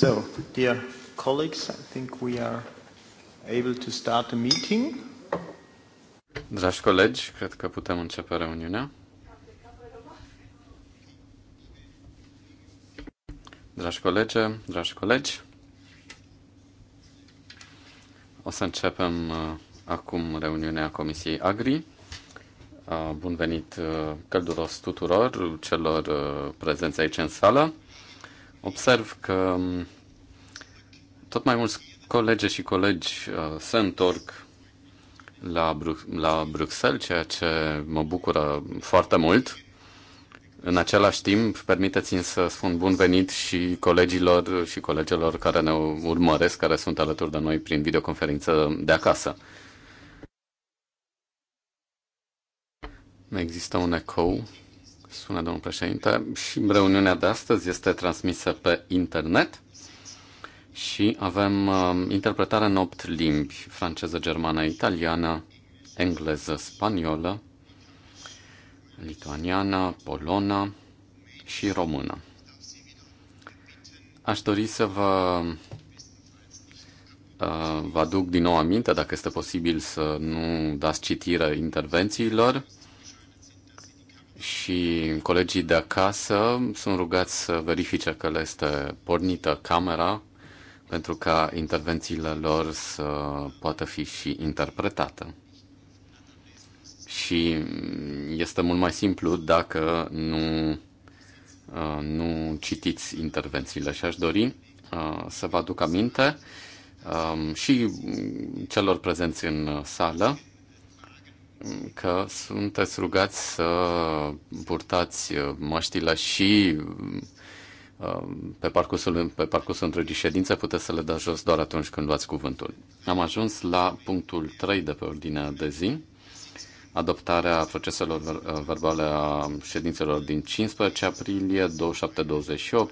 So, dear colleagues, I think we are able to start the meeting. Dragi colegi, cred că putem începe reuniunea. Dragi colegi, dragi colegi, o să începem uh, acum reuniunea Comisiei Agri. Uh, bun venit uh, călduros tuturor celor prezenți aici în sală. Observ că um, tot mai mulți colegi și colegi uh, se întorc la, Bru- la Bruxelles, ceea ce mă bucură foarte mult. În același timp, permiteți-mi să spun bun venit și colegilor și colegelor care ne urmăresc, care sunt alături de noi prin videoconferință de acasă. Există un ecou, sună domnul președinte, și reuniunea de astăzi este transmisă pe internet și avem uh, interpretare în opt limbi, franceză, germană, italiană, engleză, spaniolă, lituaniană, polonă și română. Aș dori să vă, uh, vă aduc din nou aminte, dacă este posibil să nu dați citire intervențiilor și colegii de acasă sunt rugați să verifice că le este pornită camera pentru ca intervențiile lor să poată fi și interpretate. Și este mult mai simplu dacă nu, uh, nu citiți intervențiile. Și aș dori uh, să vă aduc aminte um, și celor prezenți în sală că sunteți rugați să purtați măștile și Um, pe parcursul, pe parcursul întregii ședințe puteți să le dați jos doar atunci când luați cuvântul. Am ajuns la punctul 3 de pe ordinea de zi, adoptarea proceselor uh, verbale a ședințelor din 15 aprilie, 27-28,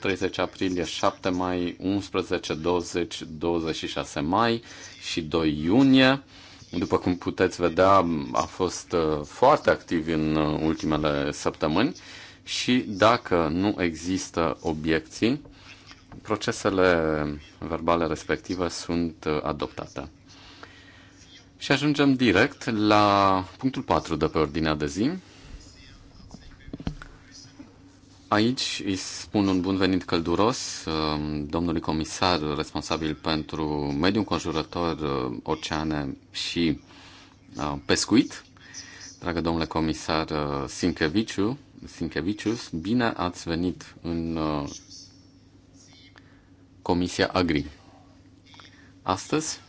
30 aprilie, 7 mai, 11, 20, 26 mai și 2 iunie. După cum puteți vedea, a fost uh, foarte activ în uh, ultimele săptămâni și dacă nu există obiecții, procesele verbale respective sunt uh, adoptate. Și ajungem direct la punctul 4 de pe ordinea de zi. Aici îi spun un bun venit călduros uh, domnului comisar responsabil pentru mediul conjurător, uh, oceane și pescuit, dragă domnule comisar Sinkeviciu, Sinkevicius, bine ați venit în uh, Comisia Agri. Astăzi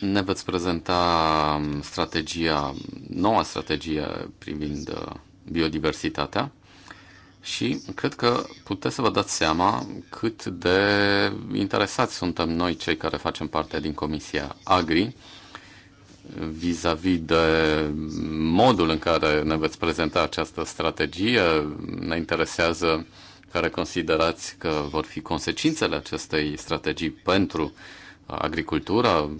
ne veți prezenta um, strategia, noua strategie privind uh, biodiversitatea și cred că puteți să vă dați seama cât de interesați suntem noi cei care facem parte din Comisia Agri vis-a-vis -vis de modul în care ne veți prezenta această strategie. Ne interesează care considerați că vor fi consecințele acestei strategii pentru agricultura,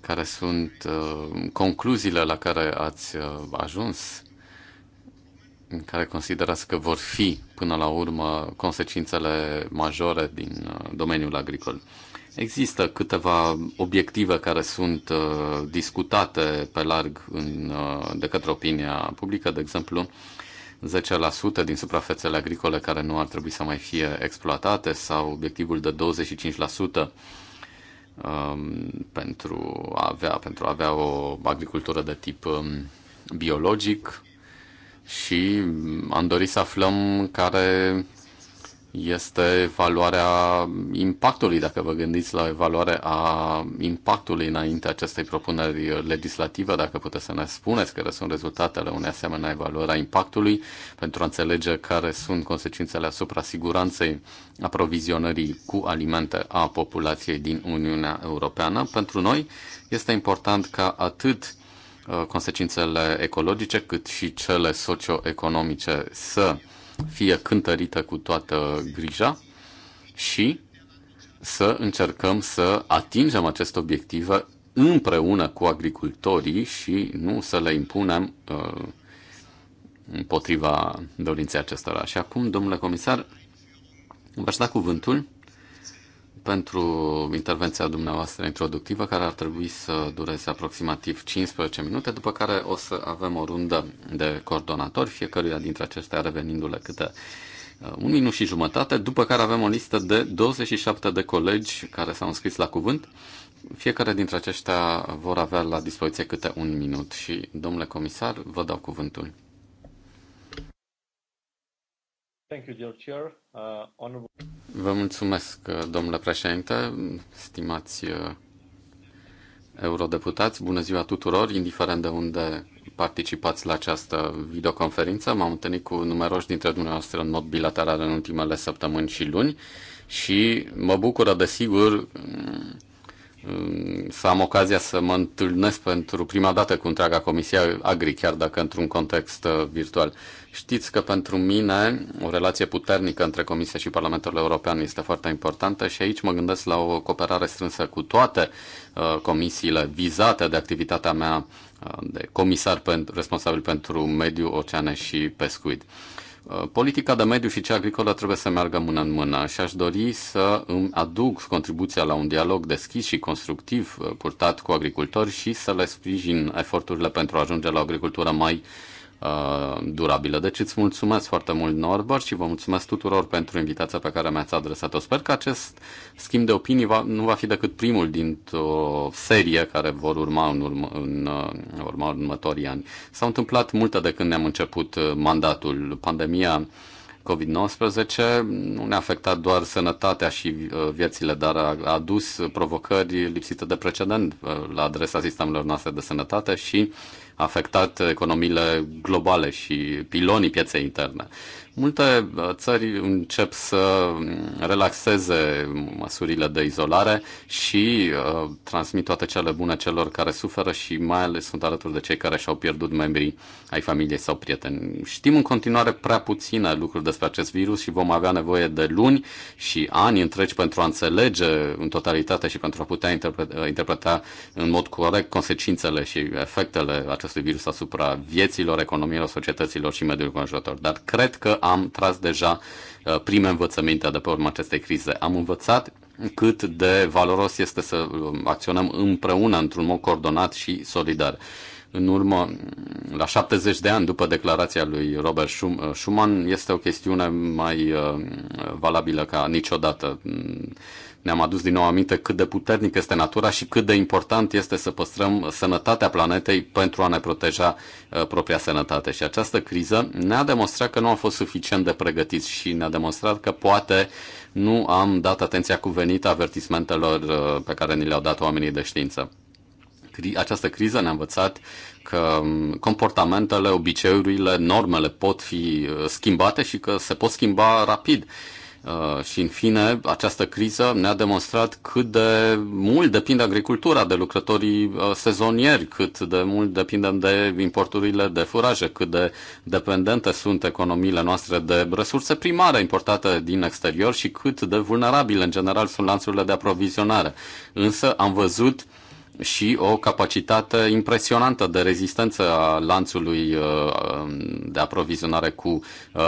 care sunt uh, concluziile la care ați uh, ajuns, în care considerați că vor fi până la urmă consecințele majore din uh, domeniul agricol. Există câteva obiective care sunt uh, discutate pe larg în, uh, de către opinia publică, de exemplu, 10% din suprafețele agricole care nu ar trebui să mai fie exploatate sau obiectivul de 25% um, pentru a avea, pentru a avea o agricultură de tip um, biologic și am dorit să aflăm care este evaluarea impactului, dacă vă gândiți la evaluarea a impactului înainte acestei propuneri legislative, dacă puteți să ne spuneți care sunt rezultatele unei asemenea evaluări a impactului pentru a înțelege care sunt consecințele asupra siguranței aprovizionării cu alimente a populației din Uniunea Europeană. Pentru noi este important ca atât uh, consecințele ecologice cât și cele socioeconomice să fie cântărită cu toată grija și să încercăm să atingem acest obiectiv împreună cu agricultorii și nu să le impunem uh, împotriva dorinței acestora. Și acum, domnule comisar, v-aș da cuvântul pentru intervenția dumneavoastră introductivă, care ar trebui să dureze aproximativ 15 minute, după care o să avem o rundă de coordonatori, fiecăruia dintre acestea revenindu-le câte uh, un minut și jumătate, după care avem o listă de 27 de colegi care s-au înscris la cuvânt. Fiecare dintre aceștia vor avea la dispoziție câte un minut și, domnule comisar, vă dau cuvântul. Uh, Vă mulțumesc, domnule președinte, stimați uh, eurodeputați, bună ziua tuturor, indiferent de unde participați la această videoconferință. M-am întâlnit cu numeroși dintre dumneavoastră în mod bilateral în ultimele săptămâni și luni și mă bucură, desigur, mm, să am ocazia să mă întâlnesc pentru prima dată cu întreaga Comisie Agri, chiar dacă într-un context uh, virtual. Știți că pentru mine o relație puternică între Comisie și Parlamentul European este foarte importantă și aici mă gândesc la o cooperare strânsă cu toate uh, comisiile vizate de activitatea mea uh, de comisar pentru, responsabil pentru mediu, oceane și pescuit. Uh, politica de mediu și cea agricolă trebuie să meargă mână în mână și aș dori să îmi aduc contribuția la un dialog deschis și constructiv uh, purtat cu agricultori și să le sprijin eforturile pentru a ajunge la o agricultură mai uh, Uh, durabilă. Deci îți mulțumesc foarte mult, Norbert, și vă mulțumesc tuturor pentru invitația pe care mi-ați adresat-o. Sper că acest schimb de opinii va, nu va fi decât primul dintr-o serie care vor urma în, urmă, în uh, în, urma următorii ani. S-au întâmplat multe de când ne-am început uh, mandatul. Pandemia COVID-19 nu ne-a afectat doar sănătatea și viețile, dar a adus provocări lipsite de precedent la adresa sistemelor noastre de sănătate și uh, afectat economiile globale și pilonii pieței interne. Multe uh, țări încep să mm, relaxeze măsurile de izolare și uh, transmit toate cele bune celor care suferă și mai ales sunt alături de cei care și-au pierdut membrii ai familiei sau prieteni. Știm în continuare prea puține lucruri despre acest virus și vom avea nevoie de luni și ani întregi pentru a înțelege în totalitate și pentru a putea interpreta, uh, interpreta în mod corect consecințele și efectele acestui virus asupra vieților, economiilor, societăților și mediului conjurător. Dar cred că am tras deja uh, prime învățăminte de pe urma acestei crize. Am învățat cât de valoros este să um, acționăm împreună într-un mod coordonat și solidar. În urmă, mm, la 70 de ani după declarația lui Robert uh, Schumann, este o chestiune mai uh, valabilă ca niciodată. Mm, ne-am adus din nou aminte cât de puternic este natura și cât de important este să păstrăm sănătatea planetei pentru a ne proteja uh, propria sănătate. Și această criză ne-a demonstrat că nu am fost suficient de pregătiți și ne-a demonstrat că poate nu am dat atenția cuvenită avertismentelor uh, pe care ni le-au dat oamenii de știință această criză ne-a învățat că um, comportamentele, obiceiurile, normele pot fi uh, schimbate și că se pot schimba rapid. Uh, și, în fine, această criză ne-a demonstrat cât de mult depinde agricultura de lucrătorii uh, sezonieri, cât de mult depindem de importurile de furaje, cât de dependente sunt economiile noastre de resurse primare importate din exterior și cât de vulnerabile, în general, sunt lanțurile de aprovizionare. Însă am văzut uh, și o capacitate impresionantă de rezistență a lanțului uh, um, de aprovizionare cu uh,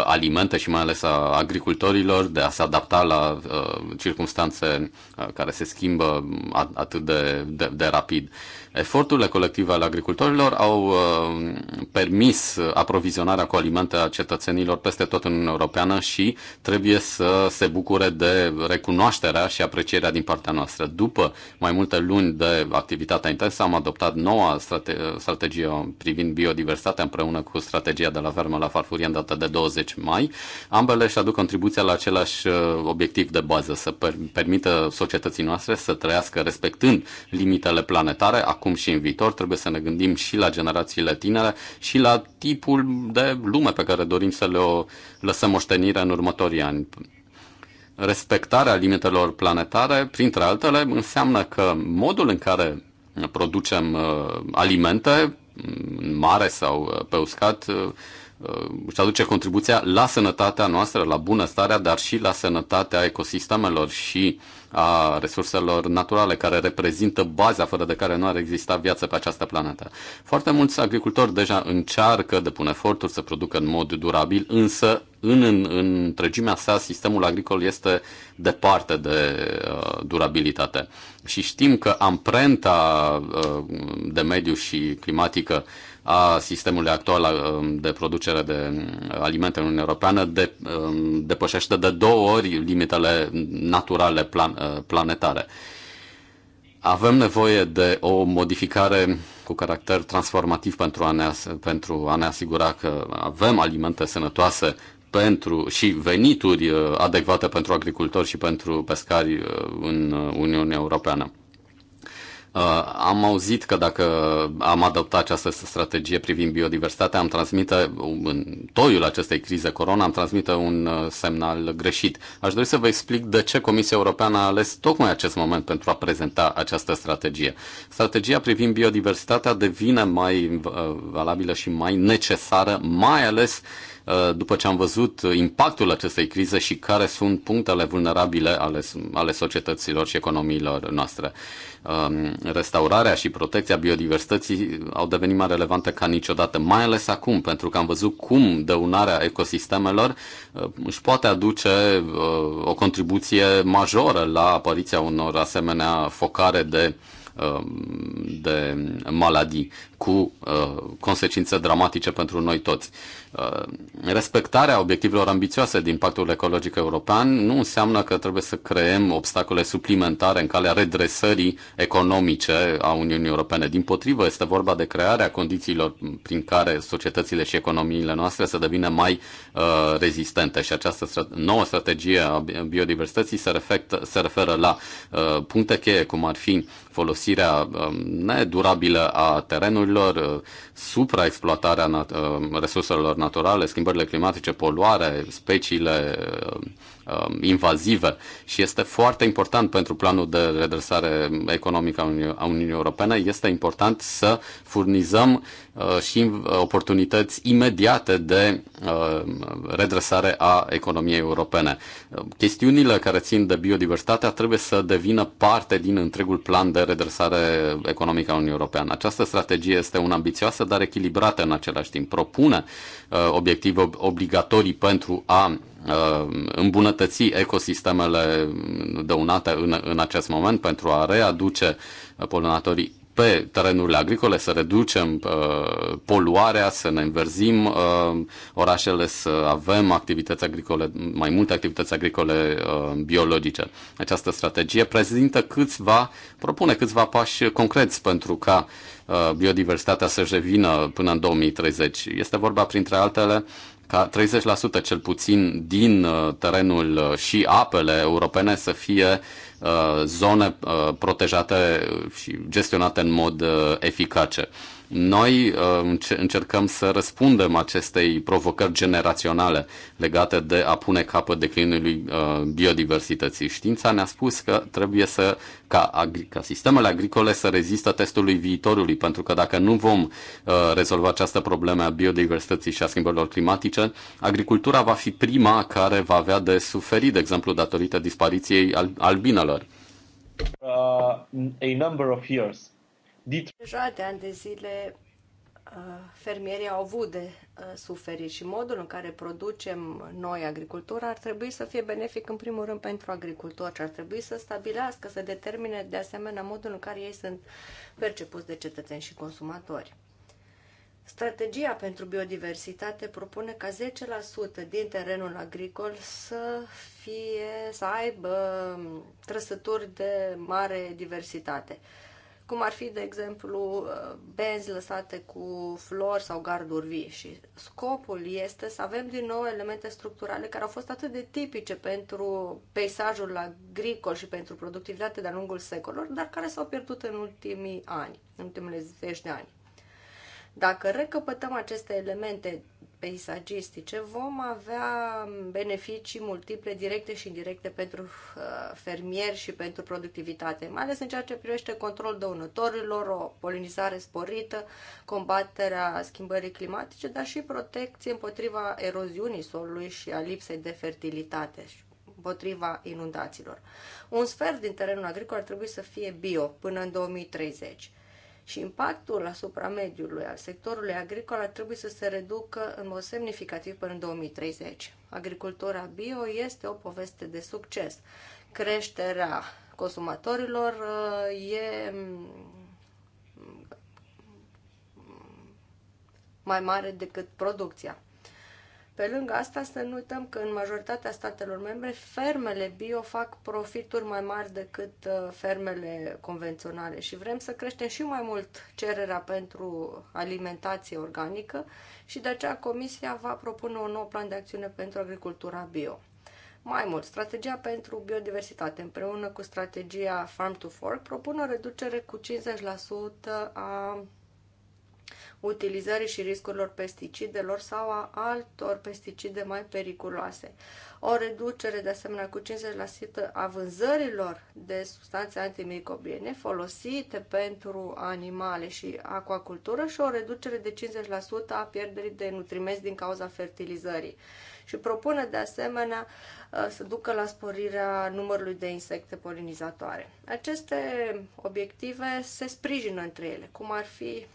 alimente și mai ales a agricultorilor, de a se adapta la uh, circunstanțe care se schimbă atât de, de, de rapid. Eforturile colective ale agricultorilor au uh, permis aprovizionarea cu alimente a cetățenilor peste tot în Uniunea Europeană și trebuie să se bucure de recunoașterea și aprecierea din partea noastră. După mai multe luni de activitate intensă, am adoptat noua strate- strategie privind biodiversitatea împreună cu strategia de la vermă la farfurie în data de 20 mai. Ambele își aduc contribuția la același uh, obiectiv de bază, să per- permită societății noastre să trăiască respectând limitele planetare, acum acum și în viitor. Trebuie să ne gândim și la generațiile tinere și la tipul de lume pe care dorim să le o lăsăm moștenire în următorii ani. Respectarea limitelor planetare, printre altele, înseamnă că modul în care producem uh, alimente, mare sau uh, pe uscat, uh, uh, își aduce contribuția la sănătatea noastră, la bunăstarea, dar și la sănătatea ecosistemelor și a resurselor naturale, care reprezintă baza fără de care nu ar exista viață pe această planetă. Foarte mulți agricultori deja încearcă, depun eforturi să producă în mod durabil, însă în, în, în întregimea sa sistemul agricol este departe de uh, durabilitate. Și știm că amprenta uh, de mediu și climatică a sistemului actual um, de producere de um, alimente în Uniunea Europeană de, um, depășește de două ori limitele naturale plan, uh, planetare. Avem nevoie de o modificare cu caracter transformativ pentru a ne, pentru a ne asigura că avem alimente sănătoase pentru și venituri uh, adecvate pentru agricultori și pentru pescari uh, în Uniunea Europeană. Uh, am auzit că dacă am adoptat această strategie privind biodiversitatea, am transmite, în toiul acestei crize corona, am transmite un uh, semnal greșit. Aș dori să vă explic de ce Comisia Europeană a ales tocmai acest moment pentru a prezenta această strategie. Strategia privind biodiversitatea devine mai uh, valabilă și mai necesară, mai ales după ce am văzut impactul acestei crize și care sunt punctele vulnerabile ale, ale societăților și economiilor noastre. Um, restaurarea și protecția biodiversității au devenit mai relevante ca niciodată, mai ales acum, pentru că am văzut cum dăunarea ecosistemelor uh, își poate aduce uh, o contribuție majoră la apariția unor asemenea focare de uh, de maladii cu consecințe dramatice pentru noi toți. Uh, respectarea obiectivelor ambițioase din Pactul Ecologic European nu înseamnă că trebuie să creăm obstacole suplimentare în calea redresării economice a Uniunii Europene. Din potrivă, este vorba de crearea condițiilor prin care societățile și economiile noastre să devină mai uh, rezistente și această nouă strategie a biodiversității se, reflectă, se referă la uh, puncte cheie, cum ar fi folosirea uh, nedurabilă a terenurilor, uh, supraexploatarea nat- uh, resurselor naturale, schimbările climatice, poluare, speciile uh, Um, invazive și este foarte important pentru planul de redresare economică a Uniunii, a Uniunii Europene, este important să furnizăm uh, și uh, oportunități imediate de uh, redresare a economiei europene. Chestiunile care țin de biodiversitatea trebuie să devină parte din întregul plan de redresare economică a Uniunii Europene. Această strategie este una ambițioasă, dar echilibrată în același timp. Propune obiective obligatorii pentru a Uh, îmbunătăți ecosistemele dăunate în, în acest moment pentru a readuce polonatorii pe terenurile agricole, să reducem uh, poluarea, să ne înverzim uh, orașele, să avem activități agricole, mai multe activități agricole uh, biologice. Această strategie prezintă câțiva, propune câțiva pași concreți pentru ca uh, biodiversitatea să-și revină până în 2030. Este vorba, printre altele, ca 30% cel puțin din uh, terenul uh, și apele europene să fie uh, zone protejate și gestionate în mod eficace. Noi uh, încercăm să răspundem acestei provocări generaționale legate de a pune capăt declinului uh, biodiversității. Știința ne-a spus că trebuie să, ca, ca sistemele agricole să rezistă testului viitorului, pentru că dacă nu vom uh, rezolva această problemă a biodiversității și a schimbărilor climatice, agricultura va fi prima care va avea de suferit, de exemplu, datorită dispariției albinelor. Uh, a number of years Deja de ani de zile uh, fermierii au avut de uh, suferit și modul în care producem noi agricultura ar trebui să fie benefic în primul rând pentru agricultori și ar trebui să stabilească, să determine de asemenea modul în care ei sunt percepuți de cetățeni și consumatori. Strategia pentru biodiversitate propune ca 10% din terenul agricol să fie, să aibă um, trăsături de mare diversitate cum ar fi, de exemplu, benzi lăsate cu flori sau garduri vii. Și scopul este să avem din nou elemente structurale care au fost atât de tipice pentru peisajul agricol și pentru productivitate de-a lungul secolor, dar care s-au pierdut în ultimii ani, în ultimele zeci de ani. Dacă recăpătăm aceste elemente peisagistice, vom avea beneficii multiple, directe și indirecte pentru uh, fermieri și pentru productivitate, mai ales în ceea ce privește control dăunătorilor, o polinizare sporită, combaterea schimbării climatice, dar și protecție împotriva eroziunii solului și a lipsei de fertilitate și împotriva inundațiilor. Un sfert din terenul agricol ar trebui să fie bio până în 2030 și impactul asupra mediului al sectorului agricol ar trebui să se reducă în mod semnificativ până în 2030. Agricultura bio este o poveste de succes. Creșterea consumatorilor uh, e mm, mai mare decât producția. Pe lângă asta să nu uităm că în majoritatea statelor membre fermele bio fac profituri mai mari decât uh, fermele convenționale și vrem să creștem și mai mult cererea pentru alimentație organică și de aceea Comisia va propune un nou plan de acțiune pentru agricultura bio. Mai mult, strategia pentru biodiversitate împreună cu strategia Farm to Fork propune o reducere cu 50% a utilizării și riscurilor pesticidelor sau a altor pesticide mai periculoase. O reducere de asemenea cu 50% a vânzărilor de substanțe antimicrobiene folosite pentru animale și aquacultură și o reducere de 50% a pierderii de nutrimenți din cauza fertilizării. Și propune de asemenea uh, să ducă la sporirea numărului de insecte polinizatoare. Aceste obiective se sprijină între ele, cum ar fi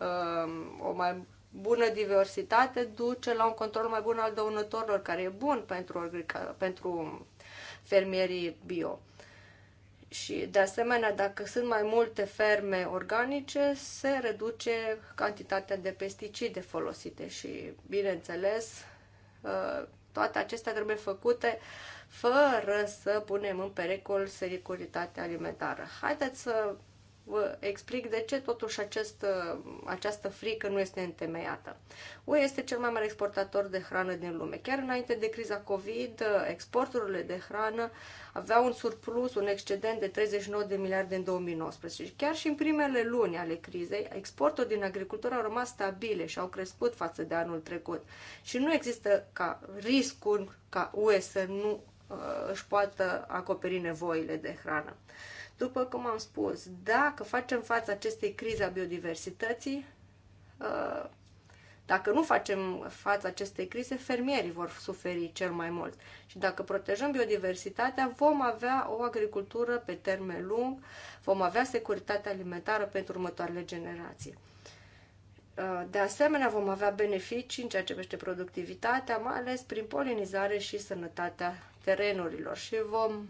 Um, o mai bună diversitate duce la un control mai bun al dăunătorilor, care e bun pentru, pentru fermierii bio. Și, de asemenea, dacă sunt mai multe ferme organice, se reduce cantitatea de pesticide folosite și, bineînțeles, uh, toate acestea trebuie făcute fără să punem în pericol securitatea alimentară. Haideți să vă explic de ce totuși acest, această frică nu este întemeiată. UE este cel mai mare exportator de hrană din lume. Chiar înainte de criza COVID, exporturile de hrană aveau un surplus, un excedent de 39 de miliarde în 2019. Chiar și în primele luni ale crizei, exportul din agricultură au rămas stabile și au crescut față de anul trecut. Și nu există ca riscul ca UE să nu uh, își poată acoperi nevoile de hrană. După cum am spus, dacă facem față acestei crize a biodiversității, uh, dacă nu facem față acestei crize, fermierii vor suferi cel mai mult. Și dacă protejăm biodiversitatea, vom avea o agricultură pe termen lung, vom avea securitate alimentară pentru următoarele generații. Uh, de asemenea, vom avea beneficii în ceea ce privește productivitatea, mai ales prin polinizare și sănătatea terenurilor și vom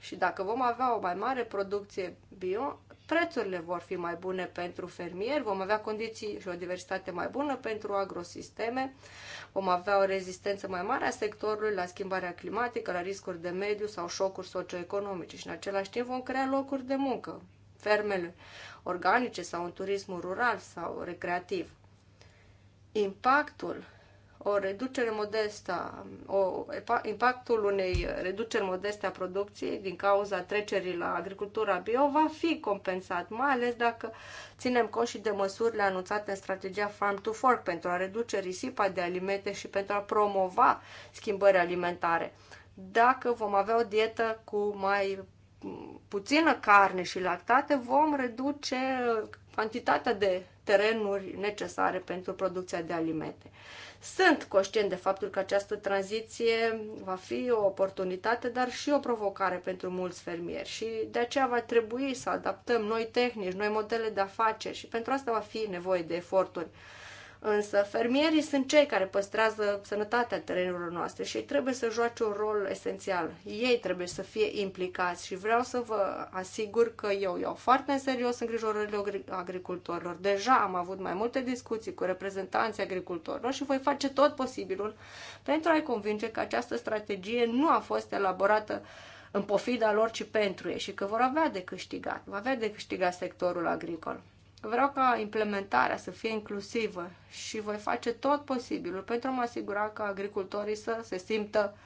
și dacă vom avea o mai mare producție bio, prețurile vor fi mai bune pentru fermieri, vom avea condiții și o diversitate mai bună pentru agrosisteme, vom avea o rezistență mai mare a sectorului la schimbarea climatică, la riscuri de mediu sau șocuri socioeconomice și în același timp vom crea locuri de muncă, fermele organice sau în turismul rural sau recreativ. Impactul o reducere modestă, o, impactul unei reduceri modeste a producției din cauza trecerii la agricultura bio va fi compensat, mai ales dacă ținem cont și de măsurile anunțate în strategia Farm to Fork pentru a reduce risipa de alimente și pentru a promova schimbări alimentare. Dacă vom avea o dietă cu mai puțină carne și lactate, vom reduce cantitatea de terenuri necesare pentru producția de alimente. Sunt conștient de faptul că această tranziție va fi o oportunitate, dar și o provocare pentru mulți fermieri și de aceea va trebui să adaptăm noi tehnici, noi modele de afaceri și pentru asta va fi nevoie de eforturi. Însă fermierii sunt cei care păstrează sănătatea terenurilor noastre și ei trebuie să joace un rol esențial. Ei trebuie să fie implicați și vreau să vă asigur că eu iau foarte în serios îngrijorările agricultorilor. Deja am avut mai multe discuții cu reprezentanții agricultorilor și voi face tot posibilul pentru a-i convinge că această strategie nu a fost elaborată în pofida lor, ci pentru ei și că vor avea de câștigat, va avea de câștigat sectorul agricol. Vreau ca implementarea să fie inclusivă și voi face tot posibilul pentru a mă asigura că agricultorii să se simtă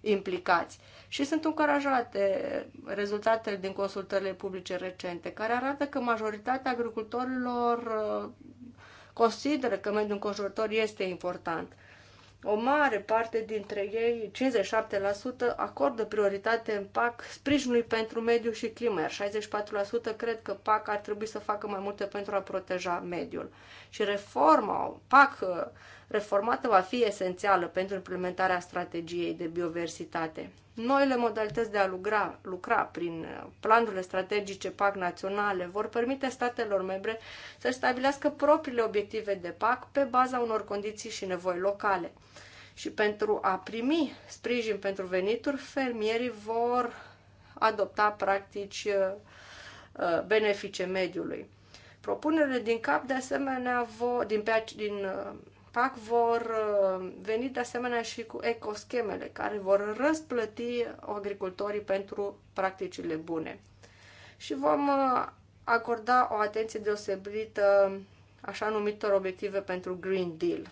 implicați. Și sunt încurajate rezultatele din consultările publice recente, care arată că majoritatea agricultorilor uh, consideră că mediul înconjurător este important. O mare parte dintre ei, 57%, acordă prioritate în PAC sprijinului pentru mediu și climă, iar 64% cred că PAC ar trebui să facă mai multe pentru a proteja mediul. Și reforma PAC reformată va fi esențială pentru implementarea strategiei de biodiversitate. Noile modalități de a lucra, lucra prin uh, planurile strategice PAC naționale vor permite statelor membre să stabilească propriile obiective de PAC pe baza unor condiții și nevoi locale. Și pentru a primi sprijin pentru venituri, fermierii vor adopta practici uh, uh, benefice mediului. Propunerile din cap, de asemenea, vor, din, din PAC vor uh, veni de asemenea și cu ecoschemele care vor răsplăti agricultorii pentru practicile bune. Și vom uh, acorda o atenție deosebită așa numitor obiective pentru Green Deal,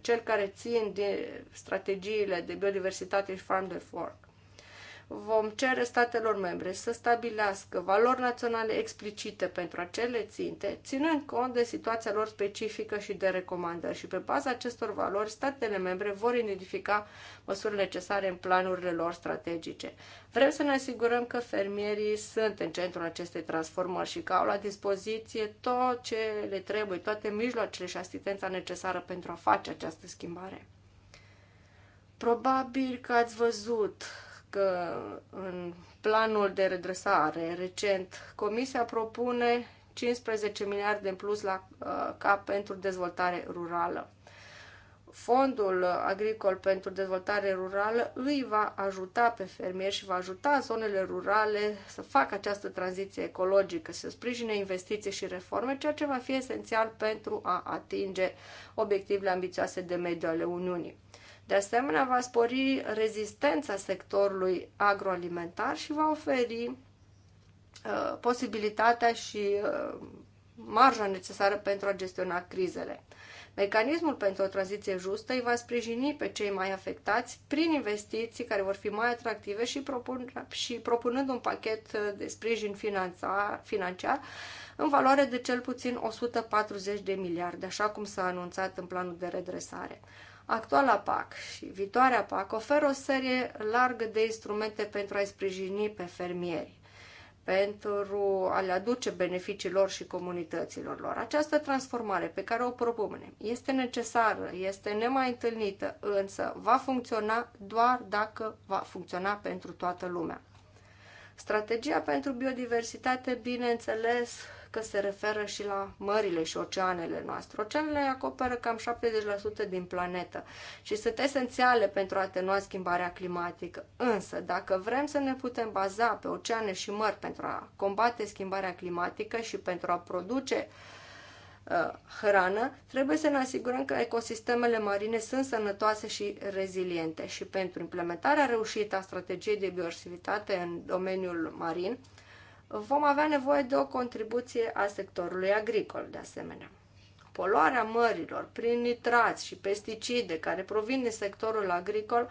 cel care țin din strategiile de biodiversitate și Farm to Fork vom cere statelor membre să stabilească valori naționale explicite pentru acele ținte, ținând cont de situația lor specifică și de recomandări. Și pe baza acestor valori, statele membre vor identifica măsuri necesare în planurile lor strategice. Vrem să ne asigurăm că fermierii sunt în centrul acestei transformări și că au la dispoziție tot ce le trebuie, toate mijloacele și asistența necesară pentru a face această schimbare. Probabil că ați văzut că în planul de redresare recent, Comisia propune 15 miliarde în plus la uh, cap pentru dezvoltare rurală. Fondul agricol pentru dezvoltare rurală îi va ajuta pe fermieri și va ajuta zonele rurale să facă această tranziție ecologică, să sprijine investiții și reforme, ceea ce va fi esențial pentru a atinge obiectivele ambițioase de mediu ale Uniunii. De asemenea, va spori rezistența sectorului agroalimentar și va oferi uh, posibilitatea și uh, marja necesară pentru a gestiona crizele. Mecanismul pentru o tranziție justă îi va sprijini pe cei mai afectați prin investiții care vor fi mai atractive și, propun, și propunând un pachet uh, de sprijin finanța, financiar în valoare de cel puțin 140 de miliarde, așa cum s-a anunțat în planul de redresare. Actuala PAC și viitoarea PAC oferă o serie largă de instrumente pentru a-i sprijini pe fermieri pentru a le aduce beneficiilor și comunităților lor. Această transformare pe care o propunem este necesară, este nemai întâlnită, însă va funcționa doar dacă va funcționa pentru toată lumea. Strategia pentru biodiversitate, bineînțeles, că se referă și la mările și oceanele noastre. Oceanele acoperă cam 70% din planetă și sunt esențiale pentru a atenua schimbarea climatică. Însă, dacă vrem să ne putem baza pe oceane și mări pentru a combate schimbarea climatică și pentru a produce uh, hrană, trebuie să ne asigurăm că ecosistemele marine sunt sănătoase și reziliente și pentru implementarea reușită a strategiei de biodiversitate în domeniul marin, vom avea nevoie de o contribuție a sectorului agricol, de asemenea. Poluarea mărilor prin nitrați și pesticide care provin din sectorul agricol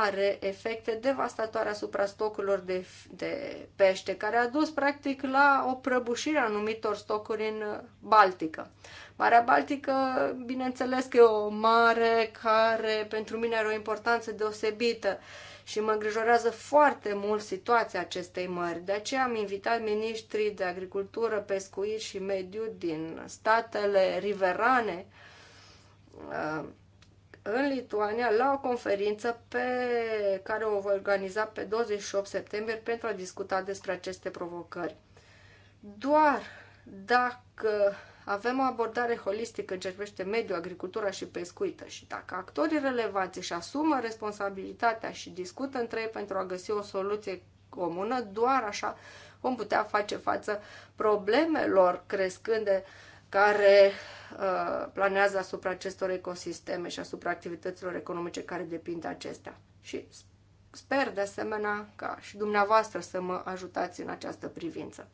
are efecte devastatoare asupra stocurilor de, de pește, care a dus practic la o prăbușire a anumitor stocuri în Baltică. Marea Baltică, bineînțeles că e o mare care pentru mine are o importanță deosebită. Uh, și mă îngrijorează foarte mult situația acestei mări. De aceea am invitat ministrii de agricultură, pescuit și mediu din statele riverane uh, în Lituania la o conferință pe care o voi organiza pe 28 septembrie pentru a discuta despre aceste provocări. Doar dacă avem o abordare holistică în ce privește mediul, agricultura și pescuită și dacă actorii relevanți își asumă responsabilitatea și discută între ei pentru a găsi o soluție comună, doar așa vom putea face față problemelor crescânde care uh, planează asupra acestor ecosisteme și asupra activităților economice care depind de acestea. Și sper de asemenea ca și dumneavoastră să mă ajutați în această privință.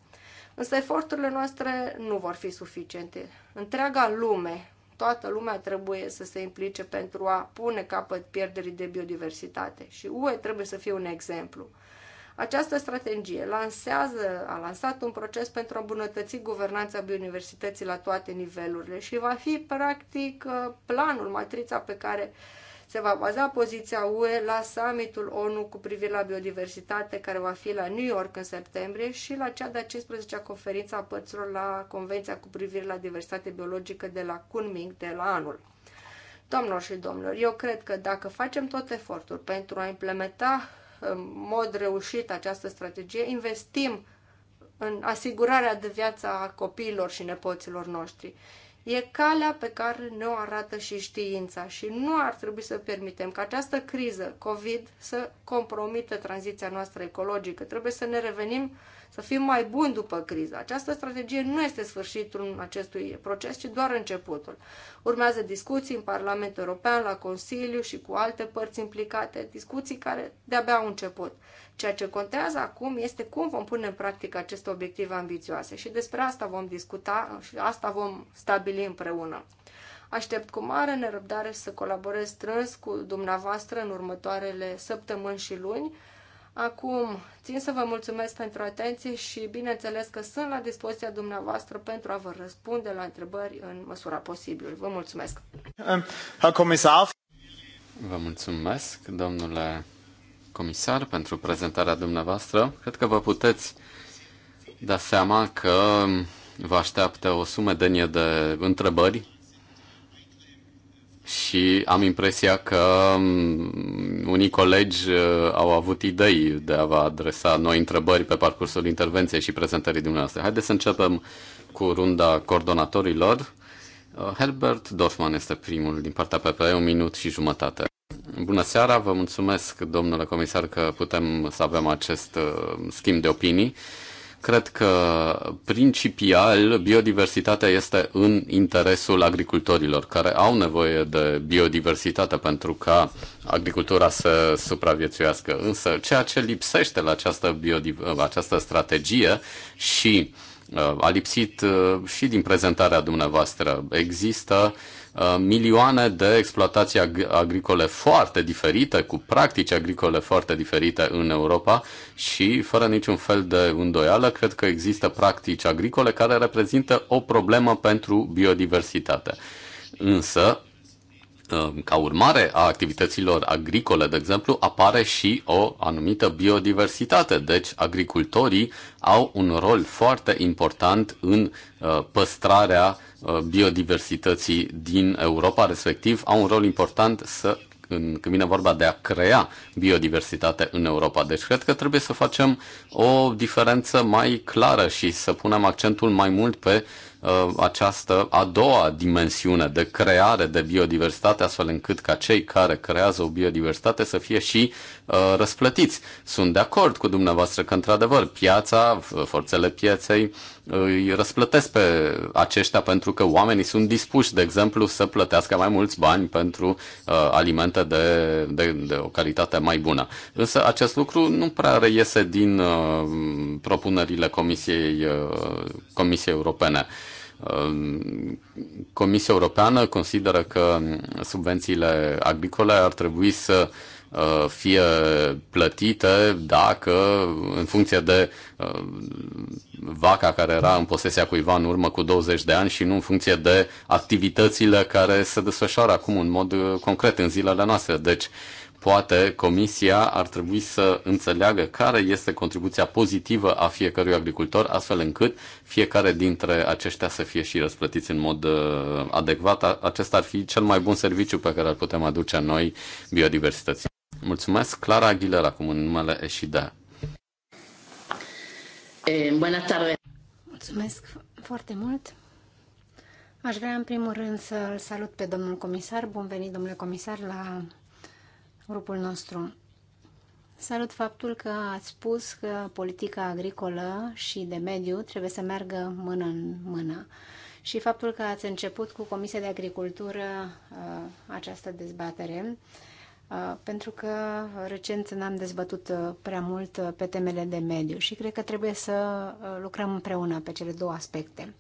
Însă eforturile noastre nu vor fi suficiente. Întreaga lume, toată lumea trebuie să se implice pentru a pune capăt pierderii de biodiversitate și UE trebuie să fie un exemplu. Această strategie lansează, a lansat un proces pentru a îmbunătăți guvernanța biodiversității la toate nivelurile și va fi practic planul, matrița pe care uh, se va baza poziția UE la summitul ONU cu privire la biodiversitate, care va fi la New York în septembrie, și la cea de-a 15-a conferință a părților la Convenția cu privire la diversitate biologică de la Kunming de la anul. Domnilor și domnilor, eu cred că dacă facem tot efortul pentru a implementa în mod reușit această strategie, investim în asigurarea de viață a copiilor și nepoților noștri. E calea pe care ne-o arată și știința și nu ar trebui să permitem ca această criză COVID să compromită tranziția noastră ecologică. Trebuie să ne revenim să fim mai buni după criză. Această strategie nu este sfârșitul acestui proces, ci doar începutul. Urmează discuții în Parlamentul European, la Consiliu și cu alte părți implicate, discuții care de-abia au început. Ceea ce contează acum este cum vom pune în practică aceste obiective ambițioase și despre asta vom discuta și asta vom stabili împreună. Aștept cu mare nerăbdare să colaborez strâns cu dumneavoastră în următoarele săptămâni și luni Acum, țin să vă mulțumesc pentru atenție și bineînțeles că sunt la dispoziția dumneavoastră pentru a vă răspunde la întrebări în măsura posibilă. Vă mulțumesc! Comisar. Um, vă mulțumesc, domnule comisar, pentru prezentarea dumneavoastră. Cred că vă puteți da seama că vă așteaptă o sumedenie de întrebări și am impresia că mm, unii colegi uh, au avut idei de a vă adresa noi întrebări pe parcursul intervenției și prezentării dumneavoastră. Haideți să începem cu runda coordonatorilor. Uh, Herbert Dorfman este primul din partea PPE, un minut și jumătate. Bună seara, vă mulțumesc, domnule comisar, că putem să avem acest uh, schimb de opinii. Cred că principial biodiversitatea este în interesul agricultorilor care au nevoie de biodiversitate pentru ca agricultura să supraviețuiască. Însă ceea ce lipsește la această, biodiv- această strategie și uh, a lipsit uh, și din prezentarea dumneavoastră. Există uh, Uh, milioane de exploatații agricole foarte diferite, cu practici agricole foarte diferite în Europa și, fără niciun fel de îndoială, cred că există practici agricole care reprezintă o problemă pentru biodiversitate. Însă, uh, ca urmare a activităților agricole, de exemplu, apare și o anumită biodiversitate. Deci, agricultorii au un rol foarte important în uh, păstrarea Uh, biodiversității din Europa, respectiv au un rol important să în, când vine vorba de a crea biodiversitate în Europa. Deci cred că trebuie să facem o diferență mai clară și să punem accentul mai mult pe uh, această a doua dimensiune de creare de biodiversitate, astfel încât ca cei care creează o biodiversitate să fie și uh, răsplătiți. Sunt de acord cu dumneavoastră că, într-adevăr, piața, forțele pieței, uh, îi răsplătesc pe aceștia pentru că oamenii sunt dispuși, de exemplu, să plătească mai mulți bani pentru uh, alimente de, de, de o calitate mai bună. Însă acest lucru nu prea reiese din uh, propunerile Comisiei, uh, Comisiei Europene. Uh, Comisia Europeană consideră că subvențiile agricole ar trebui să uh, Uh, fie plătite dacă, în funcție de uh, vaca care era în posesia cuiva în urmă cu 20 de ani și nu în funcție de activitățile care se desfășoară acum în mod uh, concret în zilele noastre. Deci, poate Comisia ar trebui să înțeleagă care este contribuția pozitivă a fiecărui agricultor, astfel încât fiecare dintre aceștia să fie și răsplătiți în mod adecvat. Acesta ar fi cel mai bun serviciu pe care îl putem aduce noi biodiversității. Mulțumesc, Clara Aguilera, acum în numele Eșida. Bună tarde! Mulțumesc foarte mult! Aș vrea în primul rând să salut pe domnul comisar. Bun venit, domnule comisar, la grupul nostru. Salut faptul că ați spus că politica agricolă și de mediu trebuie să meargă mână în mână și faptul că ați început cu Comisia de Agricultură uh, această dezbatere Uh, pentru că recent n-am dezbătut uh, prea mult uh, pe temele de mediu și cred că trebuie să lucrăm împreună pe cele două aspecte.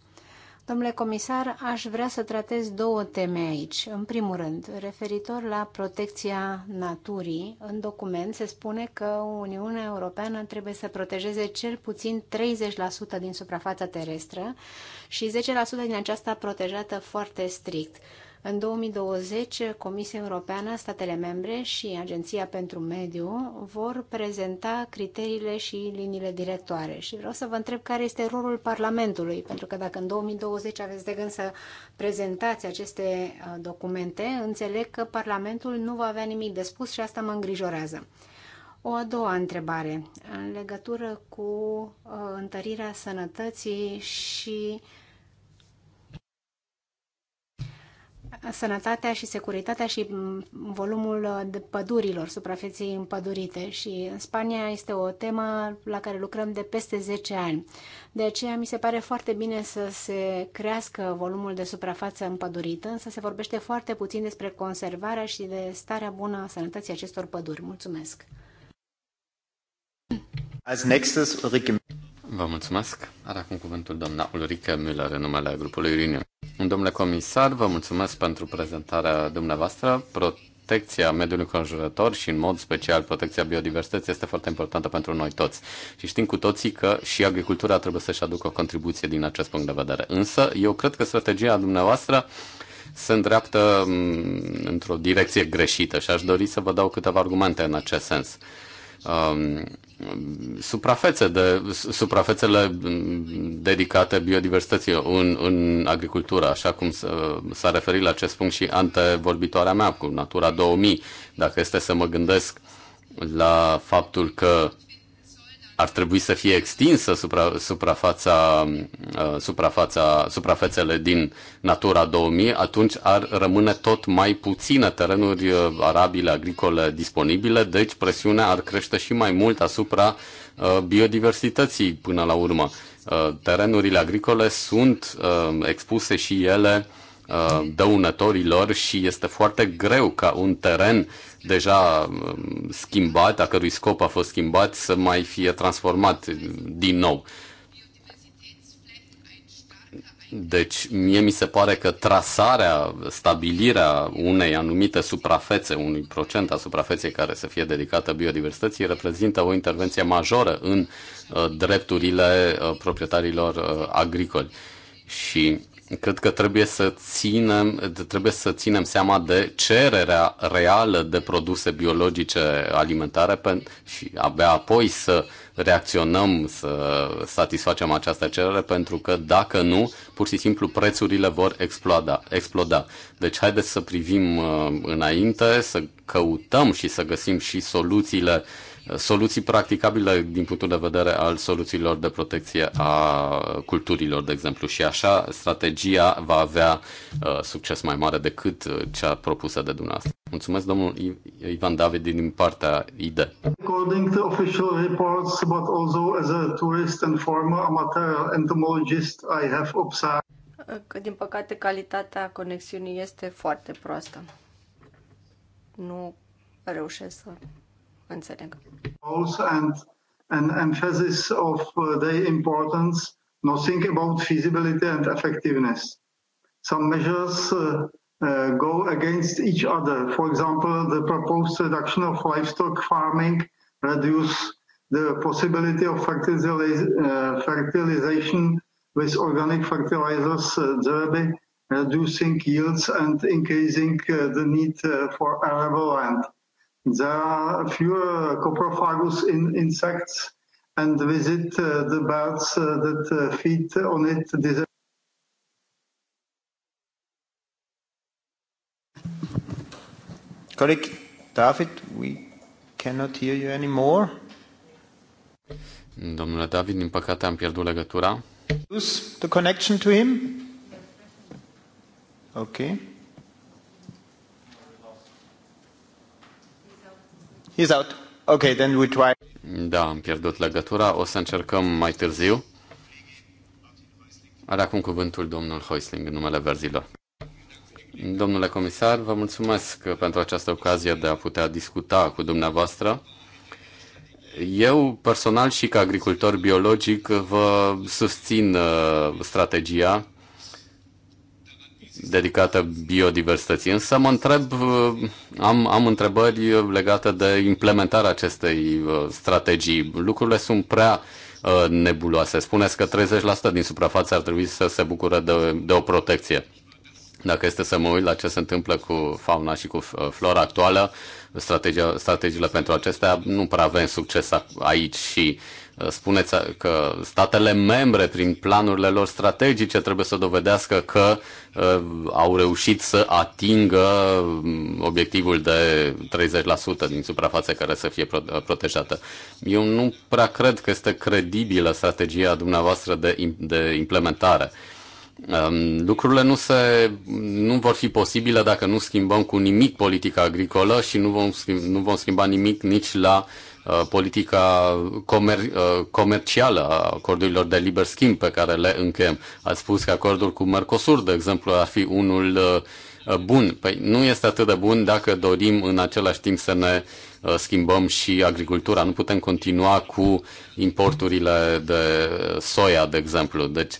Domnule comisar, aș vrea să tratez două teme aici. În primul rând, referitor la protecția naturii, în document se spune că Uniunea Europeană trebuie să protejeze cel puțin 30% din suprafața terestră și 10% din aceasta protejată foarte strict. În 2020, Comisia Europeană, statele membre și Agenția pentru Mediu vor prezenta criteriile și liniile directoare. Și vreau să vă întreb care este rolul Parlamentului, pentru că dacă în 2020 aveți de gând să prezentați aceste uh, documente, înțeleg că Parlamentul nu va avea nimic de spus și asta mă îngrijorează. O a doua întrebare, în legătură cu uh, întărirea sănătății și uh, sănătatea și securitatea și mm, volumul uh, de pădurilor, suprafeței împădurite și în Spania este o temă la care lucrăm de peste 10 ani. De aceea mi se pare foarte bine să se crească volumul de suprafață împădurită, însă se vorbește foarte puțin despre conservarea și de starea bună a sănătății acestor păduri. Mulțumesc! As nächstes Ulrike. Vă mulțumesc. Are acum cuvântul doamna Ulrike Müller în numele grupului Renew. Domnule comisar, vă mulțumesc pentru prezentarea dumneavoastră. Protecția mediului conjurător și, în mod special, protecția biodiversității este foarte importantă pentru noi toți. Și știm cu toții că și agricultura trebuie să-și aducă o contribuție din acest punct de vedere. Însă, eu cred că strategia dumneavoastră se îndreaptă într-o direcție greșită și aș dori să vă dau câteva argumente în acest sens. Um, suprafețe de, suprafețele dedicate biodiversității în, în agricultură, așa cum s-a referit la acest punct și antevorbitoarea mea cu Natura 2000. Dacă este să mă gândesc la faptul că ar trebui să fie extinsă supra, suprafața, uh, suprafața, suprafețele din Natura 2000, atunci ar rămâne tot mai puține terenuri uh, arabile, agricole disponibile, deci presiunea ar crește și mai mult asupra uh, biodiversității până la urmă. Terenurile agricole sunt expuse și ele dăunătorilor și este foarte greu ca un teren deja um, schimbat, a cărui scop a fost schimbat, să mai fie transformat din nou. Deci, mie mi se pare că trasarea, stabilirea unei anumite suprafețe, unui procent a suprafeței care să fie dedicată biodiversității, reprezintă o intervenție majoră în uh, drepturile uh, proprietarilor uh, agricoli. Și cred că trebuie să ținem, trebuie să ținem seama de cererea reală de produse biologice alimentare și abia apoi să reacționăm, să satisfacem această cerere, pentru că dacă nu, pur și simplu prețurile vor exploda. exploda. Deci haideți să privim uh, înainte, să căutăm și să găsim și soluțiile uh, soluții practicabile din punctul de vedere al soluțiilor de protecție a culturilor, de exemplu. Și așa strategia va avea uh, succes mai mare decât uh, cea propusă de dumneavoastră. Mulțumesc, domnul Ivan David, din partea IDE. According to official reports, but also as a tourist and former amateur entomologist, I have observed că, din păcate, calitatea conexiunii este foarte proastă. Nu reușesc să înțeleg. And an emphasis of uh, their importance, nothing about feasibility and effectiveness. Some measures uh, uh, go against each other. For example, the proposed reduction of livestock farming reduce the possibility of uh, fertilization with organic fertilizers, uh, thereby reducing yields and increasing uh, the need uh, for arable land. There are fewer coprophagous in insects and visit uh, the birds uh, that uh, feed on it. This Colleague David, we cannot hear you anymore. Domnule David, din păcate am pierdut legătura. Lose the connection to him? Okay. He's out. Okay, then we try. Da, am pierdut legătura. O să încercăm mai târziu. Are acum cuvântul domnul Hoisling în numele verzilor. Domnule comisar, vă mulțumesc pentru această ocazie de a putea discuta cu dumneavoastră. Eu personal și ca agricultor biologic vă susțin uh, strategia dedicată biodiversității. Însă mă întreb, uh, am, am întrebări legate de implementarea acestei uh, strategii. Lucrurile sunt prea uh, nebuloase. Spuneți că 30% din suprafață ar trebui să se bucure de, de o protecție. Dacă este să mă uit la ce se întâmplă cu fauna și cu flora actuală, strategia, strategiile pentru acestea nu prea avem succes aici și uh, Spuneți că statele membre, prin planurile lor strategice, trebuie să dovedească că uh, au reușit să atingă um, obiectivul de 30% din suprafață care să fie uh, protejată. Eu nu prea cred că este credibilă strategia dumneavoastră de, de implementare. Um, lucrurile nu, se, nu vor fi posibile dacă nu schimbăm cu nimic politica agricolă și nu vom, schimba, nu vom schimba nimic nici la uh, Uh, politica comer- uh, comercială a acordurilor de liber schimb pe care le încheiem. Ați spus că acordul cu Mercosur, de exemplu, ar fi unul uh, bun. Păi nu este atât de bun dacă dorim în același timp să ne schimbăm și agricultura. Nu putem continua cu importurile de soia, de exemplu. Deci,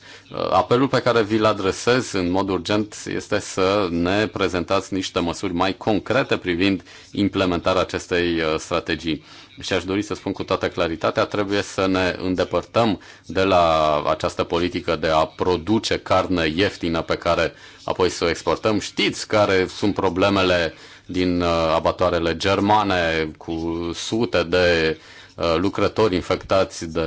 apelul pe care vi-l adresez în mod urgent este să ne prezentați niște măsuri mai concrete privind implementarea acestei strategii și aș dori să spun cu toată claritatea, trebuie să ne îndepărtăm de la această politică de a produce carne ieftină pe care apoi să o exportăm. Știți care sunt problemele din uh, abatoarele germane cu sute de uh, lucrători infectați de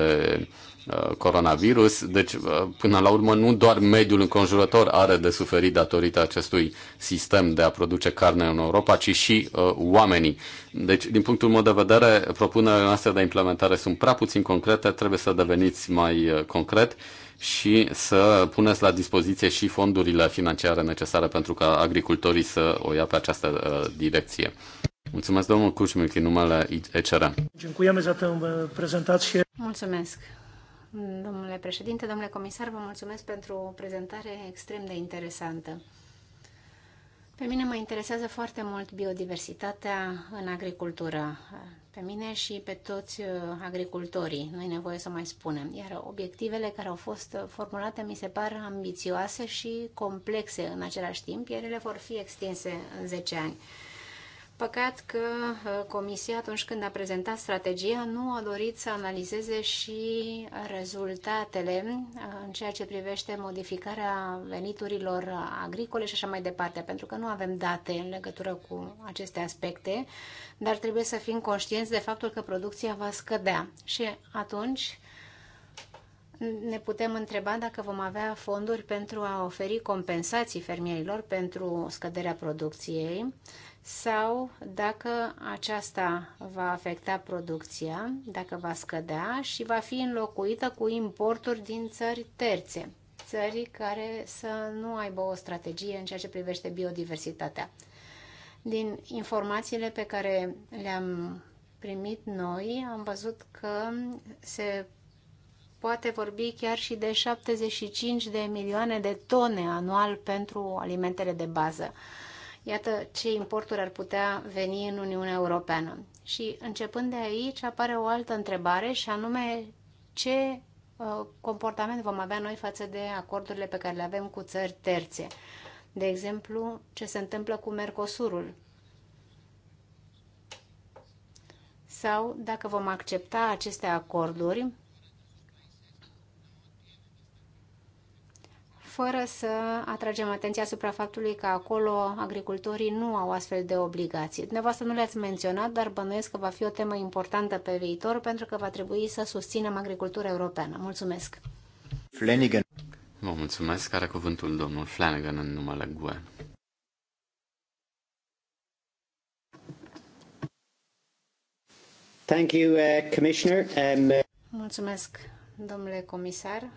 Uh, coronavirus. Deci, uh, până la urmă, nu doar mediul înconjurător are de suferit datorită acestui sistem de a produce carne în Europa, ci și uh, oamenii. Deci, din punctul meu de vedere, propunerile noastre de implementare sunt prea puțin concrete, trebuie să deveniți mai uh, concret și să puneți la dispoziție și fondurile financiare necesare pentru ca agricultorii să o ia pe această uh, direcție. Mulțumesc, domnul Cușmic, în numele ECR. Mulțumesc domnule președinte, domnule comisar, vă mulțumesc pentru o prezentare extrem de interesantă. Pe mine mă interesează foarte mult biodiversitatea în agricultură. Pe mine și pe toți uh, agricultorii, nu i nevoie să mai spunem. Iar obiectivele care au fost uh, formulate mi se par ambițioase și complexe în același timp, iar ele vor fi extinse în 10 ani. Păcat că uh, Comisia, atunci când a prezentat strategia, nu a dorit să analizeze și rezultatele uh, în ceea ce privește modificarea veniturilor agricole și așa mai departe, pentru că nu avem date în legătură cu aceste aspecte, dar trebuie să fim conștienți de faptul că producția va scădea. Și atunci ne putem întreba dacă vom avea fonduri pentru a oferi compensații fermierilor pentru scăderea producției, sau dacă aceasta va afecta producția, dacă va scădea și va fi înlocuită cu importuri din țări terțe, țări care să nu aibă o strategie în ceea ce privește biodiversitatea. Din informațiile pe care le-am primit noi, am văzut că se poate vorbi chiar și de 75 de milioane de tone anual pentru alimentele de bază. Iată ce importuri ar putea veni în Uniunea Europeană. Și începând de aici apare o altă întrebare și anume ce uh, comportament vom avea noi față de acordurile pe care le avem cu țări terțe. De exemplu, ce se întâmplă cu Mercosurul. Sau dacă vom accepta aceste acorduri fără să atragem atenția asupra faptului că acolo agricultorii nu au astfel de obligații. Dumneavoastră nu le-ați menționat, dar bănuiesc că va fi o temă importantă pe viitor pentru că va trebui să susținem agricultura europeană. Mulțumesc! Flanagan. Vă mulțumesc. care cuvântul domnul Flanagan în numele GUE. Thank you, uh, Commissioner. Um, uh, Mulțumesc, domnule comisar.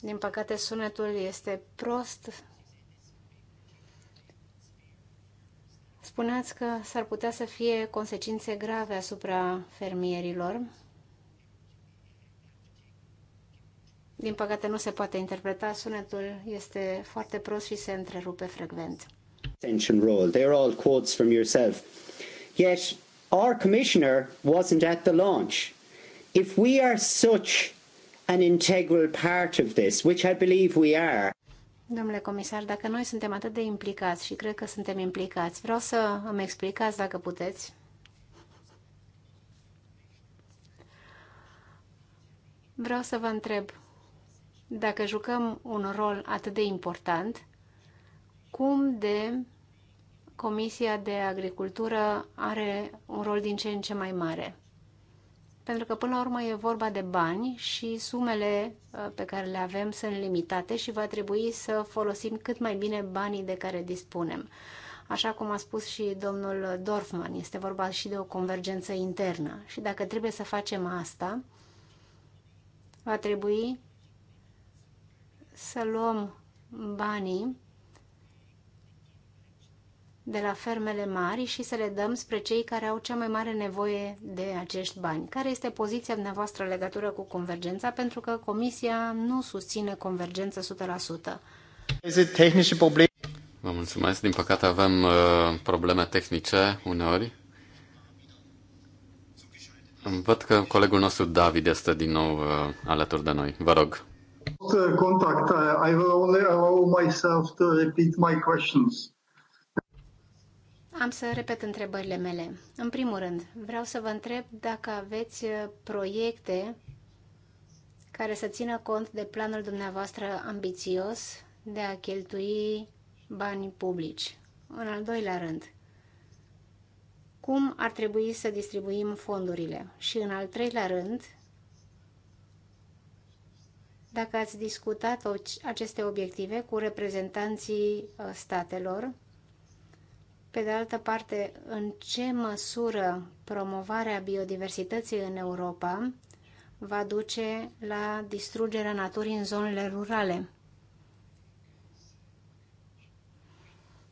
Din păcate, sunetul este prost. Spuneați că s-ar putea să fie consecințe grave asupra fermierilor. Din păcate, nu se poate interpreta. Sunetul este foarte prost și se întrerupe frecvent. Extension role. all quotes from yourself. Yet, our commissioner wasn't at the launch. If we are such an integral part of this, which I believe we are. Domnule comisar, dacă noi suntem atât de implicați și cred că suntem implicați, vreau să îmi explicați dacă puteți. Vreau să vă întreb, dacă jucăm un rol atât de important, cum de Comisia de Agricultură are un rol din ce în ce mai mare? pentru că până la urmă e vorba de bani și sumele uh, pe care le avem sunt limitate și va trebui să folosim cât mai bine banii de care dispunem. Așa cum a spus și domnul Dorfman, este vorba și de o convergență internă și dacă trebuie să facem asta, va trebui să luăm banii de la fermele mari și să le dăm spre cei care au cea mai mare nevoie de acești bani. Care este poziția dumneavoastră în legătură cu convergența? Pentru că Comisia nu susține convergența 100%. Vă mulțumesc. Din păcate avem uh, probleme tehnice uneori. Văd că colegul nostru David este din nou uh, alături de noi. Vă rog. Contact. I will only allow myself to repeat my questions. Am să repet întrebările mele. În primul rând, vreau să vă întreb dacă aveți uh, proiecte care să țină cont de planul dumneavoastră ambițios de a cheltui bani publici. În al doilea rând, cum ar trebui să distribuim fondurile? Și în al treilea rând, dacă ați discutat aceste obiective cu reprezentanții uh, statelor, pe de altă parte, în ce măsură promovarea biodiversității în Europa va duce la distrugerea naturii în zonele rurale?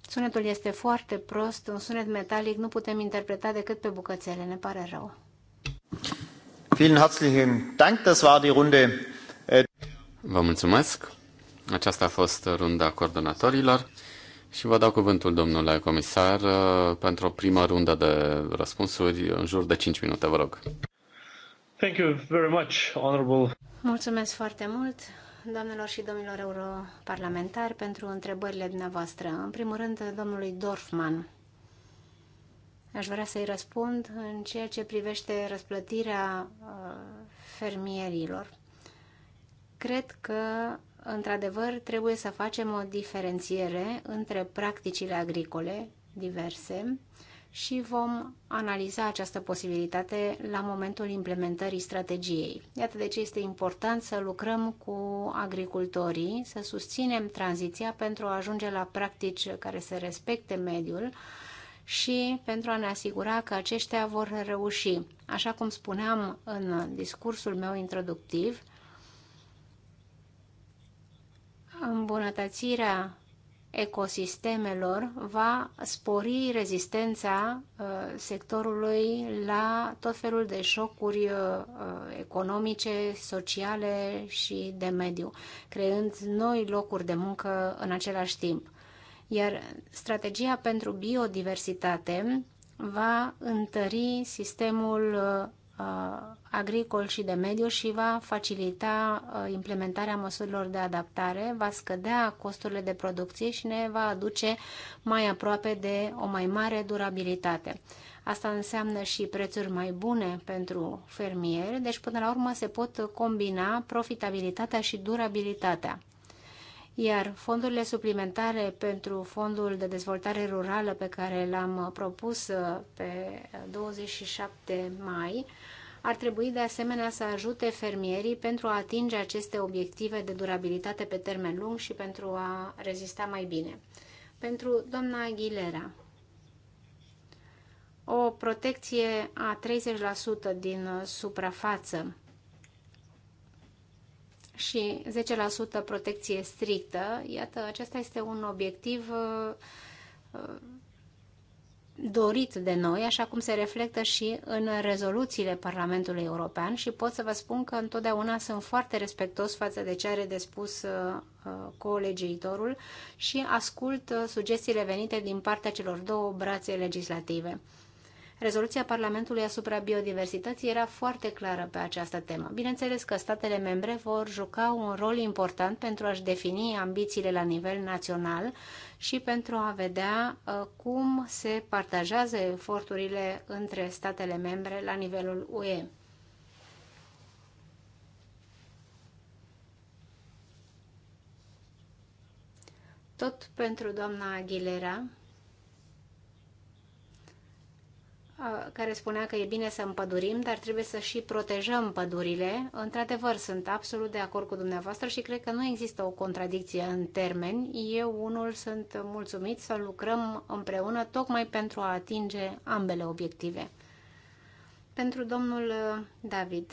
Sunetul este foarte prost, un sunet metalic, nu putem interpreta decât pe bucățele, ne pare rău. Vielen herzlichen Dank, das war die Runde. Vă mulțumesc. Aceasta a fost runda coordonatorilor. Și vă dau cuvântul, domnule comisar, uh, pentru o primă rundă de răspunsuri, în jur de 5 minute, vă rog. Thank you very much, honorable. Mulțumesc foarte mult, doamnelor și domnilor europarlamentari, pentru întrebările dumneavoastră. În primul rând, domnului Dorfman. Aș vrea să-i răspund în ceea ce privește răsplătirea uh, fermierilor. Cred că într-adevăr, trebuie să facem o diferențiere între practicile agricole diverse și vom analiza această posibilitate la momentul implementării strategiei. Iată de ce este important să lucrăm cu agricultorii, să susținem tranziția pentru a ajunge la practici care să respecte mediul și pentru a ne asigura că aceștia vor reuși. Așa cum spuneam în discursul meu introductiv, îmbunătățirea ecosistemelor va spori rezistența uh, sectorului la tot felul de șocuri uh, economice, sociale și de mediu, creând noi locuri de muncă în același timp. Iar strategia pentru biodiversitate va întări sistemul uh, Uh, agricol și de mediu și va facilita uh, implementarea măsurilor de adaptare, va scădea costurile de producție și ne va aduce mai aproape de o mai mare durabilitate. Asta înseamnă și prețuri mai bune pentru fermieri, deci până la urmă se pot combina profitabilitatea și durabilitatea iar fondurile suplimentare pentru fondul de dezvoltare rurală pe care l-am propus uh, pe 27 mai ar trebui de asemenea să ajute fermierii pentru a atinge aceste obiective de durabilitate pe termen lung și pentru a rezista mai bine. Pentru doamna Aguilera, o protecție a 30% din suprafață și 10% protecție strictă, iată, acesta este un obiectiv uh, dorit de noi, așa cum se reflectă și în rezoluțiile Parlamentului European și pot să vă spun că întotdeauna sunt foarte respectos față de ce are de spus uh, uh, colegiitorul și ascult uh, sugestiile venite din partea celor două brațe legislative. Rezoluția Parlamentului asupra biodiversității era foarte clară pe această temă. Bineînțeles că statele membre vor juca un rol important pentru a-și defini ambițiile la nivel național și pentru a vedea uh, cum se partajează eforturile între statele membre la nivelul UE. Tot pentru doamna Aguilera, care spunea că e bine să împădurim, dar trebuie să și protejăm pădurile. Într-adevăr, sunt absolut de acord cu dumneavoastră și cred că nu există o contradicție în termeni. Eu, unul, sunt mulțumit să lucrăm împreună tocmai pentru a atinge ambele obiective. Pentru domnul uh, David.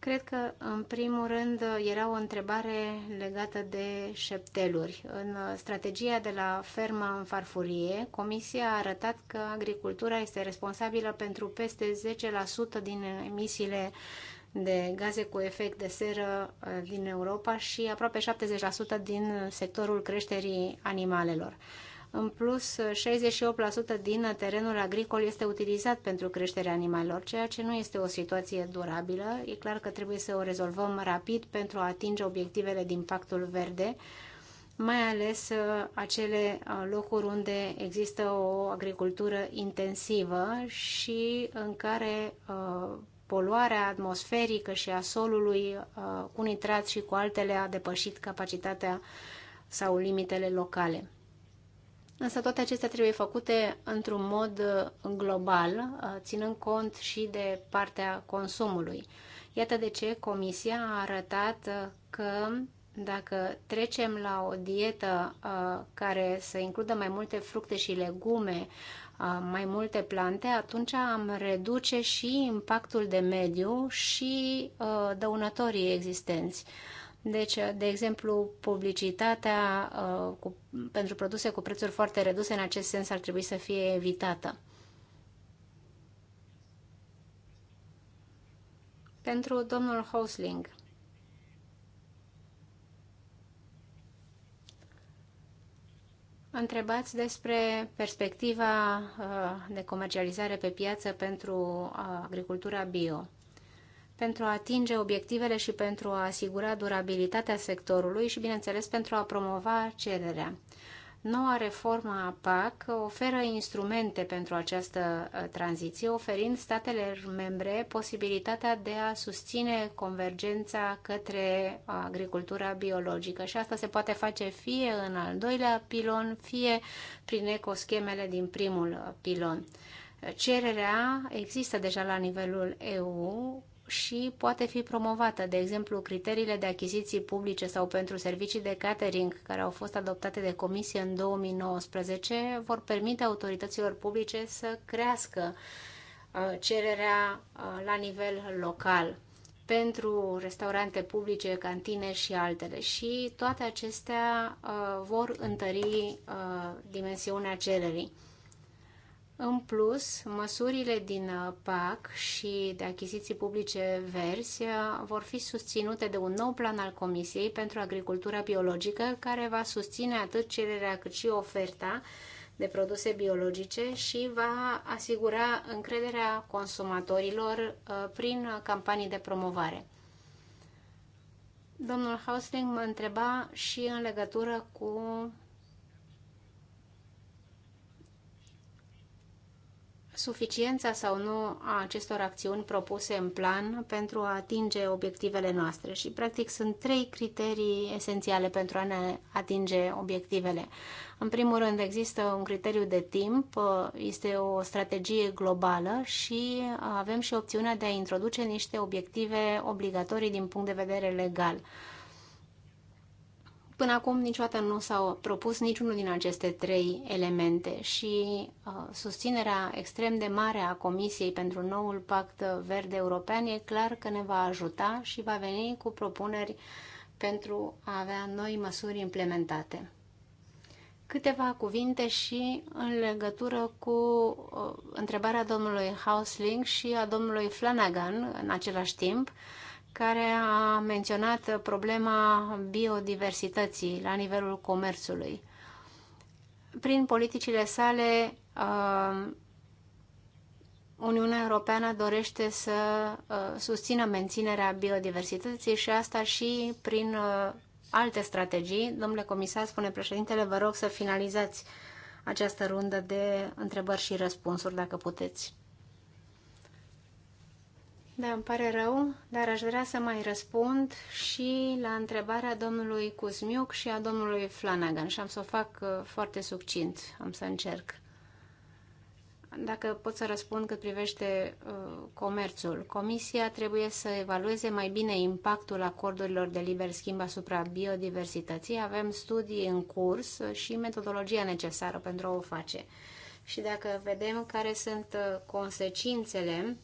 Cred că, în primul rând, era o întrebare legată de șepteluri. În strategia de la ferma în farfurie, Comisia a arătat că agricultura este responsabilă pentru peste 10% din emisiile de gaze cu efect de seră uh, din Europa și aproape 70% din sectorul creșterii animalelor. În plus, 68% din terenul agricol este utilizat pentru creșterea animalelor, ceea ce nu este o situație durabilă. E clar că trebuie să o rezolvăm rapid pentru a atinge obiectivele din pactul verde, mai ales uh, acele uh, locuri unde există o agricultură intensivă și în care uh, poluarea atmosferică și a solului cu nitrat și cu altele a depășit capacitatea sau limitele locale. Însă toate acestea trebuie făcute într-un mod uh, global, uh, ținând cont și de partea consumului. Iată de ce Comisia a arătat uh, că dacă trecem la o dietă care să includă mai multe fructe și legume, mai multe plante, atunci am reduce și impactul de mediu și dăunătorii existenți. Deci, de exemplu, publicitatea uh, cu, pentru produse cu prețuri foarte reduse în acest sens ar trebui să fie evitată. Pentru domnul Hosling. Întrebați despre perspectiva uh, de comercializare pe piață pentru uh, agricultura bio pentru a atinge obiectivele și pentru a asigura durabilitatea sectorului și, bineînțeles, pentru a promova cererea. Noua reformă a PAC oferă instrumente pentru această uh, tranziție, oferind statelor membre posibilitatea de a susține convergența către uh, agricultura biologică și asta se poate face fie în al doilea pilon, fie prin ecoschemele din primul uh, pilon. Cererea există deja la nivelul EU și poate fi promovată. De exemplu, criteriile de achiziții publice sau pentru servicii de catering care au fost adoptate de comisie în 2019 vor permite autorităților publice să crească uh, cererea uh, la nivel local pentru restaurante publice, cantine și altele. Și toate acestea uh, vor întări dimensiunea cererii. În plus, măsurile din uh, PAC și de achiziții publice verzi uh, vor fi susținute de un nou plan al Comisiei pentru agricultura biologică care va susține atât cererea cât și oferta de produse biologice și va asigura încrederea consumatorilor uh, prin campanii de promovare. Domnul Hausling mă întreba și în legătură cu suficiența sau nu a acestor acțiuni propuse în plan pentru a atinge obiectivele noastre și practic sunt trei criterii esențiale pentru a ne atinge obiectivele. În primul rând există un criteriu de timp, este o strategie globală și avem și opțiunea de a introduce niște obiective obligatorii din punct de vedere legal. Până acum niciodată nu s-au propus niciunul din aceste trei elemente și uh, susținerea extrem de mare a Comisiei pentru noul pact verde european e clar că ne va ajuta și va veni cu propuneri pentru a avea noi măsuri implementate. Câteva cuvinte și în legătură cu uh, întrebarea domnului Hausling și a domnului Flanagan în același timp. Uh, care a menționat problema biodiversității la nivelul comerțului. Prin politicile sale, uh, Uniunea Europeană dorește să uh, susțină menținerea biodiversității și asta și prin uh, alte strategii. Domnule comisar, spune președintele, vă rog să finalizați această rundă de întrebări și răspunsuri, dacă puteți. Da, îmi pare rău, dar aș vrea să mai răspund și la întrebarea domnului Cuzmiuc și a domnului Flanagan și am să o fac uh, foarte succint, am să încerc. Dacă pot să răspund cât privește uh, comerțul, Comisia trebuie să evalueze mai bine impactul acordurilor de liber schimb asupra biodiversității. Avem studii în curs și metodologia necesară pentru a o face. Și dacă vedem care sunt uh, consecințele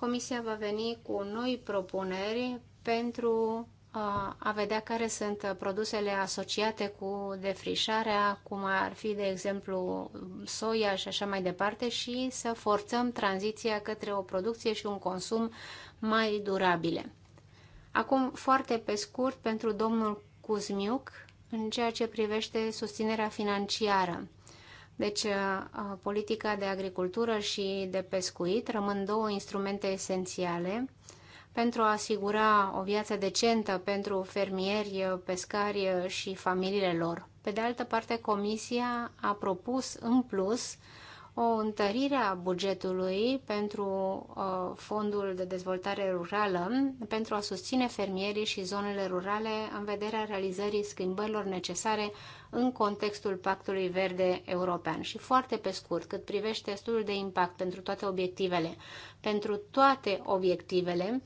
Comisia va veni cu noi propuneri pentru a vedea care sunt produsele asociate cu defrișarea, cum ar fi, de exemplu, soia și așa mai departe, și să forțăm tranziția către o producție și un consum mai durabile. Acum, foarte pe scurt, pentru domnul Cuzmiuc, în ceea ce privește susținerea financiară. Deci, uh, uh, politica de agricultură și de pescuit rămân două instrumente esențiale pentru a asigura o viață decentă pentru fermieri, uh, pescari și familiile lor. Pe de altă parte, Comisia a propus în plus o întărire a bugetului pentru Fondul de Dezvoltare Rurală pentru a susține fermierii și zonele rurale în vederea realizării schimbărilor necesare în contextul Pactului Verde European. Și foarte pe scurt, cât privește studiul de impact pentru toate obiectivele, pentru toate obiectivele,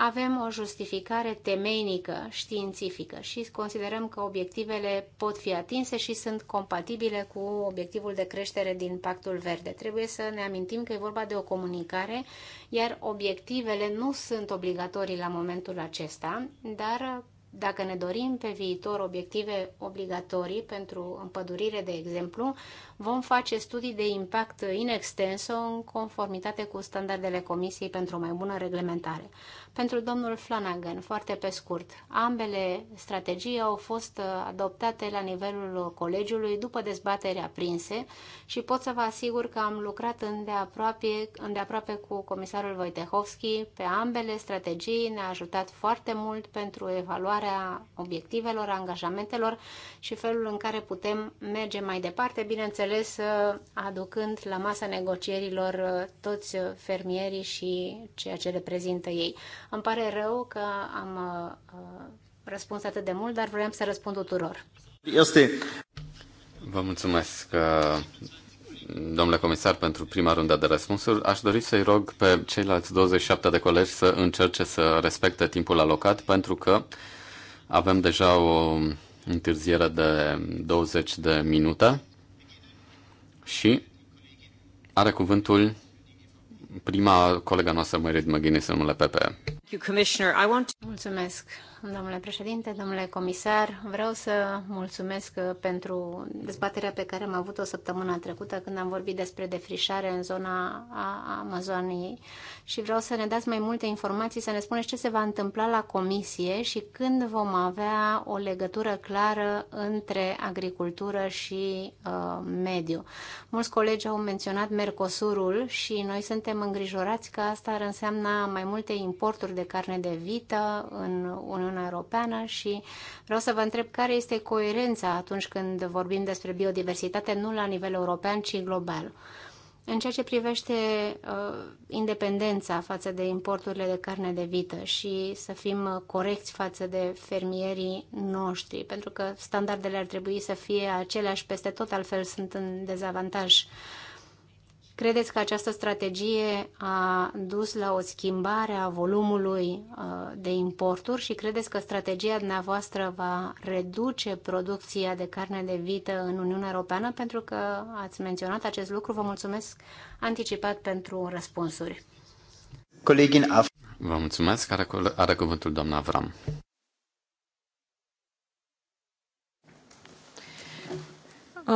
avem o justificare temeinică, științifică și considerăm că obiectivele pot fi atinse și sunt compatibile cu obiectivul de creștere din Pactul Verde. Trebuie să ne amintim că e vorba de o comunicare, iar obiectivele nu sunt obligatorii la momentul acesta, dar dacă ne dorim pe viitor obiective obligatorii pentru împădurire, de exemplu, vom face studii de impact in extenso în conformitate cu standardele Comisiei pentru o mai bună reglementare. Pentru domnul Flanagan, foarte pe scurt, ambele strategii au fost adoptate la nivelul colegiului după dezbatere aprinse și pot să vă asigur că am lucrat îndeaproape, îndeaproape cu comisarul Wojtehovski pe ambele strategii, ne-a ajutat foarte mult pentru evaluarea obiectivelor, angajamentelor și felul în care putem merge mai departe, bineînțeles bineînțeles uh, aducând la masa negocierilor uh, toți uh, fermierii și ceea ce reprezintă ei. Îmi pare rău că am răspuns atât de mult, dar vreau să răspund tuturor. Este. Vă mulțumesc, domnule comisar, pentru prima rundă de răspunsuri. Aș dori să-i rog pe ceilalți 27 de colegi să încerce să respecte timpul alocat, pentru că avem deja o întârziere de 20 de minute și are cuvântul prima colega noastră, Merit McGuinness, în numele PPE. Mulțumesc, domnule președinte, domnule comisar. Vreau să mulțumesc uh, pentru dezbaterea pe care am avut-o săptămâna trecută când am vorbit despre defrișare în zona a Amazoniei și vreau să ne dați mai multe informații, să ne spuneți ce se va întâmpla la comisie și când vom avea o legătură clară între agricultură și uh, mediu. Mulți colegi au menționat Mercosurul și noi suntem îngrijorați că asta ar înseamna mai multe importuri de carne de vită în Uniunea Uniunea Europeană și vreau să vă întreb care este coerența atunci când vorbim despre biodiversitate, nu la nivel european, ci global. În ceea ce privește uh, independența față de importurile de carne de vită și să fim uh, corecți față de fermierii noștri, pentru că standardele ar trebui să fie aceleași peste tot, altfel sunt în dezavantaj uh, Credeți că această strategie a dus la o schimbare a volumului uh, de importuri și credeți că strategia dumneavoastră va reduce producția de carne de vită în Uniunea Europeană? Pentru că ați menționat acest lucru. Vă mulțumesc anticipat pentru răspunsuri. Vă mulțumesc. are cuvântul doamna Avram.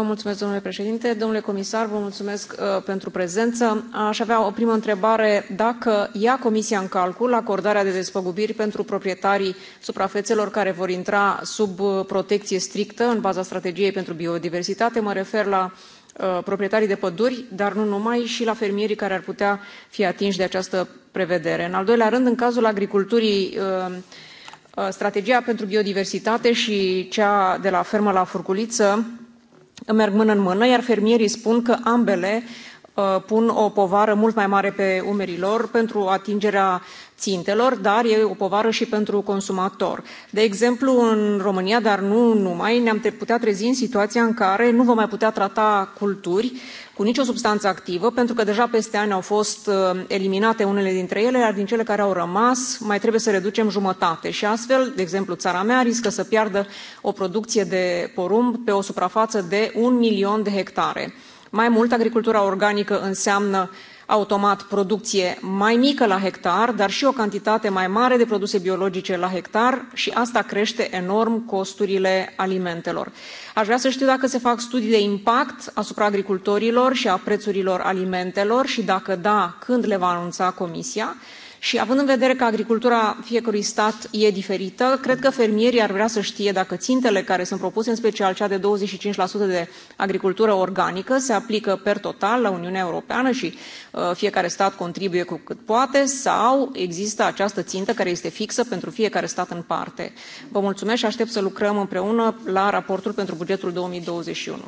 Mulțumesc, domnule președinte. Domnule comisar, vă mulțumesc uh, pentru prezență. Aș avea o primă întrebare. Dacă ia Comisia în calcul acordarea de despăgubiri pentru proprietarii suprafețelor care vor intra sub uh, protecție strictă în baza strategiei pentru biodiversitate, mă refer la uh, proprietarii de păduri, dar nu numai, și la fermierii care ar putea fi atinși de această prevedere. În al doilea rând, în cazul agriculturii uh, uh strategia pentru biodiversitate și cea de la fermă la furculiță merg mână în mână, iar fermierii spun că ambele uh, pun o povară mult mai mare pe umerii lor pentru atingerea țintelor, dar e o povară și pentru consumator. De exemplu, în România, dar nu numai, ne-am putea trezi în situația în care nu vom mai putea trata culturi cu nicio substanță activă, pentru că deja peste ani au fost uh, eliminate unele dintre ele, iar din cele care au rămas mai trebuie să reducem jumătate. Și astfel, de exemplu, țara mea riscă să piardă o producție de porumb pe o suprafață de un milion de hectare. Mai mult, agricultura organică înseamnă automat producție mai mică la hectar, dar și o cantitate mai mare de produse biologice la hectar și asta crește enorm costurile alimentelor. Aș vrea să știu dacă se fac studii de impact asupra agricultorilor și a prețurilor alimentelor și dacă da, când le va anunța Comisia? Și având în vedere că agricultura fiecărui stat e diferită, cred că fermierii ar vrea să știe dacă țintele care sunt propuse, în special cea de 25% de agricultură organică, se aplică per total la Uniunea Europeană și uh, fiecare stat contribuie cu cât poate sau există această țintă care este fixă pentru fiecare stat în parte. Vă mulțumesc și aștept să lucrăm împreună la raportul pentru bugetul 2021.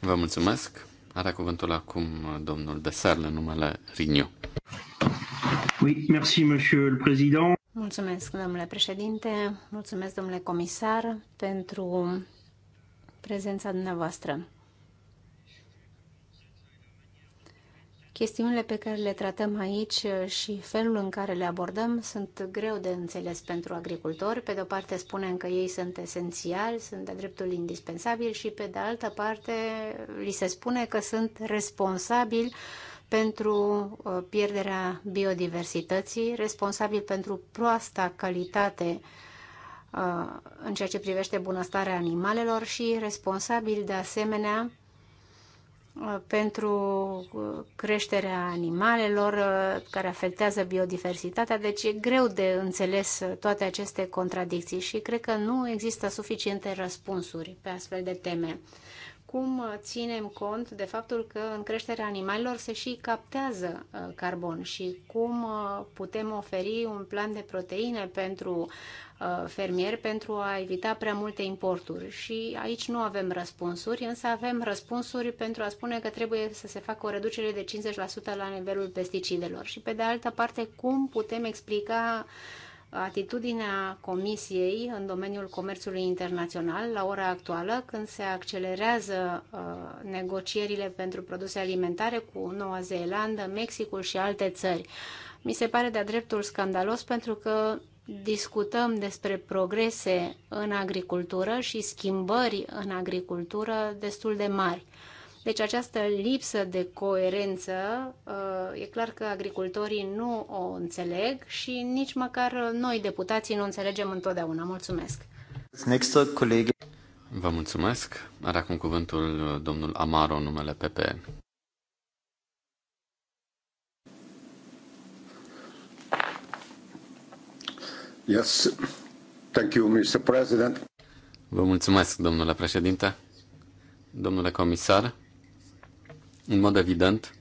Vă mulțumesc. Are cuvântul acum domnul Sarle, numele Rignu. Oui, merci, monsieur le président. Mulțumesc, domnule președinte, mulțumesc, domnule comisar, pentru prezența dumneavoastră. Chestiunile pe care le tratăm aici uh, și felul în care le abordăm sunt greu de înțeles pentru agricultori. Pe de o parte spunem că ei sunt esențiali, sunt de dreptul indispensabil și pe de altă parte uh, li se spune că sunt responsabili pentru uh, pierderea biodiversității, responsabili pentru proasta calitate în ceea ce privește bunăstarea animalelor și responsabili de asemenea pentru uh, creșterea animalelor uh, care afectează biodiversitatea, deci e greu de înțeles uh, toate aceste contradicții și cred că nu există suficiente răspunsuri pe astfel de teme. Cum ținem cont de faptul că în creșterea animalelor se și captează carbon și cum putem oferi un plan de proteine pentru Uh, fermieri pentru a evita prea multe importuri. Și aici nu avem răspunsuri, însă avem răspunsuri pentru a spune că trebuie să se facă o reducere de 50% la nivelul pesticidelor. Și pe de altă parte, cum putem explica atitudinea Comisiei în domeniul comerțului internațional la ora actuală, când se accelerează uh, negocierile pentru produse alimentare cu Noua Zeelandă, Mexicul și alte țări. Mi se pare de-a dreptul scandalos pentru că discutăm despre progrese în agricultură și schimbări în agricultură destul de mari. Deci această lipsă de coerență, uh, e clar că agricultorii nu o înțeleg și nici măcar noi, deputații, nu înțelegem întotdeauna. Mulțumesc! Next, colegi. Vă mulțumesc. Are acum cuvântul domnul Amaro, numele PP. Yes. Thank you, Mr. President. Vă mulțumesc, domnule președinte. Domnule comisar, în mod evident,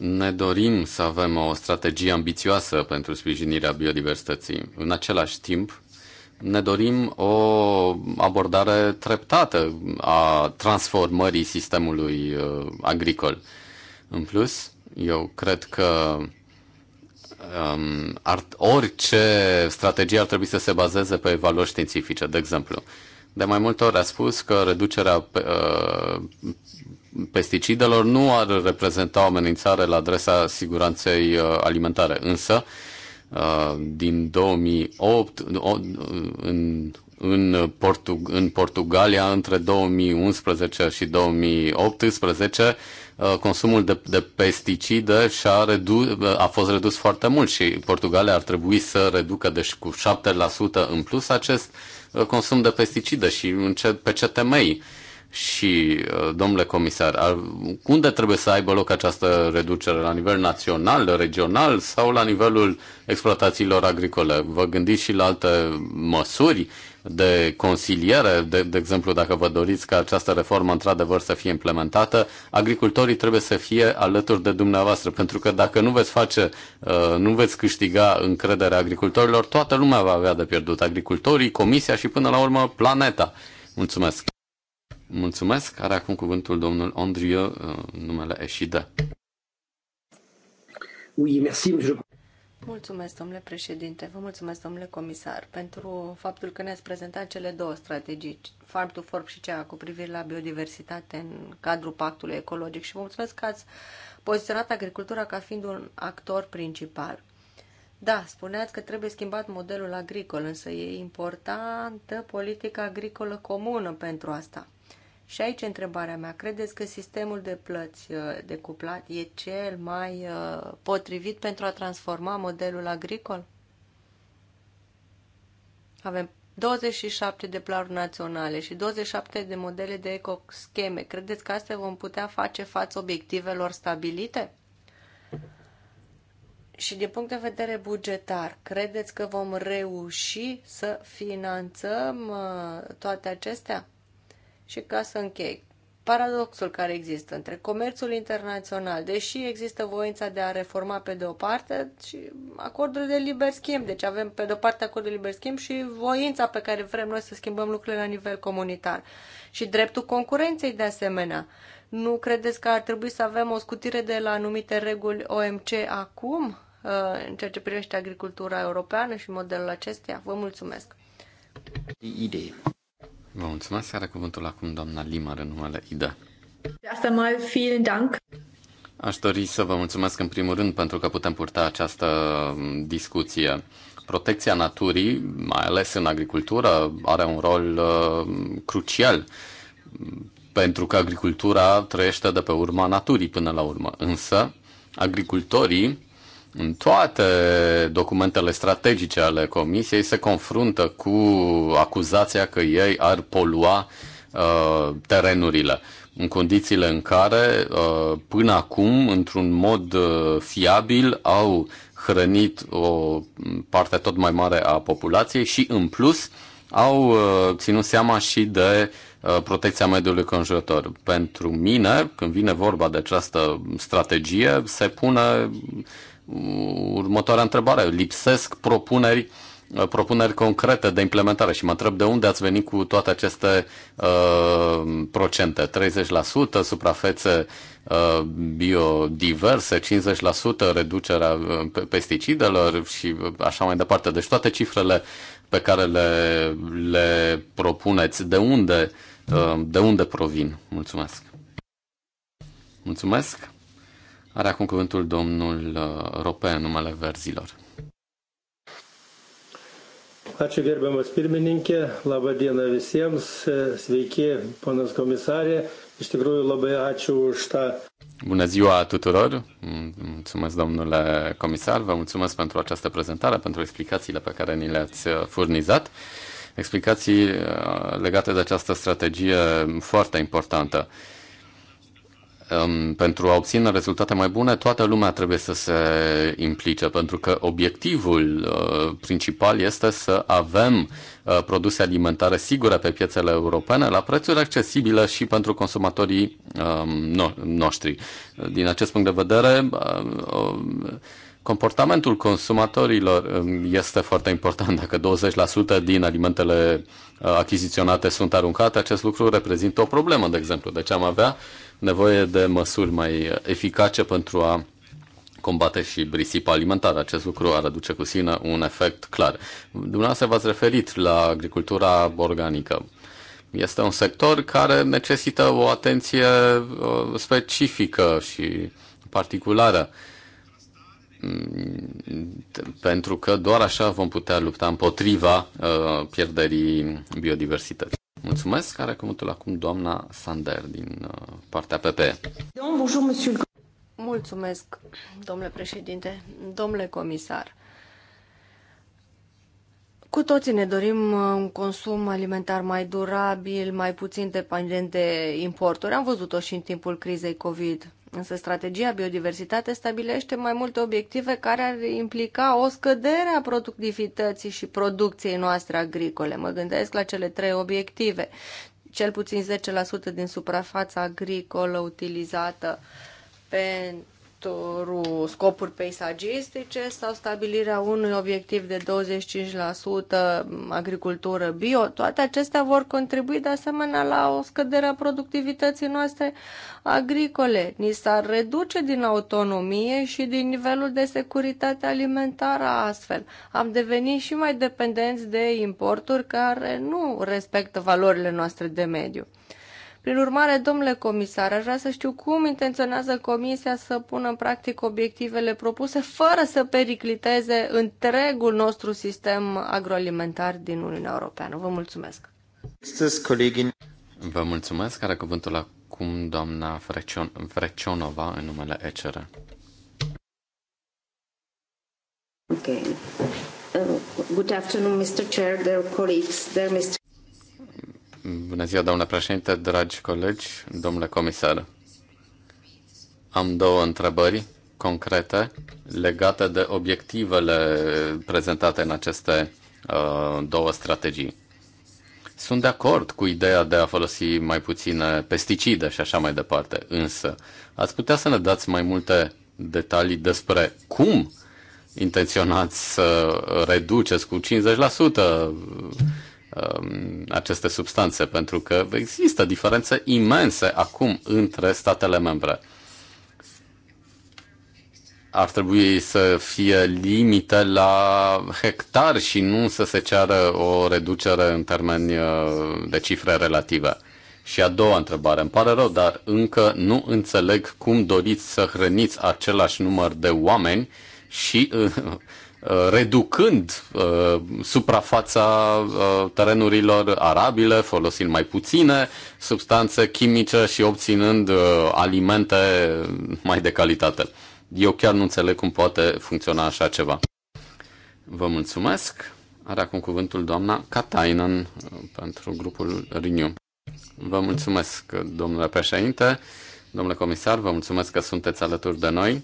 ne dorim să avem o strategie ambițioasă pentru sprijinirea biodiversității. În același timp, ne dorim o abordare treptată a transformării sistemului uh, agricol. În plus, eu cred că um, ar, orice strategie ar trebui să se bazeze pe valori științifice, de exemplu. De mai multe ori a spus că reducerea uh, pesticidelor nu ar reprezenta o amenințare la adresa siguranței uh, alimentare, însă uh, din 2008 în în, Portug- în Portugalia între 2011 și 2018 Uh, consumul de, de pesticide și-a redu- uh, a fost redus foarte mult și Portugalia ar trebui să reducă deci cu 7% în plus acest uh, consum de pesticide și în ce, pe ce temei. Și, domnule comisar, unde trebuie să aibă loc această reducere? La nivel național, regional sau la nivelul exploatațiilor agricole? Vă gândiți și la alte măsuri? Uh, de consiliere, de, de exemplu, dacă vă doriți ca această reformă într-adevăr să fie implementată, agricultorii trebuie să fie alături de dumneavoastră, pentru că dacă nu veți face, uh, nu veți câștiga încrederea agricultorilor, toată lumea va avea de pierdut, agricultorii, comisia și până la urmă planeta. Mulțumesc! Mulțumesc! Are acum cuvântul domnul Andrieu, uh, numele Eșide. Oui, merci, monsieur. Mulțumesc, domnule președinte, vă mulțumesc, domnule comisar, pentru faptul că ne-ați prezentat cele două strategii, Farm to Fork și cea cu privire la biodiversitate în cadrul pactului ecologic și vă mulțumesc că ați poziționat agricultura ca fiind un actor principal. Da, spuneați că trebuie schimbat modelul agricol, însă e importantă politica agricolă comună pentru asta. Și aici întrebarea mea. Credeți că sistemul de plăți uh, decuplat e cel mai uh, potrivit pentru a transforma modelul agricol? Avem 27 de planuri naționale și 27 de modele de ecoscheme. Credeți că astea vom putea face față obiectivelor stabilite? Și din punct de vedere bugetar, credeți că vom reuși să finanțăm uh, toate acestea? Și ca să închei, paradoxul care există între comerțul internațional, deși există voința de a reforma pe de o parte și acordul de liber schimb. Deci avem pe de o parte acordul de liber schimb și voința pe care vrem noi să schimbăm lucrurile la nivel comunitar. Și dreptul concurenței de asemenea. Nu credeți că ar trebui să avem o scutire de la anumite reguli OMC acum uh, în ceea ce privește agricultura europeană și modelul acesteia? Vă mulțumesc! Idee. Vă mulțumesc. Are cuvântul acum doamna Limar în numele IDA. Asta mai vielen Dank. Aș dori să vă mulțumesc în primul rând pentru că putem purta această mm, discuție. Protecția naturii, mai ales în agricultură, are un rol uh, crucial mm, pentru că agricultura trăiește de pe urma naturii până la urmă. Însă, agricultorii în toate documentele strategice ale Comisiei se confruntă cu acuzația că ei ar polua uh, terenurile în condițiile în care uh, până acum, într-un mod uh, fiabil, au hrănit o parte tot mai mare a populației și, în plus, au uh, ținut seama și de protecția mediului conjurător. Pentru mine, când vine vorba de această strategie, se pune următoarea întrebare. Lipsesc propuneri uh, propuneri concrete de implementare și mă întreb de unde ați venit cu toate aceste uh, procente. 30% suprafețe uh, biodiverse, 50% reducerea uh, pesticidelor și uh, așa mai departe. Deci toate cifrele pe care le, le propuneți, de unde, uh, de unde provin? Mulțumesc! Mulțumesc! Are acum cuvântul domnul uh, Rope în numele verzilor. Ačiū gerbiamas pirmininkė, laba diena visiems, sveiki, ponas komisarė, iš tikrųjų labai ačiū už tą. Bună ziua tuturor! Mulțumesc, domnule comisar, vă mulțumesc pentru această prezentare, pentru explicațiile pe care ni le-ați uh, furnizat. Explicații uh, legate de această strategie foarte importantă um, pentru a obține rezultate mai bune, toată lumea trebuie să se implice, pentru că obiectivul uh, principal este să avem uh, produse alimentare sigure pe piețele europene, la prețuri accesibile și pentru consumatorii um, no- noștri. Din acest punct de vedere, uh, uh, comportamentul consumatorilor um, este foarte important. Dacă 20% din alimentele uh, achiziționate sunt aruncate, acest lucru reprezintă o problemă, de exemplu. Deci am avea uh, nevoie de măsuri mai eficace pentru a combate și brisipa alimentară. Acest lucru ar aduce cu sine un efect clar. Dumneavoastră v-ați referit la agricultura organică. Este un sector care necesită o atenție uh, specifică și particulară. Uh, pentru că doar așa vom putea lupta împotriva uh, pierderii biodiversității. Mulțumesc, care cuvântul acum doamna Sander din uh, partea PP. Mulțumesc, domnule președinte, domnule comisar. Cu toții ne dorim uh, un consum alimentar mai durabil, mai puțin dependent de importuri. Am văzut-o și în timpul crizei COVID. Însă strategia biodiversitate stabilește mai multe obiective care ar implica o scădere a productivității și producției noastre agricole. Mă gândesc la cele trei obiective. Cel puțin 10% din suprafața agricolă utilizată pe pentru scopuri peisagistice sau stabilirea unui obiectiv de 25% agricultură bio, toate acestea vor contribui de asemenea la o scădere a productivității noastre agricole. Ni s-ar reduce din autonomie și din nivelul de securitate alimentară astfel. Am devenit și mai dependenți de importuri care nu respectă valorile noastre de mediu. Prin urmare, domnule comisar, aș vrea să știu cum intenționează Comisia să pună în practic obiectivele propuse fără să pericliteze întregul nostru sistem agroalimentar din Uniunea Europeană. Vă mulțumesc! Vă mulțumesc. Are cuvântul acum doamna Vrecion, Vrecionova în numele ECR. Okay. Uh, good afternoon, Mr. Chair, dear colleagues, dear Mr. Bună ziua, doamnă președinte, dragi colegi, domnule comisar. Am două întrebări concrete legate de obiectivele prezentate în aceste uh, două strategii. Sunt de acord cu ideea de a folosi mai puține pesticide și așa mai departe, însă ați putea să ne dați mai multe detalii despre cum intenționați să reduceți cu 50% Um, aceste substanțe, pentru că există diferențe imense acum între statele membre. Ar trebui să fie limite la hectar și nu să se ceară o reducere în termeni uh, de cifre relative. Și a doua întrebare, îmi pare rău, dar încă nu înțeleg cum doriți să hrăniți același număr de oameni și uh, Uh, reducând uh, suprafața uh, terenurilor arabile, folosind mai puține substanțe chimice și obținând uh, alimente mai de calitate. Eu chiar nu înțeleg cum poate funcționa așa ceva. Vă mulțumesc. Are acum cuvântul doamna Katainen uh, pentru grupul Renew. Vă mulțumesc, domnule președinte, domnule comisar, vă mulțumesc că sunteți alături de noi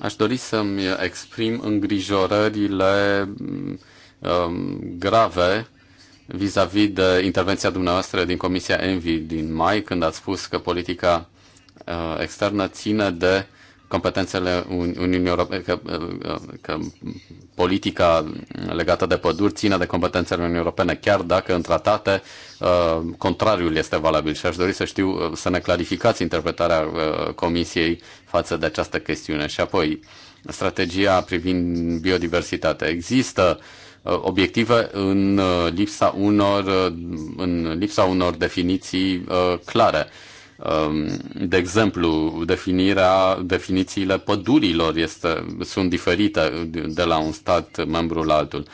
Aș dori să-mi exprim îngrijorările um, grave vis-a-vis -vis de intervenția dumneavoastră din Comisia Envi din mai, când ați spus că politica uh, externă ține de competențele Uniunii Europene, că, că politica legată de păduri ține de competențele Uniunii Europene, chiar dacă în tratate uh, contrariul este valabil. Și aș dori să știu, uh, să ne clarificați interpretarea uh, Comisiei față de această chestiune. Și apoi, strategia privind biodiversitatea. Există obiective în lipsa unor, în lipsa unor definiții clare Um, de exemplu, definirea, definițiile pădurilor este, sunt diferite de la un stat membru la altul.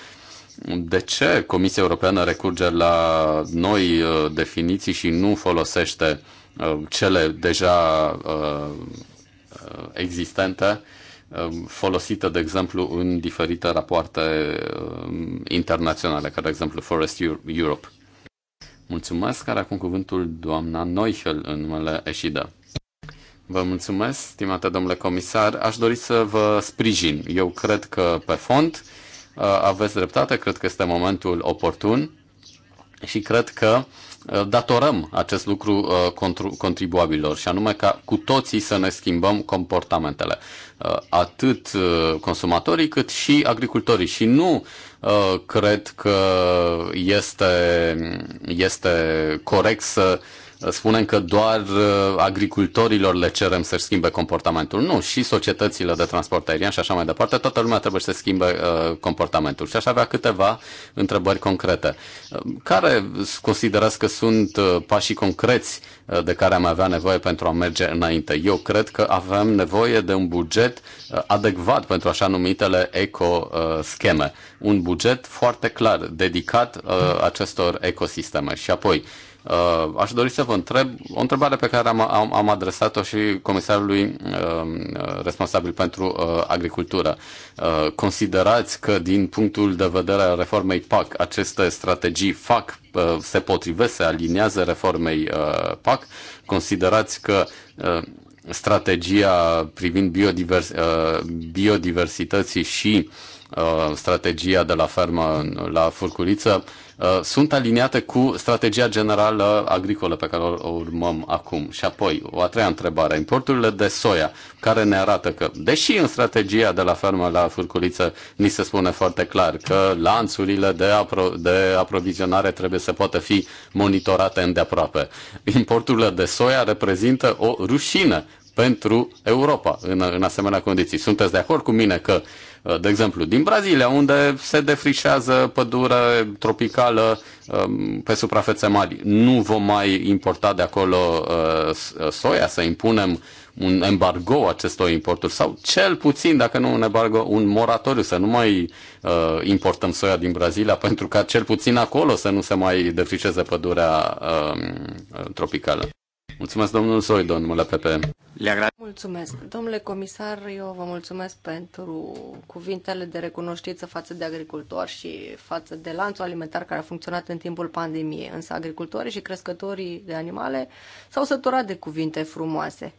De ce Comisia Europeană recurge la noi uh, definiții și nu folosește uh, cele deja uh, existente, um, folosite, de exemplu, în diferite rapoarte um, internaționale, ca de exemplu Forest Europe? Mulțumesc, care acum cuvântul doamna Noichel în numele Eșida. Vă mulțumesc, stimate domnule comisar. Aș dori să vă sprijin. Eu cred că pe fond uh, aveți dreptate, cred că este momentul oportun și cred că uh, Uh, datorăm acest lucru uh, contribuabilor și anume ca cu toții să ne schimbăm comportamentele, uh, atât consumatorii cât și agricultorii și nu cred că este, este corect să spunem că doar uh, agricultorilor le cerem să-și schimbe comportamentul. Nu, și societățile de transport aerian și așa mai departe, toată lumea trebuie să schimbe uh, comportamentul. Și aș avea câteva întrebări concrete. Uh, care considerați că sunt pașii concreți de care am avea nevoie pentru a merge înainte? Eu cred că avem nevoie de un buget adecvat pentru așa numitele ecoscheme. Un buget foarte clar dedicat acestor ecosisteme. Și apoi, Uh, aș dori să vă întreb o întrebare pe care am, am, am adresat-o și comisarului uh, responsabil pentru uh, agricultură. Uh, considerați că din punctul de vedere al reformei PAC aceste strategii fac, uh, se potrivesc, se aliniază reformei uh, PAC? Considerați că uh, strategia privind biodivers, uh, biodiversității și uh, strategia de la fermă la furculiță uh, Uh, sunt aliniate cu strategia generală agricolă pe care o urmăm acum. Și apoi, o a treia întrebare, importurile de soia, care ne arată că, deși în strategia de la fermă la furculiță ni se spune foarte clar că lanțurile de, apro- de aprovizionare trebuie să poată fi monitorate îndeaproape, importurile de soia reprezintă o rușină pentru Europa în, în asemenea condiții. Sunteți de acord cu mine că uh, Uh, de exemplu, din Brazilia, unde se defrișează pădure tropicală um, pe suprafețe mari. Nu vom mai importa de acolo uh, soia, să impunem un embargo acestor importuri sau cel puțin, dacă nu un embargo, un moratoriu, să nu mai uh, importăm soia din Brazilia pentru ca cel puțin acolo să nu se mai defriceze pădurea uh, tropicală. Mulțumesc, domnul Soido, numele PP. Mulțumesc. Domnule comisar, eu vă mulțumesc pentru cuvintele de recunoștință față de agricultori și față de lanțul alimentar care a funcționat în timpul pandemiei. Însă agricultorii și crescătorii de animale s-au săturat de cuvinte frumoase.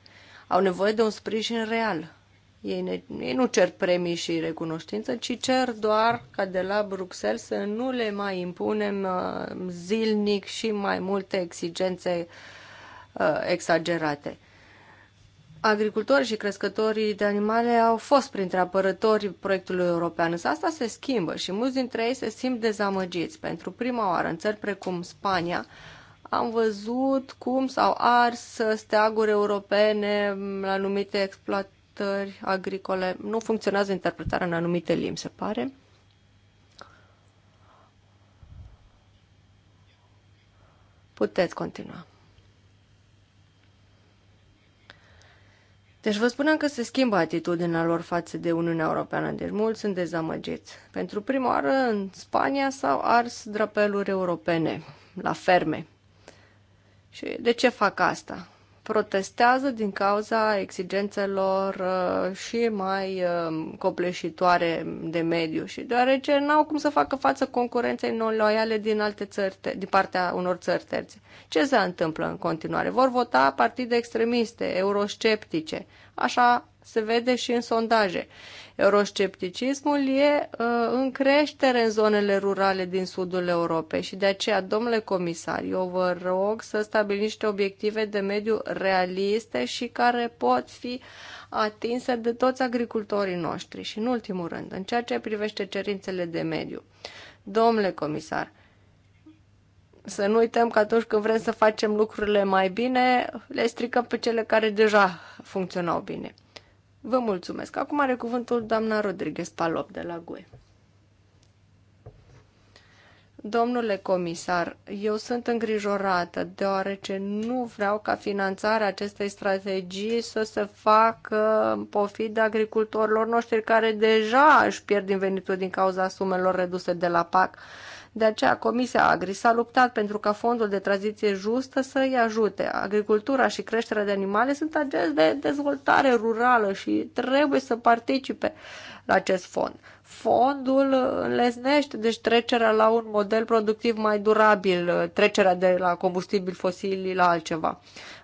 Au nevoie de un sprijin real. Ei, ne, ei nu cer premii și recunoștință, ci cer doar ca de la Bruxelles să nu le mai impunem uh, zilnic și mai multe exigențe uh, uh, exagerate. Agricultorii și crescătorii de animale au fost printre apărătorii proiectului european, însă asta se schimbă și mulți dintre ei se simt dezamăgiți. Pentru prima oară, în țări precum Spania, am văzut cum s-au ars steaguri europene la anumite exploatări agricole. Nu funcționează interpretarea în anumite limbi, se pare. Puteți continua. Deci vă spunem că se schimbă atitudinea lor față de Uniunea Europeană, deci mulți sunt dezamăgiți. Pentru prima oară în Spania s-au ars drapeluri europene la ferme. Și de ce fac asta? protestează din cauza exigențelor uh, și mai uh, copleșitoare de mediu și deoarece n-au cum să facă față concurenței non-loiale din alte țări, din partea unor țări terțe. Ce se întâmplă în continuare? Vor vota partide extremiste, eurosceptice, așa se vede și în sondaje. Euroscepticismul e uh, în creștere în zonele rurale din sudul Europei și de aceea, domnule comisar, eu vă rog să stabiliți niște obiective de mediu realiste și care pot fi atinse de toți agricultorii noștri. Și în ultimul rând, în ceea ce privește cerințele de mediu, domnule comisar, să nu uităm că atunci când vrem să facem lucrurile mai bine, le stricăm pe cele care deja funcționau bine. Vă mulțumesc. Acum are cuvântul doamna Rodriguez Palop de la GUE. Domnule comisar, eu sunt îngrijorată deoarece nu vreau ca finanțarea acestei strategii să se facă în pofida agricultorilor noștri care deja își pierd din venituri din cauza sumelor reduse de la PAC de aceea, Comisia Agri s-a luptat pentru ca fondul de tranziție justă să îi ajute. Agricultura și creșterea de animale sunt agenți de dezvoltare rurală și trebuie să participe la acest fond. Fondul înlesnește, deci, trecerea la un model productiv mai durabil, trecerea de la combustibil fosili la altceva.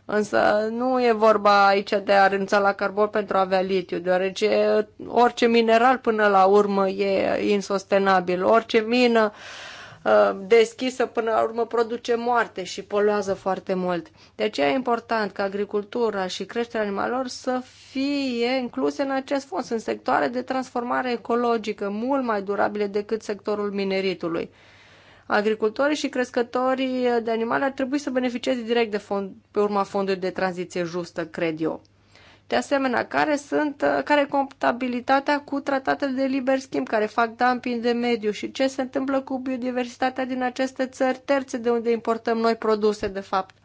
Însă nu e vorba aici de a renunța la carbon pentru a avea litiu, deoarece orice mineral până la urmă e insostenabil, orice mină uh, Uh, deschisă până la urmă produce moarte și poluează foarte mult. De aceea e important ca agricultura și creșterea animalelor să fie incluse în acest fond. Sunt sectoare de transformare ecologică mult mai durabile decât sectorul mineritului. Agricultorii și crescătorii de animale ar trebui să beneficieze direct de fond, pe urma fondului de tranziție justă, cred eu. De asemenea, care sunt, uh, care compatibilitatea cu tratatele de liber schimb care fac dumping de mediu și ce se întâmplă cu biodiversitatea din aceste țări terțe de unde importăm noi produse, de fapt?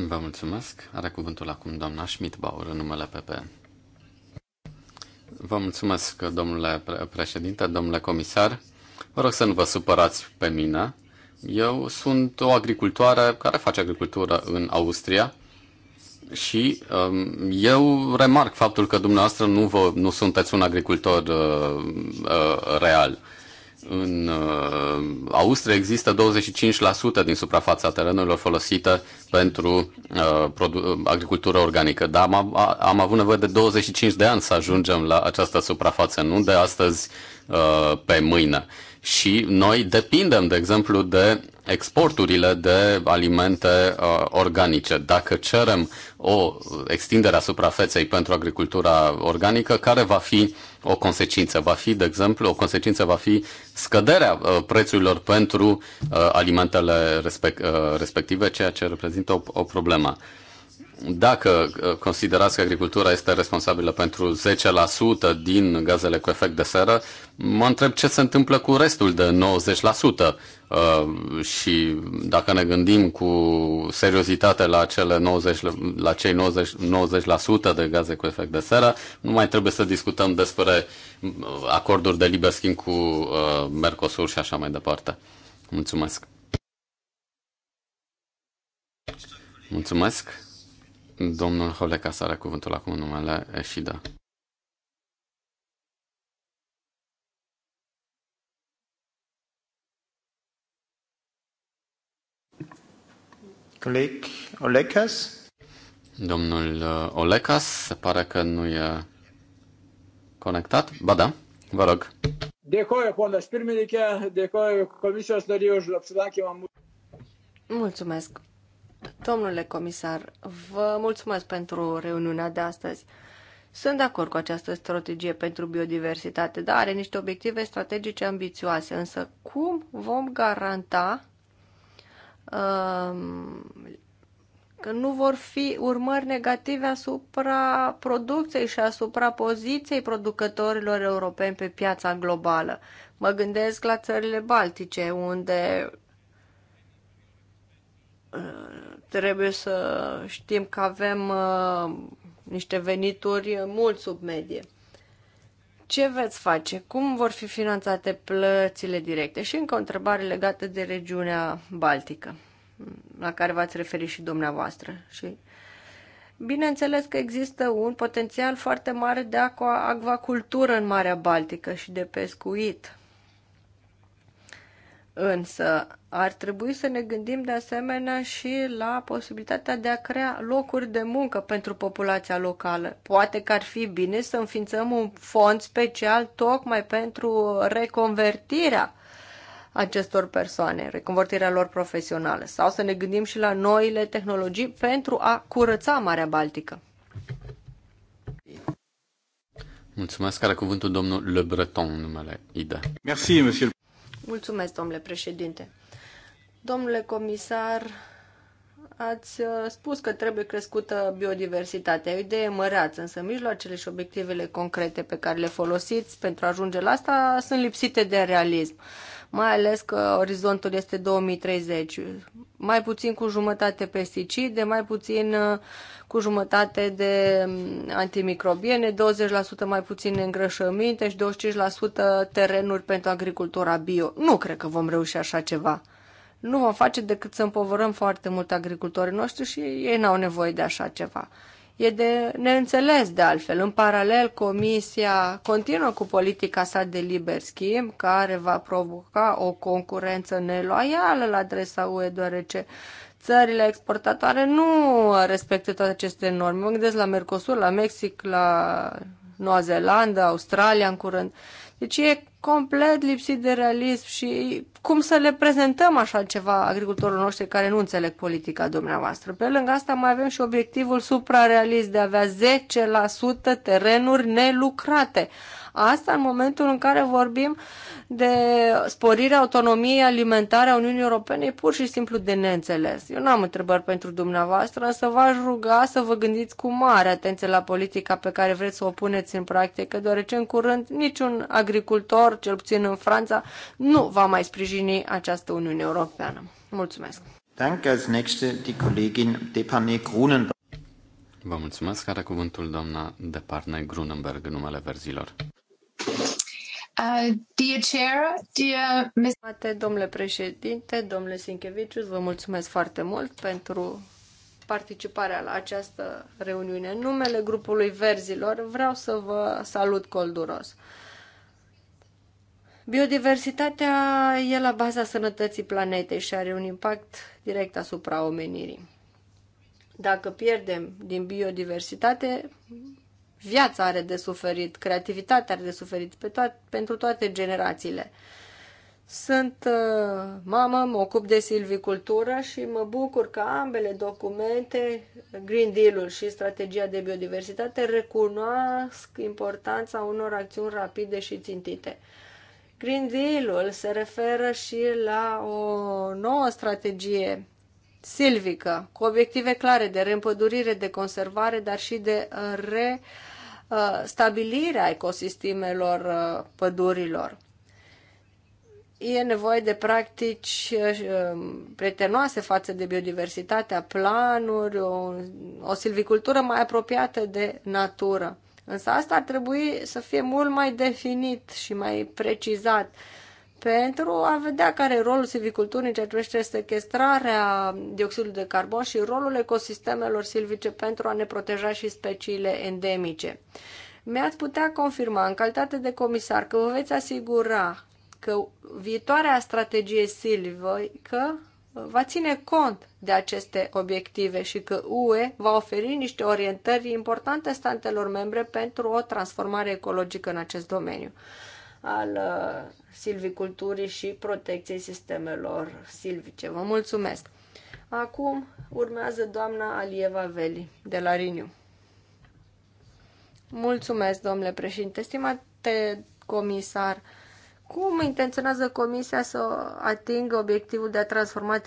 Vă mulțumesc. Are cuvântul acum doamna Schmidbauer în numele PP. Vă mulțumesc, domnule președinte, domnule comisar. Vă rog să nu vă supărați pe mine. Eu sunt o agricultoare care face agricultură în Austria și um, eu remarc faptul că dumneavoastră nu, vă, nu sunteți un agricultor uh, uh, real. În uh, Austria există 25% din suprafața terenurilor folosită pentru uh, uh, agricultură organică, dar am, am avut nevoie de 25 de ani să ajungem la această suprafață, nu de astăzi uh, pe mâine. Uh, și noi depindem, de exemplu, de exporturile de alimente uh, organice. Dacă cerem o extindere a suprafeței pentru agricultura organică, care va fi o consecință? Va fi, de exemplu, o consecință va fi scăderea uh, prețurilor pentru uh, alimentele respect, uh, respective, ceea ce reprezintă o, o problemă. Uh, dacă uh, considerați că agricultura este responsabilă pentru 10% din gazele cu efect de seră, mă întreb ce se întâmplă cu restul de 90%. Uh, și dacă ne gândim cu seriozitate la, cele 90, la cei 90, 90% de gaze cu efect de seră, nu mai trebuie să discutăm despre uh, acorduri de liber schimb cu uh, Mercosur și așa mai departe. Mulțumesc! Mulțumesc! Domnul Holeca să are cuvântul acum numele Eșida. Coleg Olecas? Domnul uh, Olecas, se pare că nu e conectat. Ba da, vă rog. Dėkoju, ponas pirmininkė, dėkoju komisijos nariai už apsilankymą. Mulțumesc, Domnule comisar, vă mulțumesc pentru reuniunea de astăzi. Sunt de acord cu această strategie pentru biodiversitate, dar are niște obiective strategice ambițioase. Însă, cum vom garanta um, că nu vor fi urmări negative asupra producției și asupra poziției producătorilor europeni pe piața globală? Mă gândesc la țările baltice, unde uh, Trebuie să știm că avem uh, niște venituri mult sub medie. Ce veți face? Cum vor fi finanțate plățile directe? Și încă o întrebare legată de regiunea Baltică, la care v-ați referit și dumneavoastră. Și Bineînțeles că există un potențial foarte mare de aquacultură în Marea Baltică și de pescuit. Însă ar trebui să ne gândim de asemenea și la posibilitatea de a crea locuri de muncă pentru populația locală. Poate că ar fi bine să înființăm un fond special tocmai pentru reconvertirea acestor persoane, reconvertirea lor profesională. Sau să ne gândim și la noile tehnologii pentru a curăța Marea Baltică. Mulțumesc. Are cuvântul domnul Le Breton, numele Ida. Merci, monsieur. Mulțumesc, domnule președinte. Domnule comisar, ați uh, spus că trebuie crescută biodiversitatea. E o idee măreață, însă mijloacele și obiectivele concrete pe care le folosiți pentru a ajunge la asta sunt lipsite de realism. Mai ales că orizontul este 2030. Mai puțin cu jumătate pesticide, mai puțin uh, cu jumătate de mm, antimicrobiene, 20% mai puțin îngrășăminte și 25% terenuri pentru agricultura bio. Nu cred că vom reuși așa ceva. Nu vom face decât să împovărăm foarte mult agricultorii noștri și ei n-au nevoie de așa ceva. E de neînțeles de altfel. În paralel, Comisia continuă cu politica sa de liber schimb, care va provoca o concurență neloială la adresa UE, deoarece țările exportatoare nu respectă toate aceste norme. Mă gândesc la Mercosur, la Mexic, la Noua Zeelandă, Australia în curând. Deci e complet lipsit de realism și cum să le prezentăm așa ceva agricultorilor noștri care nu înțeleg politica dumneavoastră. Pe lângă asta mai avem și obiectivul suprarealist de a avea 10% terenuri nelucrate. Asta în momentul în care vorbim de sporirea autonomiei alimentare a Uniunii Europene e pur și simplu de neînțeles. Eu n-am întrebări pentru dumneavoastră, însă v-aș ruga să vă gândiți cu mare atenție la politica pe care vreți să o puneți în practică, deoarece în curând niciun agricultor, cel puțin în Franța, nu va mai sprijini această Uniune Europeană. Mulțumesc! Vă mulțumesc, are cuvântul doamna Deparne Grunenberg în numele verzilor. Uh, dear Chair, dear Ms. Domnule președinte, domnule Sinchevicius, vă mulțumesc foarte mult pentru participarea la această reuniune. În numele grupului Verzilor vreau să vă salut colduros. Biodiversitatea e la baza sănătății planetei și are un impact direct asupra omenirii. Dacă pierdem din biodiversitate, viața are de suferit, creativitatea are de suferit pe to- pentru toate generațiile. Sunt uh, mamă, mă ocup de silvicultură și mă bucur că ambele documente, Green Deal-ul și strategia de biodiversitate, recunosc importanța unor acțiuni rapide și țintite. Green Deal-ul se referă și la o nouă strategie silvică, cu obiective clare de reîmpădurire, de conservare, dar și de uh, uh, a ecosistemelor uh, pădurilor. E nevoie de practici um, prietenoase față de biodiversitatea, planuri, o, o silvicultură mai apropiată de natură. Însă asta ar trebui să fie mult mai definit și mai precizat pentru a vedea care e rolul silviculturii în ceea ce privește sequestrarea dioxidului de carbon și rolul ecosistemelor silvice pentru a ne proteja și speciile endemice. Mi-ați putea confirma, în calitate de comisar, că vă veți asigura că viitoarea strategie silvă că va ține cont de aceste obiective și că UE va oferi niște orientări importante statelor membre pentru o transformare ecologică în acest domeniu al uh, silviculturii și protecției sistemelor silvice. Vă mulțumesc! Acum urmează doamna Alieva Veli de la Riniu. Mulțumesc, domnule președinte. Stimate comisar, cum intenționează Comisia să atingă obiectivul de a transforma 30%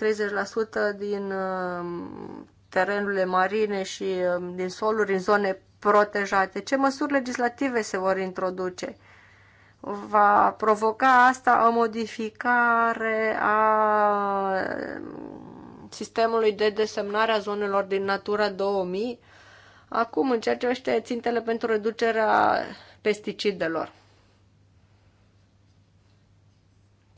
din um, terenurile marine și um, din soluri în zone protejate? Ce măsuri legislative se vor introduce? va provoca asta o modificare a sistemului de desemnare a zonelor din Natura 2000, acum în ceea ce este țintele pentru reducerea pesticidelor.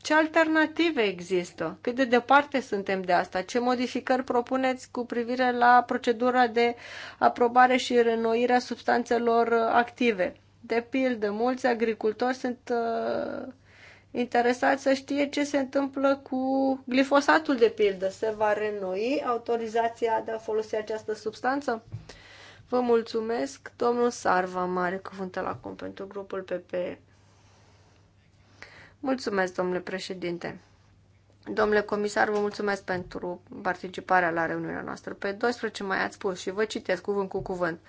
Ce alternative există? Cât de departe suntem de asta? Ce modificări propuneți cu privire la procedura de aprobare și renoire a substanțelor active? De pildă, mulți agricultori sunt uh, interesați să știe ce se întâmplă cu glifosatul, de pildă. Se va renoi autorizația de a folosi această substanță? Vă mulțumesc, domnul Sarva, mare cuvântul acum pentru grupul PP. Mulțumesc, domnule președinte. Domnule comisar, vă mulțumesc pentru participarea la reuniunea noastră. Pe 12 mai ați spus și vă citesc cuvânt cu cuvânt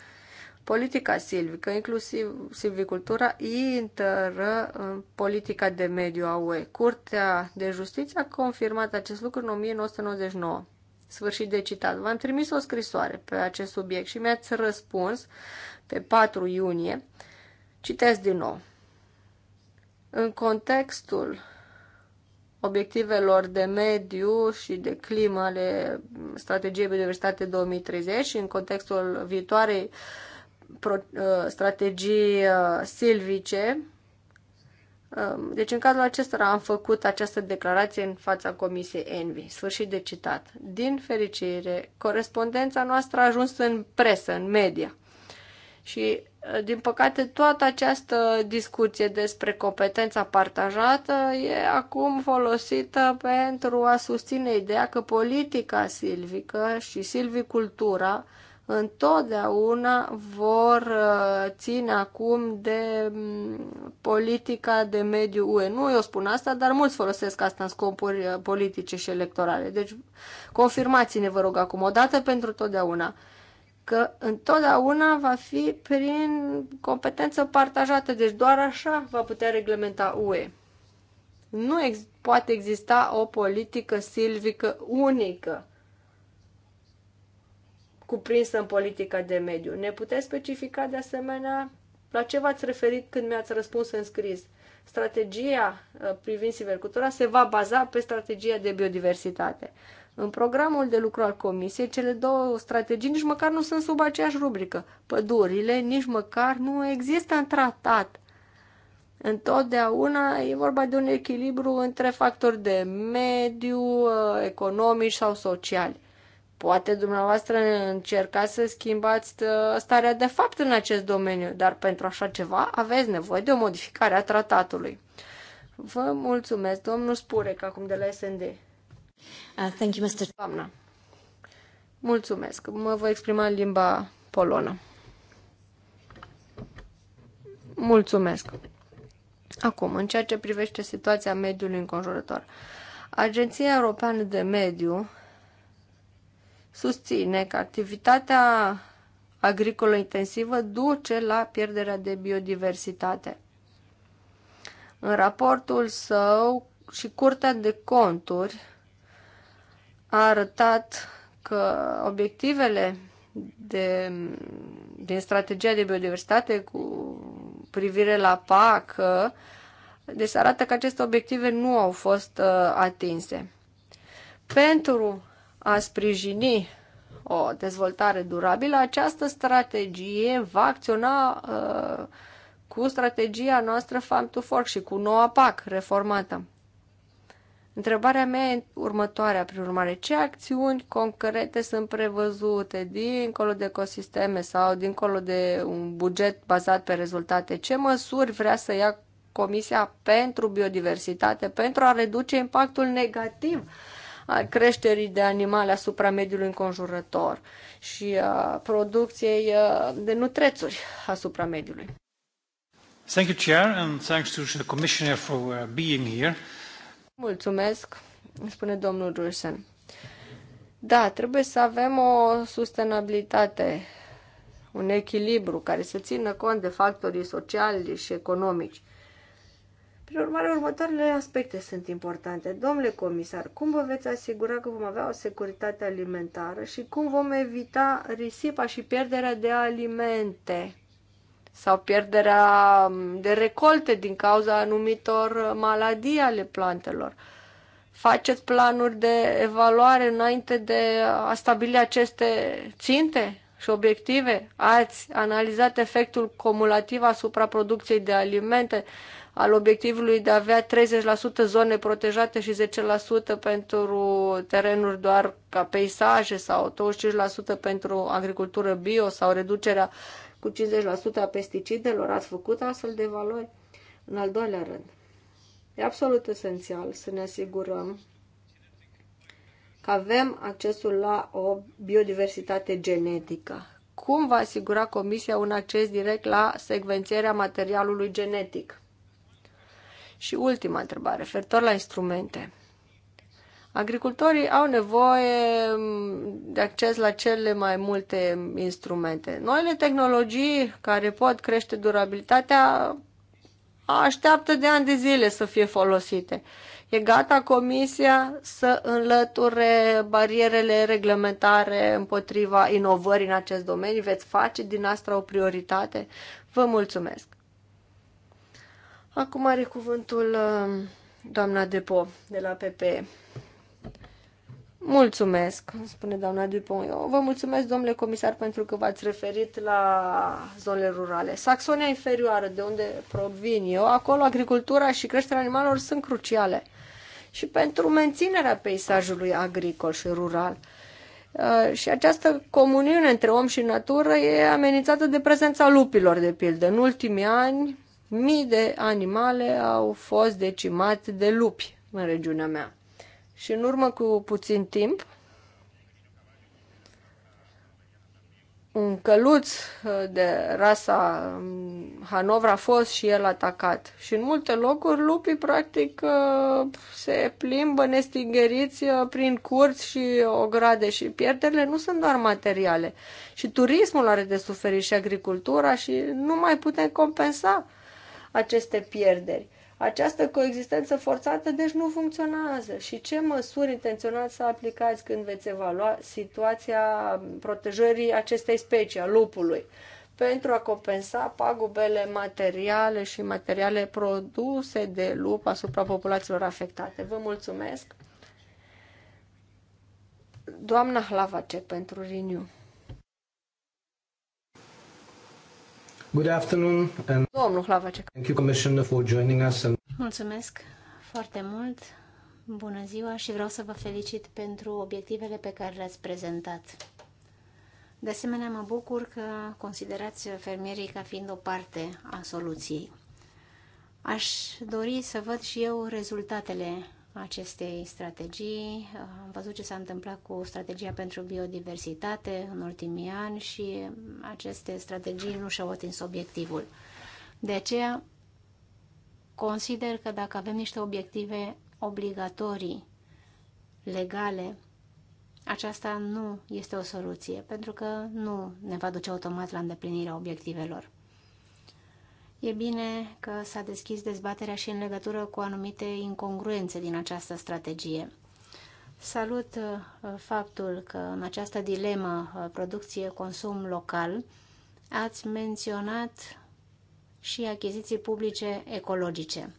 politica silvică, inclusiv silvicultura, intră în politica de mediu a UE. Curtea de Justiție a confirmat acest lucru în 1999. Sfârșit de citat. V-am trimis o scrisoare pe acest subiect și mi-ați răspuns pe 4 iunie. Citesc din nou. În contextul obiectivelor de mediu și de climă ale strategiei biodiversitate 2030 și în contextul viitoarei uh, Uh, strategii uh, silvice. Um, deci în cazul acestora am făcut această declarație în fața Comisiei Envi. Sfârșit de citat. Din fericire, corespondența noastră a ajuns în presă, în media. Și, uh, din păcate, toată această discuție despre competența partajată e acum folosită pentru a susține ideea că politica silvică și silvicultura uh, întotdeauna vor uh, ține acum de mm, politica de mediu UE. Nu eu spun asta, dar mulți folosesc asta în scopuri uh, politice și electorale. Deci confirmați-ne, vă rog, acum, o dată pentru totdeauna că întotdeauna va fi prin competență partajată, deci doar așa va putea reglementa UE. Nu ex- poate exista o politică silvică unică cuprinsă în politica de mediu. Ne puteți specifica de asemenea la ce v-ați referit când mi-ați răspuns în scris? Strategia uh, privind silvicultura se va baza pe strategia de biodiversitate. În programul de lucru al Comisiei, cele două strategii nici măcar nu sunt sub aceeași rubrică. Pădurile nici măcar nu există în tratat. Întotdeauna e vorba de un echilibru între factori de mediu, uh, economici sau sociali. Poate dumneavoastră încercați să schimbați ă, starea de fapt în acest domeniu, dar pentru așa ceva aveți nevoie de o modificare a tratatului. Vă mulțumesc, domnul Spurec, acum de la SND. Uh, thank you, Mr. Doamna. Mulțumesc. Mă voi exprima în limba polonă. Mulțumesc. Acum, în ceea ce privește situația mediului înconjurător, Agenția Europeană de Mediu susține că activitatea agricolă intensivă duce la pierderea de biodiversitate. În raportul său și Curtea de Conturi a arătat că obiectivele de, din strategia de biodiversitate cu privire la PAC, deci arată că aceste obiective nu au fost uh, atinse. Pentru a sprijini o dezvoltare durabilă, această strategie va acționa uh, cu strategia noastră Farm to Fork și cu noua PAC reformată. Întrebarea mea e următoarea, prin urmare, ce acțiuni concrete sunt prevăzute dincolo de ecosisteme sau dincolo de un buget bazat pe rezultate? Ce măsuri vrea să ia Comisia pentru Biodiversitate pentru a reduce impactul negativ a creșterii de animale asupra mediului înconjurător și a producției de nutrețuri asupra mediului. Thank you, Chair, and thanks to the Commissioner for uh, being here. Mulțumesc, spune domnul Rusen. Da, trebuie să avem o sustenabilitate, un echilibru care să țină cont de factorii sociali și economici. Prin urmare, următoarele aspecte sunt importante. Domnule comisar, cum vă veți asigura că vom avea o securitate alimentară și cum vom evita risipa și pierderea de alimente sau pierderea de recolte din cauza anumitor maladii ale plantelor? Faceți planuri de evaluare înainte de a stabili aceste ținte? și obiective? Ați analizat efectul cumulativ asupra producției de alimente, al obiectivului de a avea 30% zone protejate și 10% pentru terenuri doar ca peisaje sau 25% pentru agricultură bio sau reducerea cu 50% a pesticidelor? Ați făcut astfel de valori? În al doilea rând, e absolut esențial să ne asigurăm că avem accesul la o biodiversitate genetică. Cum va asigura Comisia un acces direct la secvențierea materialului genetic? Și ultima întrebare, referitor la instrumente. Agricultorii au nevoie mm, de acces la cele mai multe instrumente. Noile tehnologii care pot crește durabilitatea așteaptă de ani de zile să fie folosite. E gata Comisia să înlăture barierele reglementare împotriva inovării în acest domeniu? Veți face din asta o prioritate? Vă mulțumesc! Acum are cuvântul um, doamna Depo de la PPE. Mulțumesc, spune doamna Dupont. Eu vă mulțumesc, domnule comisar, pentru că v-ați referit la zonele rurale. Saxonia inferioară, de unde provin eu, acolo agricultura și creșterea animalelor sunt cruciale și pentru menținerea peisajului agricol și rural. Uh, și această comuniune între om și natură e amenințată de prezența lupilor, de pildă. În ultimii ani, mii de animale au fost decimate de lupi în regiunea mea. Și în urmă cu puțin timp, un căluț uh, de rasa um, Hanover a fost și el atacat. Și în multe locuri lupii practic uh, se plimbă nestingeriți uh, prin curți și ograde și pierderile nu sunt doar materiale. Și turismul are de suferit și agricultura și nu mai putem compensa aceste pierderi. Această coexistență forțată deci nu funcționează. Și ce măsuri intenționați să aplicați când veți evalua situația protejării acestei specii, a lupului, pentru a compensa pagubele materiale și materiale produse de lup asupra populațiilor afectate? Vă mulțumesc! Doamna Hlavacek pentru riniu. Good afternoon and Domnul Hlavacek. Thank you Commissioner for joining us and Mulțumesc foarte mult. Bună ziua și vreau să vă felicit pentru obiectivele pe care le-ați prezentat. De asemenea, mă bucur că considerați fermierii ca fiind o parte a soluției. Aș dori să văd și eu rezultatele acestei strategii. Am văzut ce s-a întâmplat cu strategia pentru biodiversitate în ultimii ani și aceste strategii nu și-au atins obiectivul. De aceea, consider că dacă avem niște obiective obligatorii, legale, aceasta nu este o soluție, pentru că nu ne va duce automat la îndeplinirea obiectivelor. E bine că s-a deschis dezbaterea și în legătură cu anumite incongruențe din această strategie. Salut uh, faptul că în această dilemă uh, producție-consum local ați menționat și achiziții publice ecologice.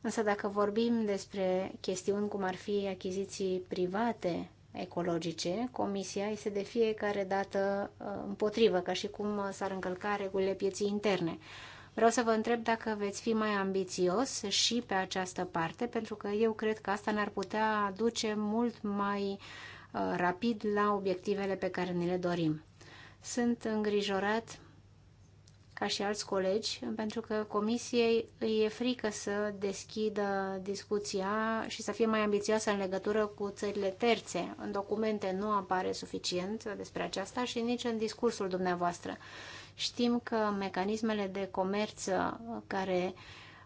Însă dacă vorbim despre chestiuni cum ar fi achiziții private ecologice, Comisia este de fiecare dată uh, împotrivă, ca și cum s-ar încălca regulile pieții interne. Vreau să vă întreb dacă veți fi mai ambițios și pe această parte, pentru că eu cred că asta ne-ar putea duce mult mai uh, rapid la obiectivele pe care ne le dorim. Sunt îngrijorat ca și alți colegi, pentru că comisiei îi e frică să deschidă discuția și să fie mai ambițioasă în legătură cu țările terțe. În documente nu apare suficient despre aceasta și nici în discursul dumneavoastră. Știm că mecanismele de comerț uh, care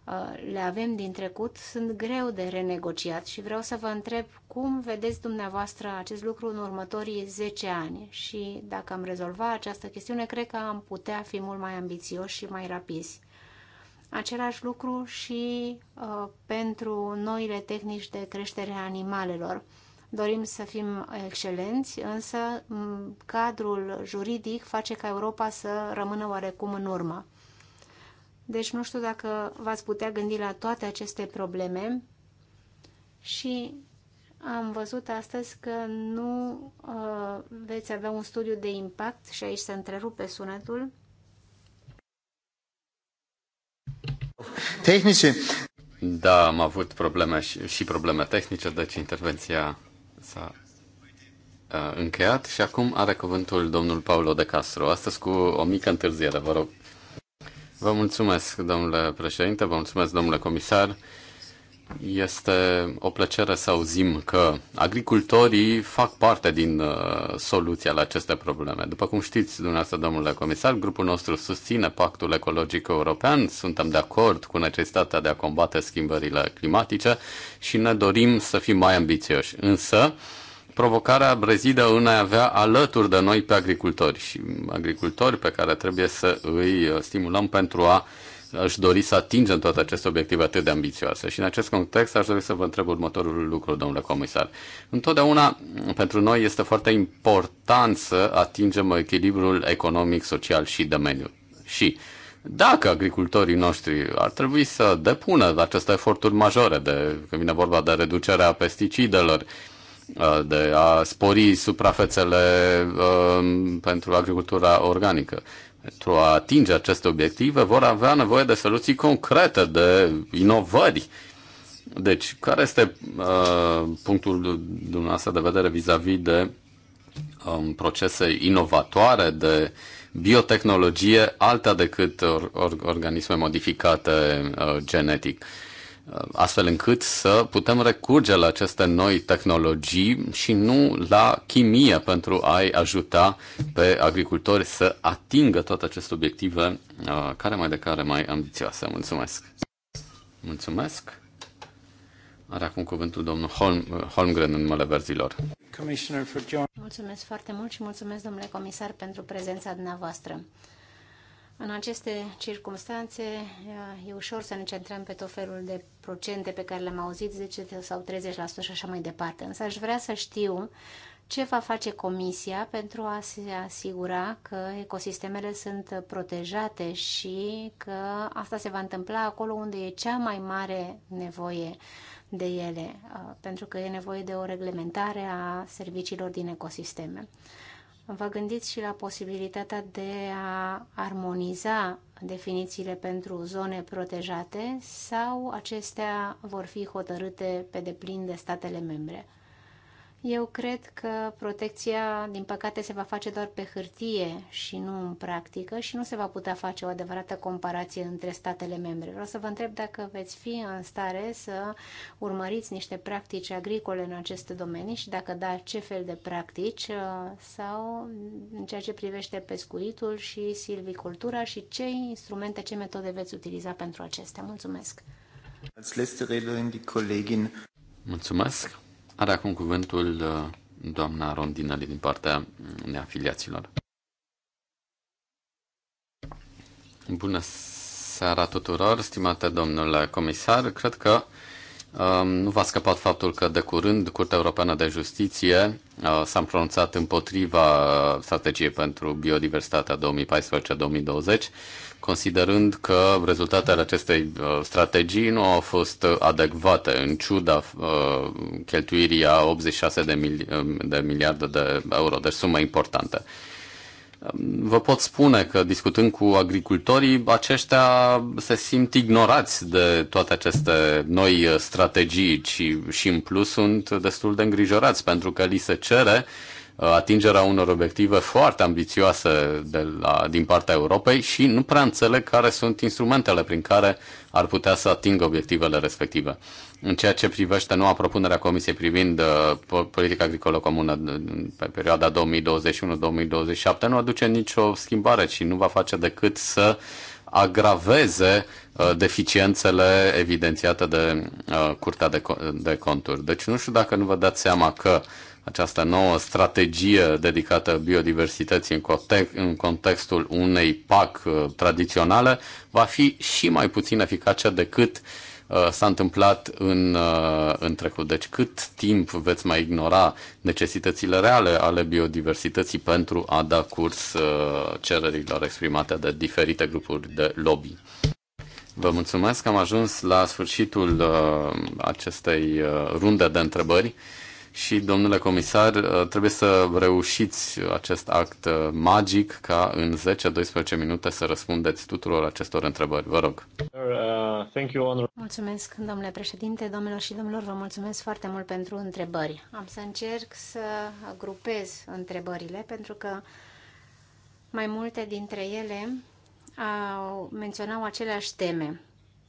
uh, le avem din trecut sunt greu de renegociat și vreau să vă întreb cum vedeți dumneavoastră acest lucru în următorii 10 ani și dacă am rezolva această chestiune, cred că am putea fi mult mai ambițioși și mai rapizi. Același lucru și uh, pentru noile tehnici de creștere a animalelor. Uh, Dorim să fim excelenți, însă cadrul juridic face ca Europa să rămână oarecum în urmă. Deci nu știu dacă v-ați putea gândi la toate aceste probleme și am văzut astăzi că nu uh, veți avea un studiu de impact și aici se întrerupe sunetul. Tehnice. Da, am avut probleme și, și probleme tehnice, deci intervenția S-a încheiat și acum are cuvântul domnul Paulo de Castro, astăzi cu o mică întârziere, vă rog. Vă mulțumesc, domnule președinte, vă mulțumesc, domnule comisar. Este o plăcere să auzim că agricultorii fac parte din uh, soluția la aceste probleme. După cum știți, dumneavoastră, domnule comisar, grupul nostru susține Pactul Ecologic European, suntem de acord cu necesitatea de a combate schimbările climatice și ne dorim să fim mai ambițioși. Însă, provocarea rezidă în a avea alături de noi pe agricultori și agricultori pe care trebuie să îi uh, stimulăm pentru a își dori să atingem toate aceste obiective atât de ambițioase. Și în acest context aș dori să vă întreb următorul lucru, domnule comisar. Întotdeauna pentru noi este foarte important să atingem echilibrul economic, social și de mediu. Și dacă agricultorii noștri ar trebui să depună aceste eforturi majore, de, când vine vorba de reducerea pesticidelor, de a spori suprafețele um, pentru agricultura organică, pentru a atinge aceste obiective vor avea nevoie de soluții concrete, de inovări. Deci, care este uh, punctul dumneavoastră de vedere vis-a-vis -vis de um, procese inovatoare, de biotehnologie, alta decât or, or, organisme modificate uh, genetic? astfel încât să putem recurge la aceste noi tehnologii și nu la chimie pentru a-i ajuta pe agricultori să atingă toate aceste obiective uh, care mai de care mai ambițioase. Mulțumesc! Mulțumesc! Are acum cuvântul domnul Holm, uh, Holmgren în numele verzilor. Mulțumesc foarte mult și mulțumesc, domnule comisar, pentru prezența dumneavoastră. În aceste circunstanțe e ușor să ne centrăm pe tot felul de procente pe care le-am auzit, 10 sau 30% și așa mai departe. Însă aș vrea să știu ce va face Comisia pentru a se asigura că ecosistemele sunt protejate și că asta se va întâmpla acolo unde e cea mai mare nevoie de ele, uh, pentru că e nevoie de o reglementare a serviciilor din ecosisteme vă gândiți și la posibilitatea de a armoniza definițiile pentru zone protejate sau acestea vor fi hotărâte pe deplin de statele membre? Eu cred că protecția, din păcate, se va face doar pe hârtie și nu în practică și nu se va putea face o adevărată comparație între statele membre. Vreau să vă întreb dacă veți fi în stare să urmăriți niște practici agricole în acest domeniu și dacă da, ce fel de practici uh, sau în ceea ce privește pescuitul și silvicultura și ce instrumente, ce metode veți utiliza pentru acestea. Mulțumesc! Mulțumesc! Are acum cuvântul uh, doamna Rondinelli din partea neafiliaților. Bună seara tuturor, stimate domnule comisar. Cred că um, nu v-a scăpat faptul că de curând Curtea Europeană de Justiție uh, s-a pronunțat împotriva strategiei pentru biodiversitatea 2014-2020 considerând că rezultatele acestei uh, strategii nu au fost uh, adecvate, în ciuda uh, cheltuirii a 86 de, mili- um, de miliarde de euro, deci sume importante. Um, vă pot spune că discutând cu agricultorii, aceștia se simt ignorați de toate aceste noi strategii și, și în plus sunt destul de îngrijorați pentru că li se cere uh, Uh, atingerea unor obiective foarte ambițioase de la, din partea Europei și nu prea înțeleg care sunt instrumentele prin care ar putea să atingă obiectivele respective. În ceea ce privește noua propunere a Comisiei privind uh, politica agricolă comună uh, pe perioada 2021-2027, nu aduce nicio schimbare și nu va face decât să agraveze uh, deficiențele evidențiate de uh, Curtea de, de Conturi. Deci nu știu dacă nu vă dați seama că uh, această nouă strategie dedicată biodiversității în, context, în contextul unei PAC uh, tradiționale va fi și mai puțin eficace decât uh, s-a întâmplat în, uh, în trecut. Deci cât timp veți mai ignora necesitățile reale ale biodiversității pentru a da curs cererilor exprimate de diferite grupuri de lobby? Vă mulțumesc că am ajuns la sfârșitul acestei runde de întrebări și, domnule comisar, uh, trebuie să reușiți acest act uh, magic ca în 10-12 minute să răspundeți tuturor acestor întrebări. Vă rog. Uh, mulțumesc, domnule președinte, domnilor și domnilor, vă mulțumesc foarte mult pentru întrebări. Am să încerc să grupez întrebările pentru că mai multe dintre ele au, menționau aceleași teme.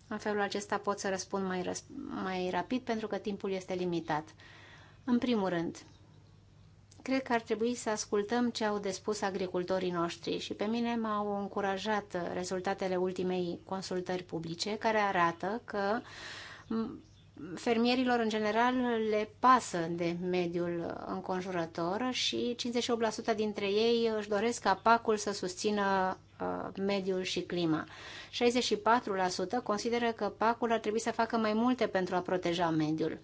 În felul acesta pot să răspund mai, răsp- mai rapid pentru că timpul este limitat. În primul rând, cred că ar trebui să ascultăm ce au de spus agricultorii noștri și pe mine m-au încurajat rezultatele ultimei consultări publice care arată că fermierilor în general le pasă de mediul înconjurător și 58% dintre ei își doresc ca pacul să susțină uh, mediul și clima. 64% consideră că pacul ar trebui să facă mai multe pentru a proteja mediul.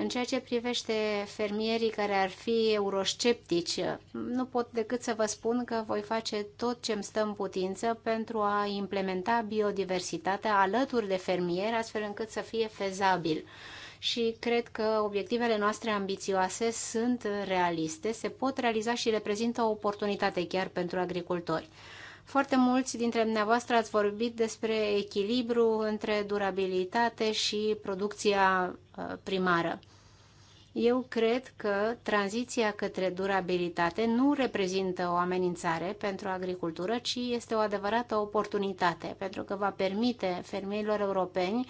În ceea ce privește fermierii care ar fi eurosceptici, nu pot decât să vă spun că voi face tot ce îmi stă în putință pentru a implementa biodiversitatea alături de fermieri, astfel încât să fie fezabil. Și cred că obiectivele noastre ambițioase sunt realiste, se pot realiza și reprezintă o oportunitate chiar pentru agricultori. Foarte mulți dintre dumneavoastră ați vorbit despre echilibru între durabilitate și producția uh, primară. Eu cred că tranziția către durabilitate nu reprezintă o amenințare pentru agricultură, ci este o adevărată oportunitate, pentru că va permite fermierilor europeni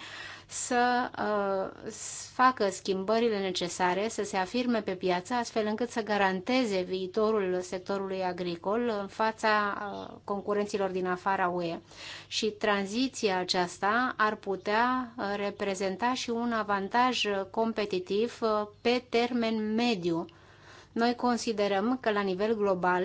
să uh, facă schimbările necesare, să se afirme pe piață, astfel încât să garanteze viitorul sectorului agricol în fața uh, concurenților din afara UE. Și tranziția aceasta ar putea uh, reprezenta și un avantaj competitiv uh, pe termen mediu. Noi considerăm că la nivel global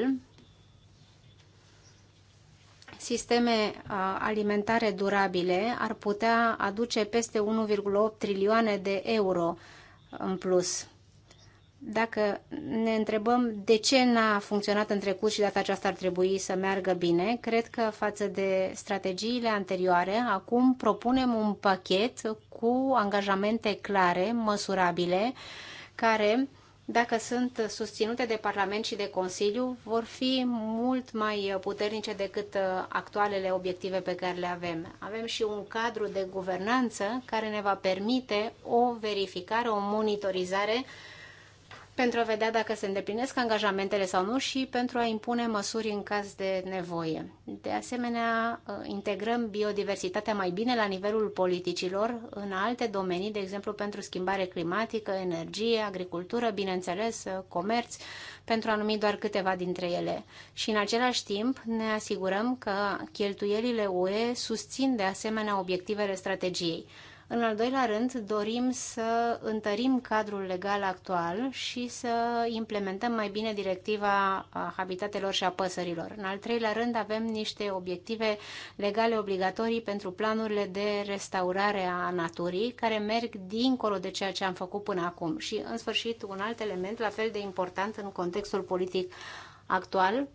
sisteme uh, alimentare durabile ar putea aduce peste 1,8 trilioane de euro în plus. Dacă ne întrebăm de ce n-a funcționat în trecut și data aceasta ar trebui să meargă bine, cred că față de strategiile anterioare, acum propunem un pachet cu angajamente clare, măsurabile, care dacă sunt susținute de Parlament și de Consiliu, vor fi mult mai puternice decât uh, actualele obiective pe care le avem. Avem și un cadru de guvernanță care ne va permite o verificare, o monitorizare pentru a vedea dacă se îndeplinesc angajamentele sau nu și pentru a impune măsuri în caz de nevoie. De asemenea, uh, integrăm biodiversitatea mai bine la nivelul politicilor în alte domenii, de exemplu pentru schimbare climatică, energie, agricultură, bineînțeles, uh, comerț, pentru a numi doar câteva dintre ele. Și în același timp ne asigurăm că cheltuielile UE susțin de asemenea obiectivele strategiei. În al doilea rând, dorim să întărim cadrul legal actual și să implementăm mai bine directiva habitatelor și a păsărilor. În al treilea rând, avem niște obiective legale obligatorii pentru planurile de restaurare a naturii, care merg dincolo de ceea ce am făcut până acum. Și, în sfârșit, un alt element la fel de important în contextul politic actual,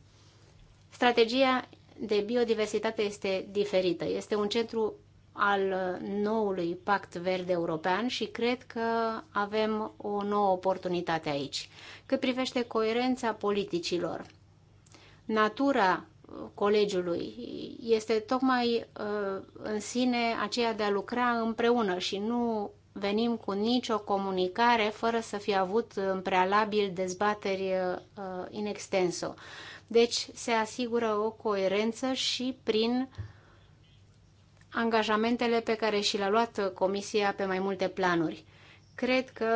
strategia de biodiversitate este diferită. Este un centru al noului pact verde european și cred că avem o nouă oportunitate aici. Cât privește coerența politicilor, natura colegiului este tocmai uh, în sine aceea de a lucra împreună și nu venim cu nicio comunicare fără să fi avut în prealabil dezbateri uh, in extenso. Deci se asigură o coerență și prin uh, angajamentele pe care și le-a luat Comisia pe mai multe planuri. Cred că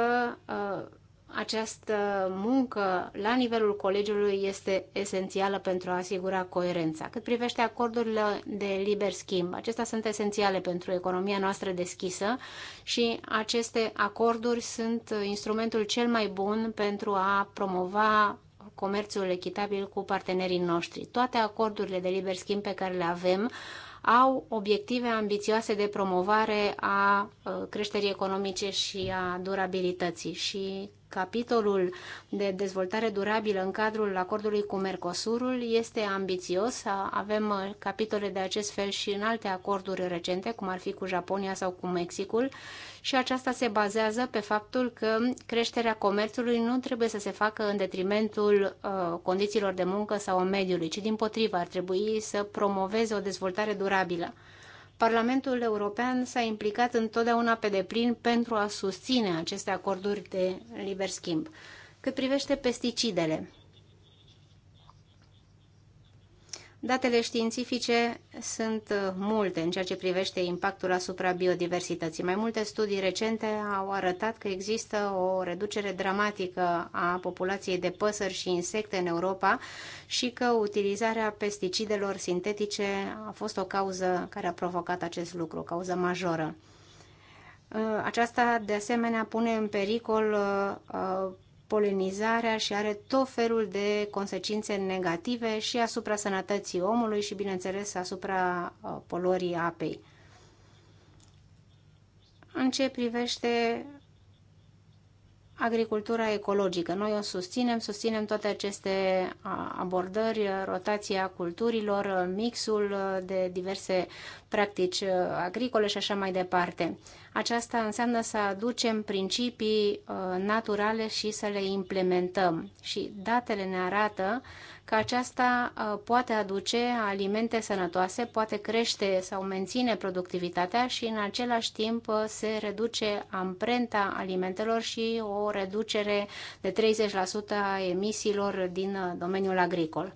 uh, această muncă la nivelul colegiului este esențială pentru a asigura coerența. Cât privește acordurile de liber schimb, acestea sunt esențiale pentru economia noastră deschisă și aceste acorduri sunt instrumentul cel mai bun pentru a promova comerțul echitabil cu partenerii noștri. Toate acordurile de liber schimb pe care le avem au obiective ambițioase de promovare a uh, creșterii economice și a durabilității și capitolul de dezvoltare durabilă în cadrul acordului cu Mercosurul este ambițios. Avem uh, capitole de acest fel și în alte acorduri recente, cum ar fi cu Japonia sau cu Mexicul și aceasta se bazează pe faptul că creșterea comerțului nu trebuie să se facă în detrimentul uh, condițiilor de muncă sau a mediului, ci din potrivă ar trebui să promoveze o dezvoltare durabilă. Parlamentul European s-a implicat întotdeauna pe deplin pentru a susține aceste acorduri de liber schimb. Cât privește pesticidele, Datele științifice sunt uh, multe în ceea ce privește impactul asupra biodiversității. Mai multe studii recente au arătat că există o reducere dramatică a populației de păsări și insecte în Europa și că utilizarea pesticidelor sintetice a fost o cauză care a provocat acest lucru, o cauză majoră. Uh, aceasta, de asemenea, pune în pericol uh, polenizarea și are tot felul de consecințe negative și asupra sănătății omului și, bineînțeles, asupra uh, polorii apei. În ce privește agricultura ecologică. Noi o susținem, susținem toate aceste uh, abordări, uh, rotația culturilor, mixul de diverse practici agricole și așa mai departe. Aceasta înseamnă să aducem principii uh, naturale și să le implementăm. Și datele ne arată că aceasta uh, poate aduce alimente sănătoase, poate crește sau menține productivitatea și în același timp uh, se reduce amprenta alimentelor și o reducere de 30% a emisiilor din domeniul agricol.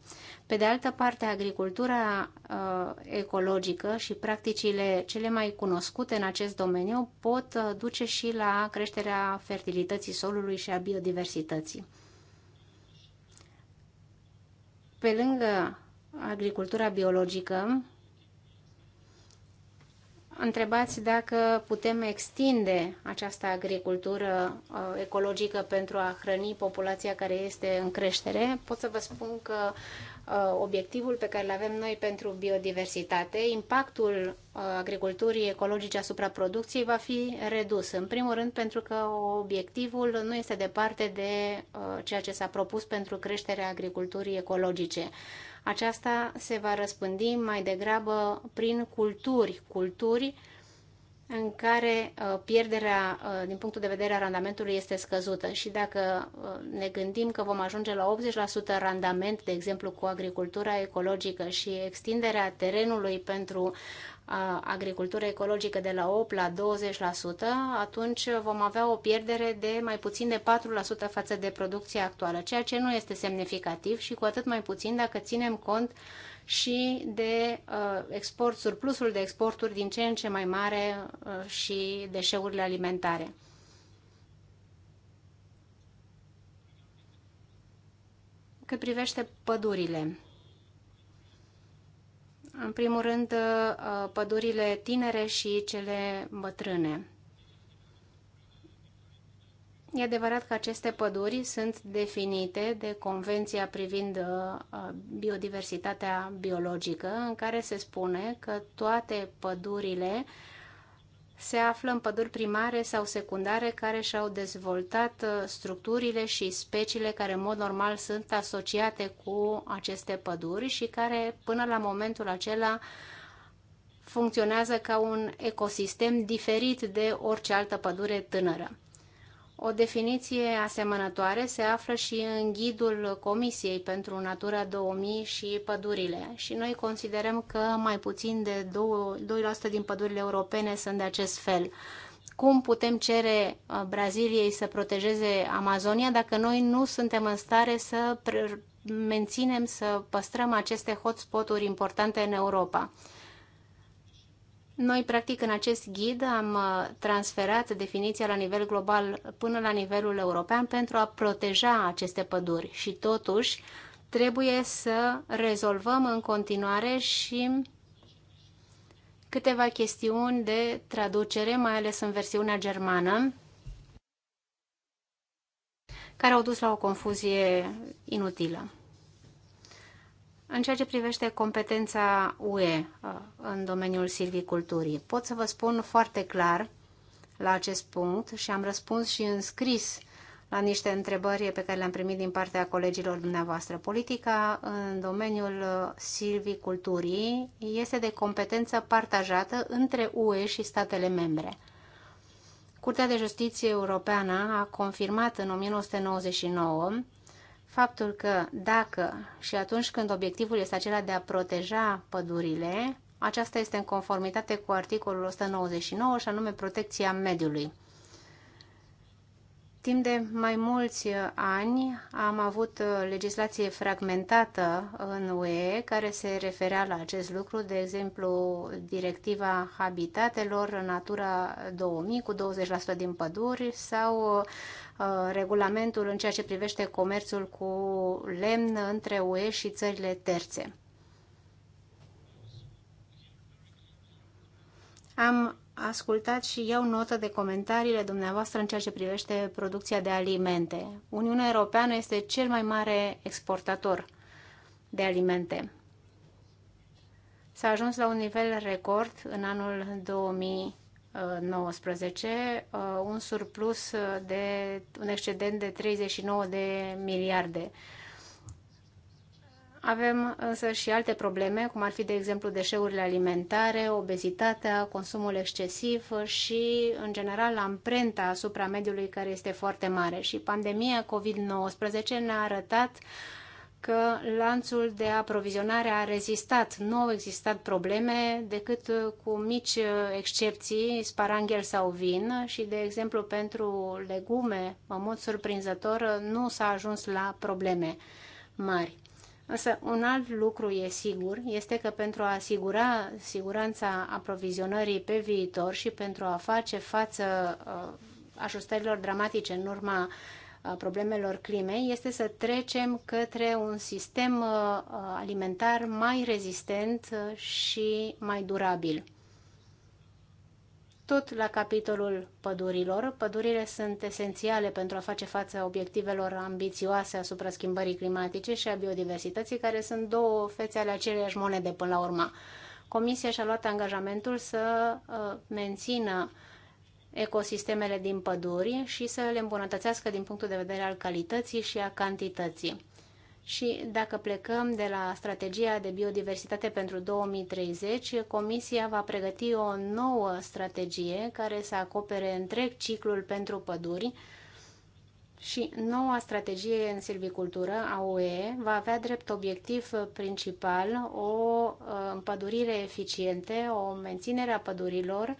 Pe de altă parte, agricultura uh, ecologică și practicile cele mai cunoscute în acest domeniu pot uh, duce și la creșterea fertilității solului și a biodiversității. Pe lângă agricultura biologică, întrebați dacă putem extinde această agricultură uh, ecologică pentru a hrăni populația care este în creștere, pot să vă spun că Uh, obiectivul pe care îl avem noi pentru biodiversitate, impactul uh, agriculturii ecologice asupra producției va fi redus. În primul rând pentru că obiectivul nu este departe de uh, ceea ce s-a propus pentru creșterea agriculturii ecologice. Aceasta se va răspândi mai degrabă prin culturi, culturi în care uh, pierderea uh, din punctul de vedere a randamentului este scăzută și dacă uh, ne gândim că vom ajunge la 80% randament, de exemplu, cu agricultura ecologică și extinderea terenului pentru agricultură ecologică de la 8 la 20%, atunci vom avea o pierdere de mai puțin de 4% față de producția actuală, ceea ce nu este semnificativ și cu atât mai puțin dacă ținem cont și de uh, export, surplusul de exporturi din ce în ce mai mare uh, și deșeurile alimentare. Cât privește pădurile, în primul rând, uh, pădurile tinere și cele bătrâne. E adevărat că aceste păduri sunt definite de Convenția privind uh, biodiversitatea biologică, în care se spune că toate pădurile se află în păduri primare sau secundare care și-au dezvoltat uh, structurile și speciile care în mod normal sunt asociate cu aceste păduri și care până la momentul acela funcționează ca un ecosistem diferit de orice altă pădure tânără. O definiție asemănătoare se află și în ghidul Comisiei pentru Natura 2000 și pădurile și noi considerăm că mai puțin de 2% din pădurile europene sunt de acest fel. Cum putem cere uh, Braziliei să protejeze Amazonia dacă noi nu suntem în stare să menținem, să păstrăm aceste hotspot-uri importante în Europa? Noi, practic, în acest ghid am uh, transferat definiția la nivel global până la nivelul european pentru a proteja aceste păduri și, totuși, trebuie să rezolvăm în continuare și câteva chestiuni de traducere, mai ales în versiunea germană, care au dus la o confuzie inutilă. În ceea ce privește competența UE uh, în domeniul silviculturii, pot să vă spun foarte clar la acest punct și am răspuns și în scris la niște întrebări pe care le-am primit din partea colegilor dumneavoastră. Politica în domeniul uh, silviculturii este de competență partajată între UE și statele membre. Curtea de Justiție Europeană a confirmat în 1999 faptul că dacă și atunci când obiectivul este acela de a proteja pădurile, aceasta este în conformitate cu articolul 199 și anume protecția mediului. Timp de mai mulți ani am avut uh, legislație fragmentată în UE care se referea la acest lucru, de exemplu directiva habitatelor Natura 2000 cu 20% din păduri sau uh, regulamentul în ceea ce privește comerțul cu lemn între UE și țările terțe. Am ascultat și iau notă de comentariile dumneavoastră în ceea ce privește producția de alimente. Uniunea Europeană este cel mai mare exportator de alimente. S-a ajuns la un nivel record în anul 2019, uh, un surplus de un excedent de 39 de miliarde. Avem însă și alte probleme, cum ar fi, de exemplu, deșeurile alimentare, obezitatea, consumul excesiv și, în general, amprenta asupra mediului care este foarte mare. Și pandemia COVID-19 ne-a arătat uh, că lanțul de aprovizionare a rezistat. Nu au existat probleme decât cu mici excepții, sparanghel sau vin și, de exemplu, pentru legume, în mod surprinzător, nu s-a ajuns la probleme mari. Însă un alt lucru e sigur, este că pentru a asigura siguranța aprovizionării pe viitor și pentru a face față uh, ajustărilor dramatice în urma problemelor climei este să trecem către un sistem alimentar mai rezistent și mai durabil. Tot la capitolul pădurilor, pădurile sunt esențiale pentru a face față obiectivelor ambițioase asupra schimbării climatice și a biodiversității, care sunt două fețe ale aceleiași monede până la urmă. Comisia și-a luat angajamentul să mențină uh, ecosistemele din păduri și să le îmbunătățească din punctul de vedere al calității și a cantității. Și dacă plecăm de la strategia de biodiversitate pentru 2030, Comisia va pregăti o nouă strategie care să acopere întreg ciclul pentru păduri și noua strategie în silvicultură a UE va avea drept obiectiv principal o uh, împădurire eficiente, o menținere a pădurilor,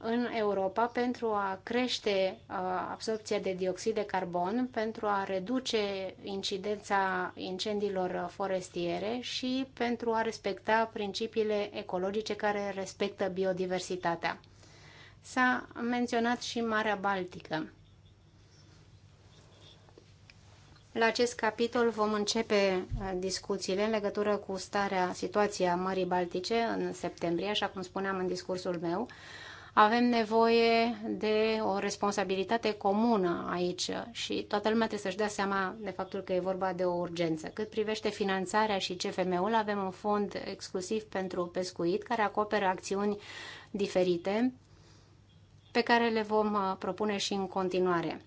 în Europa pentru a crește uh, absorpția de dioxid de carbon, pentru a reduce incidența incendiilor forestiere și pentru a respecta principiile ecologice care respectă biodiversitatea. S-a menționat și Marea Baltică. La acest capitol vom începe uh, discuțiile în legătură cu starea, situația Mării Baltice în septembrie, așa cum spuneam în discursul meu, avem nevoie de o responsabilitate comună aici și toată lumea trebuie să-și dea seama de faptul că e vorba de o urgență. Cât privește finanțarea și CFM-ul, avem un fond exclusiv pentru pescuit care acoperă acțiuni diferite pe care le vom uh, propune și în continuare.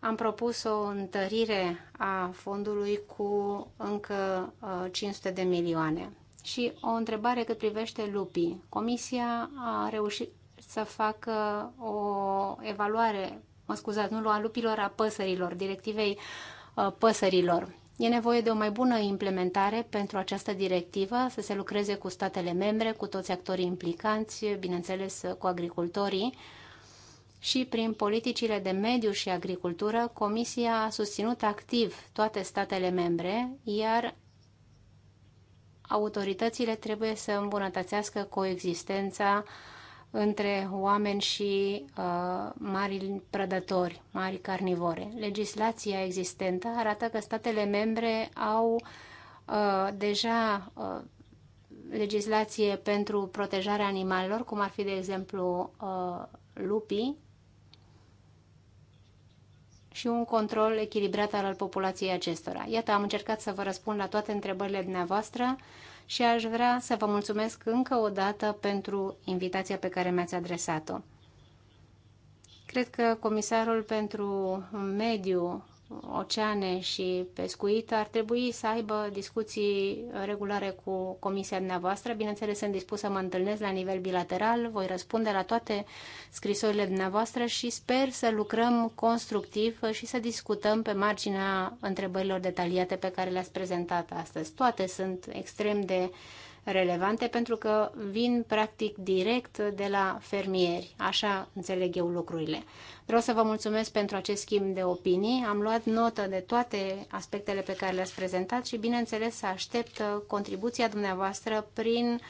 Am propus o întărire a fondului cu încă 500 uh, de milioane. Și o întrebare cât privește lupii. Comisia a reușit, să facă o evaluare, mă scuzați, nu a lupilor, a păsărilor, directivei uh, păsărilor. E nevoie de o mai bună implementare pentru această directivă, să se lucreze cu statele membre, cu toți actorii implicanți, bineînțeles uh, cu agricultorii, și prin politicile de mediu și agricultură, Comisia a susținut activ toate statele membre, iar autoritățile trebuie să îmbunătățească coexistența între oameni și uh, mari prădători, mari carnivore. Legislația existentă arată că statele membre au uh, deja uh, legislație pentru protejarea animalelor, cum ar fi, de exemplu, uh, lupii, și un control echilibrat al populației acestora. Iată, am încercat să vă răspund la toate întrebările dumneavoastră și aș vrea să vă mulțumesc încă o dată pentru invitația pe care mi-ați adresat-o. Cred că comisarul pentru mediu oceane și pescuit, ar trebui să aibă discuții regulare cu comisia dumneavoastră. Bineînțeles, sunt dispus să mă întâlnesc la nivel bilateral, voi răspunde la toate scrisorile dumneavoastră și sper să lucrăm constructiv și să discutăm pe marginea întrebărilor detaliate pe care le-ați prezentat astăzi. Toate sunt extrem de uh, relevante pentru că vin practic direct de la fermieri. Așa înțeleg eu lucrurile. Vreau să vă mulțumesc pentru acest schimb de opinii. Am luat notă de toate aspectele pe care le-ați prezentat și, bineînțeles, aștept contribuția dumneavoastră prin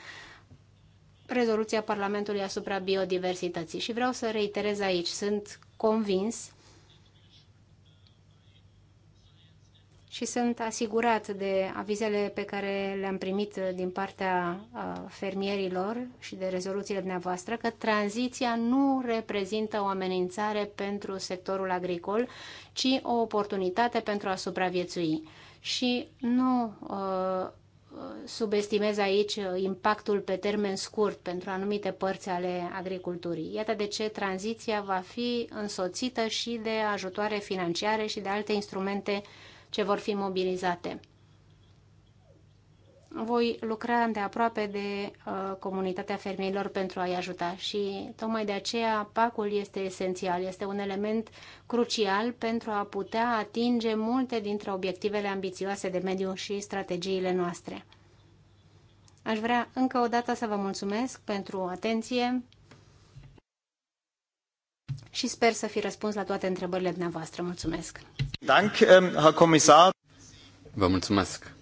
rezoluția Parlamentului asupra biodiversității. Și vreau să reiterez aici, sunt convins și sunt asigurat de avizele pe care le-am primit din partea uh, fermierilor și de rezoluțiile dumneavoastră că tranziția nu reprezintă o amenințare pentru sectorul agricol, ci o oportunitate pentru a supraviețui. Și nu uh, subestimez aici impactul pe termen scurt pentru anumite părți ale agriculturii. Iată de ce tranziția va fi însoțită și de ajutoare financiare și de alte instrumente uh, ce vor fi mobilizate. Voi lucra îndeaproape de uh, comunitatea fermierilor pentru a-i ajuta și tocmai de aceea pacul este esențial, este un element crucial pentru a putea atinge multe dintre obiectivele ambițioase de mediu și strategiile noastre. Aș vrea încă o dată să vă mulțumesc pentru atenție și sper să fi răspuns la toate întrebările dumneavoastră. Mulțumesc! Dank, ehm, Herr Comisar! Vă mulțumesc,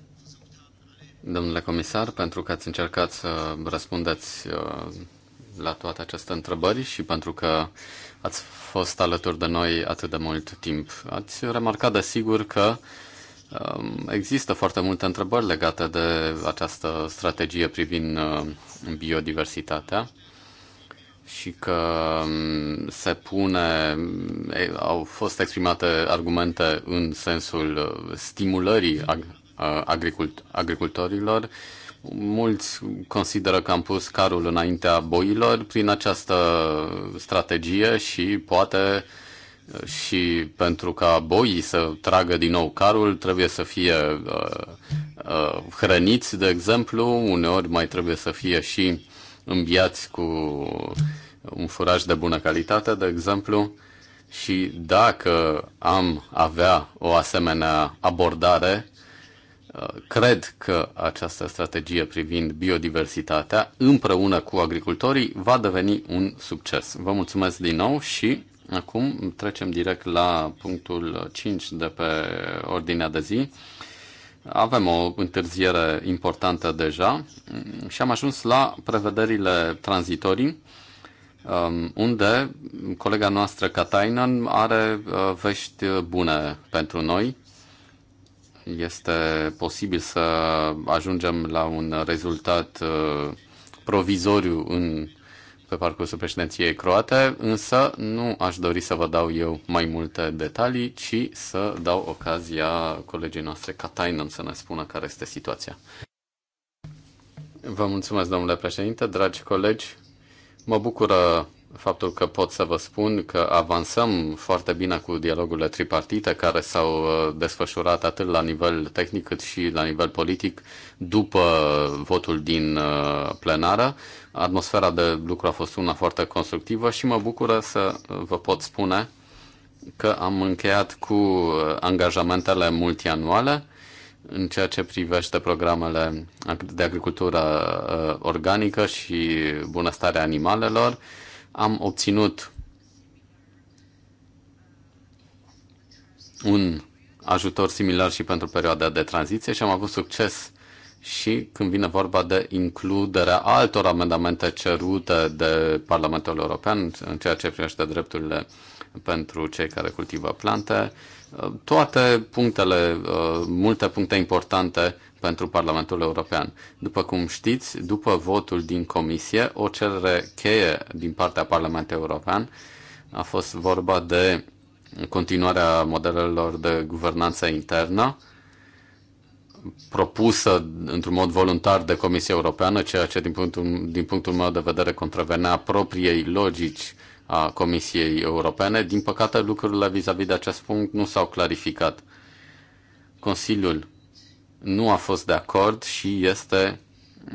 domnule comisar, pentru că ați încercat să răspundeți uh, la toate aceste întrebări și pentru că ați fost alături de noi atât de mult timp. Ați remarcat, desigur, că um, Există foarte multe întrebări legate de această strategie privind uh, biodiversitatea și că mm, se pune, au fost exprimate argumente în sensul uh, stimulării uh, agricult, agricultorilor. Mulți consideră că am pus carul înaintea boilor prin această strategie și poate uh, și pentru ca boii să tragă din nou carul, trebuie să fie uh, uh, hrăniți, de exemplu, uneori mai trebuie să fie și îmbiați cu un furaj de bună calitate, de exemplu, și dacă am avea o asemenea abordare, uh, cred că această strategie privind biodiversitatea, împreună cu agricultorii, va deveni un succes. Vă mulțumesc din nou și acum trecem direct la punctul 5 de pe ordinea de zi. Avem o întârziere importantă deja și am ajuns la prevederile tranzitorii, um, unde colega noastră Katainen are uh, vești bune pentru noi. Este posibil să ajungem la un rezultat uh, provizoriu în pe parcursul președinției croate, însă nu aș dori să vă dau eu mai multe detalii, ci să dau ocazia colegii noastre Katainen să ne spună care este situația. Vă mulțumesc, domnule președinte, dragi colegi. Mă bucură faptul că pot să vă spun că avansăm foarte bine cu dialogurile tripartite care s-au uh, desfășurat atât la nivel tehnic cât și la nivel politic după votul din uh, plenară. Atmosfera de lucru a fost una foarte constructivă și mă bucură să vă pot spune că am încheiat cu uh, angajamentele multianuale în ceea ce privește programele de agricultură uh, organică și bunăstarea animalelor. Am obținut un ajutor similar și pentru perioada de tranziție și am avut succes și când vine vorba de includerea altor amendamente cerute de Parlamentul European în ceea ce privește drepturile pentru cei care cultivă plante, toate punctele, uh, multe puncte importante pentru Parlamentul European. După cum știți, după votul din comisie, o cerere cheie din partea Parlamentului European a fost vorba de continuarea modelelor de guvernanță internă, propusă într-un mod voluntar de Comisia Europeană, ceea ce din punctul, din punctul meu de vedere contravenea propriei logici a Comisiei Europene. Din păcate, lucrurile vis-a-vis -vis de acest punct nu s-au clarificat. Consiliul nu a fost de acord și este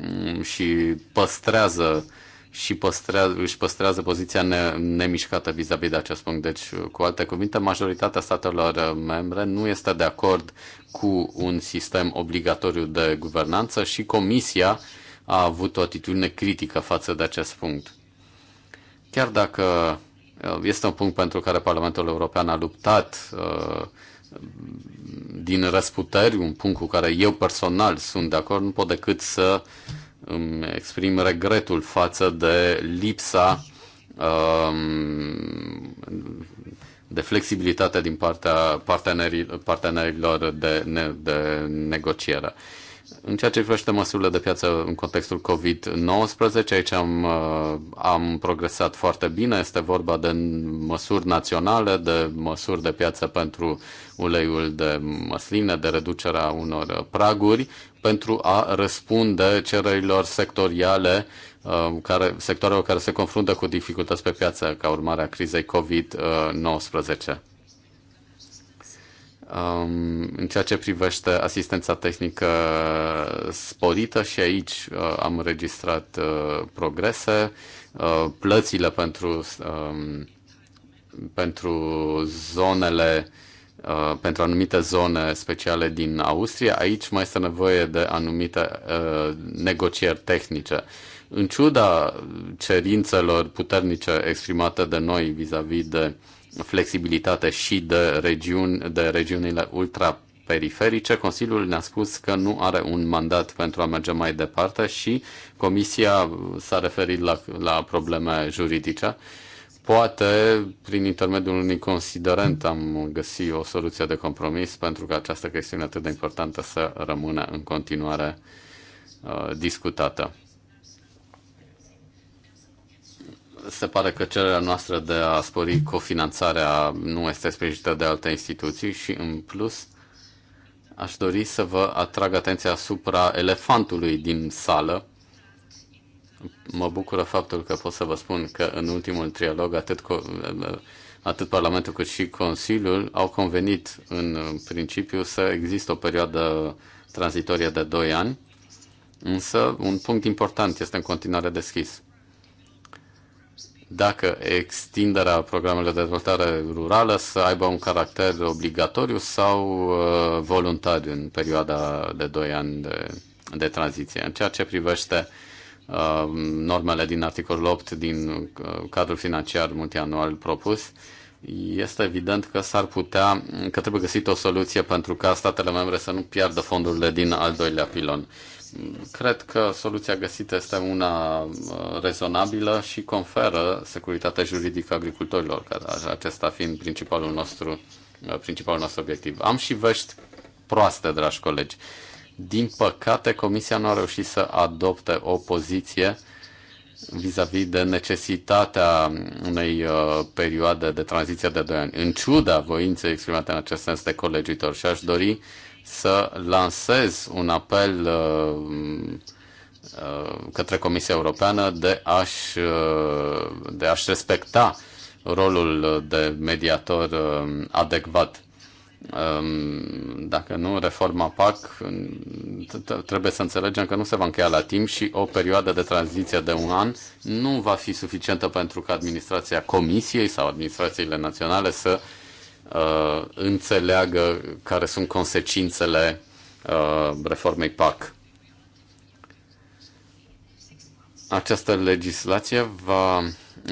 mm, și păstrează și păstrează, își păstrează poziția ne, nemișcată vis-a-vis -vis de acest punct. Deci, cu alte cuvinte, majoritatea statelor membre nu este de acord cu un sistem obligatoriu de guvernanță și Comisia a avut o atitudine critică față de acest punct. Chiar dacă uh, este un punct pentru care Parlamentul European a luptat uh, din răsputeri, un punct cu care eu personal sunt de acord, nu pot decât să îmi exprim regretul față de lipsa um, de flexibilitate din partea partenerii, partenerilor de, de negociere. În ceea ce privește măsurile de piață în contextul COVID-19, aici am, uh, am progresat foarte bine. Este vorba de măsuri naționale, de măsuri de piață pentru uleiul de măsline, de reducerea unor praguri pentru a răspunde cererilor sectoriale um, care, sectoarelor care se confruntă cu dificultăți pe piață ca urmare a crizei COVID-19. Um, în ceea ce privește asistența tehnică sporită și aici uh, am înregistrat uh, progrese, uh, plățile pentru, um, pentru zonele Uh, pentru anumite zone speciale din Austria. Aici mai este nevoie de anumite uh, negocieri tehnice. În ciuda cerințelor puternice exprimate de noi vis-a-vis -vis de flexibilitate și de, regiuni, de regiunile ultraperiferice, Consiliul ne-a spus că nu are un mandat pentru a merge mai departe și Comisia s-a referit la, la probleme juridice. Uh, Poate, prin intermediul unui considerent, am găsit o soluție de compromis pentru că această chestiune atât de importantă să rămână în continuare uh, discutată. Se pare că cererea noastră de a spori cofinanțarea nu este sprijinită de alte instituții și, în plus, aș dori să vă atrag atenția asupra elefantului din sală, mă bucură faptul că pot să vă spun că în ultimul trialog atât, atât Parlamentul cât și Consiliul au convenit în principiu să există o perioadă tranzitorie de 2 ani, însă un punct important este în continuare deschis. Dacă extinderea programelor de dezvoltare rurală să aibă un caracter obligatoriu sau uh, voluntar în perioada de 2 ani de, de tranziție. În ceea ce privește uh, Uh, normele din articolul 8 din uh, cadrul financiar multianual propus, este evident că s-ar putea, că trebuie găsit o soluție pentru ca statele membre să nu piardă fondurile din al doilea pilon. Cred că soluția găsită este una uh, rezonabilă și conferă securitatea juridică agricultorilor, acesta fiind principalul nostru, principalul nostru obiectiv. Am și vești proaste, dragi colegi. Uh, din păcate, Comisia nu a reușit să adopte o poziție vis-a-vis -vis de necesitatea unei uh, perioade de tranziție de 2 ani, în ciuda voinței exprimate în acest sens de colegitor. Și aș dori să lansez un apel uh, uh, către Comisia Europeană de a-și, uh, de a respecta rolul de mediator uh, adecvat dacă nu, reforma PAC trebuie să înțelegem că nu se va încheia la timp și o perioadă de tranziție de un an nu va fi suficientă pentru ca administrația Comisiei sau administrațiile naționale să uh, înțeleagă care sunt consecințele uh, reformei PAC. Această legislație va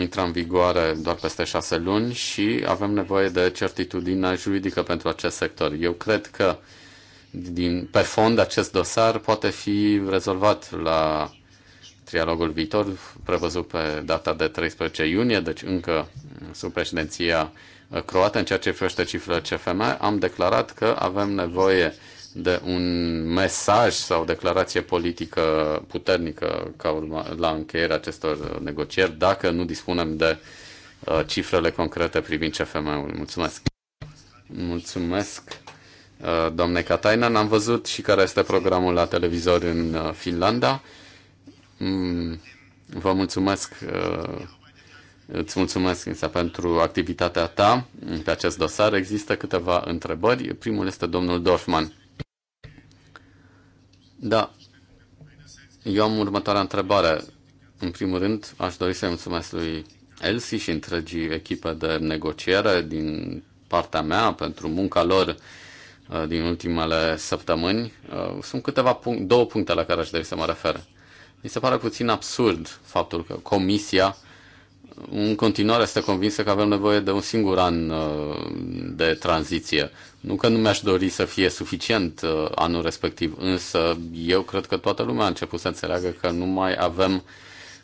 intră în vigoare doar peste șase luni și avem nevoie de certitudine juridică pentru acest sector. Eu cred că din, pe fond acest dosar poate fi rezolvat la trialogul viitor, prevăzut pe data de 13 iunie, deci încă sub președinția croată, în ceea ce privește cifrele CFM, am declarat că avem nevoie de un mesaj sau declarație politică puternică ca urma, la încheierea acestor negocieri dacă nu dispunem de uh, cifrele concrete privind CFM-ul. Mulțumesc! Mulțumesc, uh, doamne Katainen. Am văzut și care este programul la televizor în uh, Finlanda. Mm, vă mulțumesc uh, Îți mulțumesc, însă pentru activitatea ta pe acest dosar. Există câteva întrebări. Primul este domnul Dorfman. Da. Eu am următoarea întrebare. În primul rând, aș dori să-i mulțumesc lui Elsi și întregii echipe de negociere din partea mea pentru munca lor uh, din ultimele săptămâni. Uh, sunt câteva punct, două puncte la care aș dori să mă refer. Mi se pare puțin absurd faptul că Comisia în continuare este convinsă că avem nevoie de un singur an uh, de tranziție. Nu că nu mi-aș dori să fie suficient uh, anul respectiv, însă eu cred că toată lumea a început să înțeleagă că nu mai avem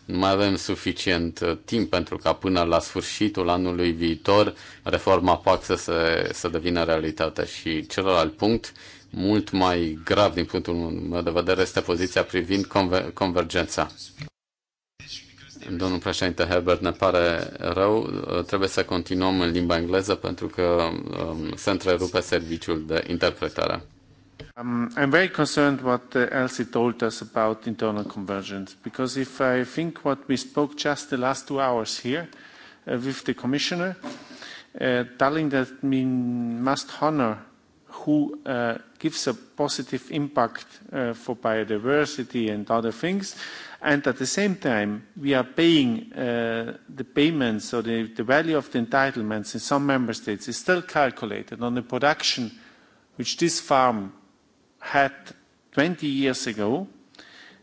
nu mai avem suficient uh, timp pentru ca până la sfârșitul anului viitor reforma PAC să, se, să devină realitate. Și celălalt punct, mult mai grav din punctul meu de vedere, este poziția privind conver- convergența. Domnul președinte Herbert, ne pare rău, trebuie să continuăm în limba engleză pentru că um, se întrerupe serviciul de interpretare. Um, I'm very concerned what uh, Elsie told us about internal convergence, because if I think what we spoke just the last two hours here uh, with the commissioner, uh, telling that we must honor who uh, gives a positive impact uh, for biodiversity and other things, and at the same time we are paying uh, the payments or the, the value of the entitlements in some member states is still calculated on the production which this farm had 20 years ago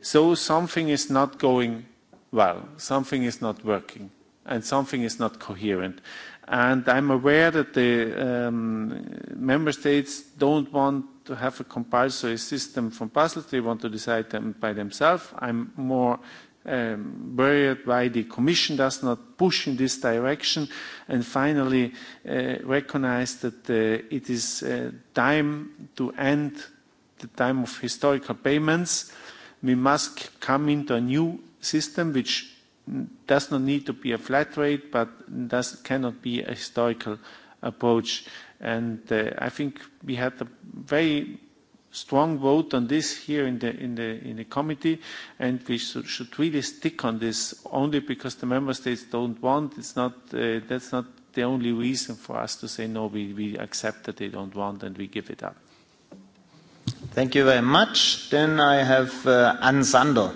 so something is not going well something is not working and something is not coherent and i'm aware that the um, member states don't want to have a compulsory system from Basel. They want to decide them by themselves. I'm more um, worried why the Commission does not push in this direction and finally uh, recognize that uh, it is uh, time to end the time of historical payments. We must come into a new system which does not need to be a flat rate but does, cannot be a historical approach. And uh, I think we had a very strong vote on this here in the, in the, in the committee, and we should, should really stick on this only because the member states don't want. It's not, uh, that's not the only reason for us to say, no, we, we accept that they don't want and we give it up. Thank you very much. Then I have uh, Anne Sander.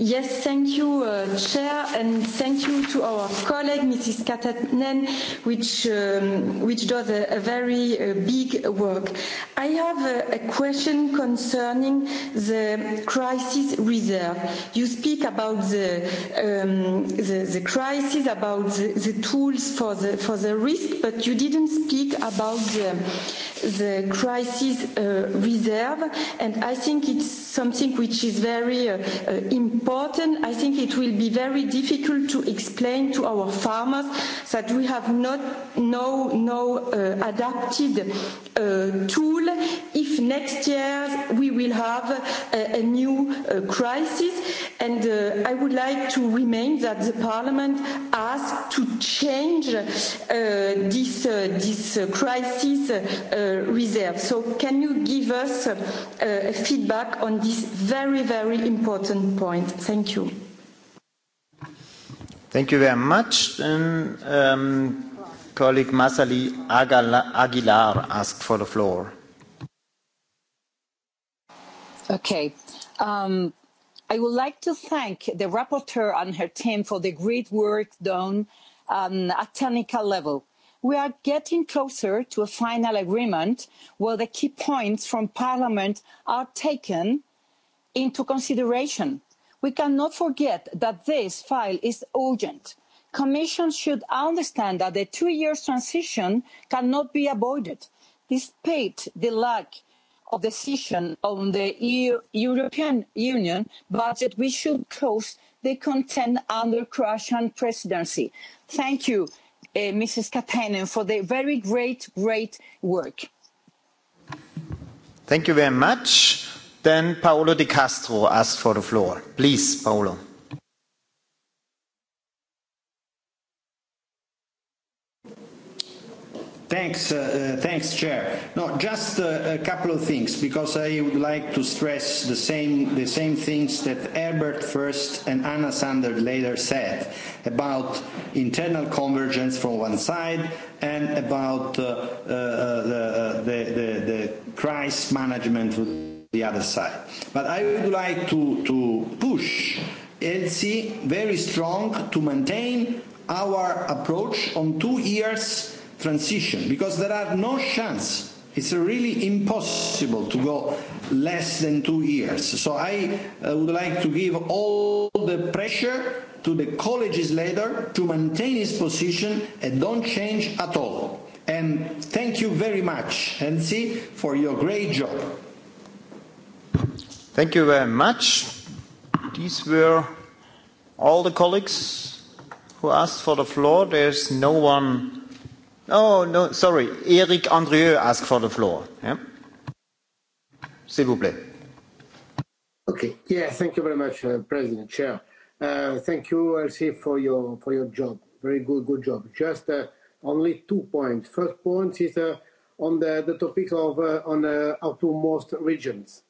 Yes, thank you, uh, Chair, and thank you to our colleague, Mrs. Katanen, which, um, which does a, a very uh, big work. I have a, a question concerning the crisis reserve. You speak about the, um, the, the crisis, about the, the tools for the, for the risk, but you didn't speak about the, the crisis uh, reserve, and I think it's something which is very uh, uh, important important. I think it will be very difficult to explain to our farmers that we have not no no uh, adapted uh, tool if next year we will have a, uh, a new uh, crisis. And uh, I would like to remind that the Parliament asked to change uh, this uh, this uh, crisis uh, reserve. So can you give us uh, a feedback on this very very important point? Thank you. Thank you very much. And, um, colleague Masali Aguilar asked for the floor. Okay. Um, I would like to thank the rapporteur and her team for the great work done um, at technical level. We are getting closer to a final agreement where the key points from Parliament are taken into consideration we cannot forget that this file is urgent. commission should understand that the two year transition cannot be avoided despite the lack of decision on the EU, European Union budget, we should close the content under Croatian presidency. Thank you, uh, eh, Mrs. Katainen, for the very great, great work. Thank you very much. Then Paolo Di Castro asked for the floor. Please, Paolo. Thanks, uh, uh, thanks, Chair. No, just uh, a couple of things because I would like to stress the same the same things that Herbert first and Anna Sander later said about internal convergence from one side and about uh, uh, uh the, the, the, the crisis management the other side. But I would like to, to push ELSI very strong to maintain our approach on two years transition because there are no chance it's really impossible to go less than two years. So I uh, would like to give all the pressure to the co-legislator to maintain his position and don't change at all. And thank you very much, Nancy, for your great job. Thank you very much. These were all the colleagues who asked for the floor. There's no one. Oh, no, sorry. Eric Andrieux asked for the floor. Yeah? S'il vous plaît. Okay. Yeah, thank you very much, uh, President Chair. Uh, thank you, LC, for your for your job. Very good, good job. Just uh, only two points. First point is uh, on the, the topic of uh, on uh, outermost regions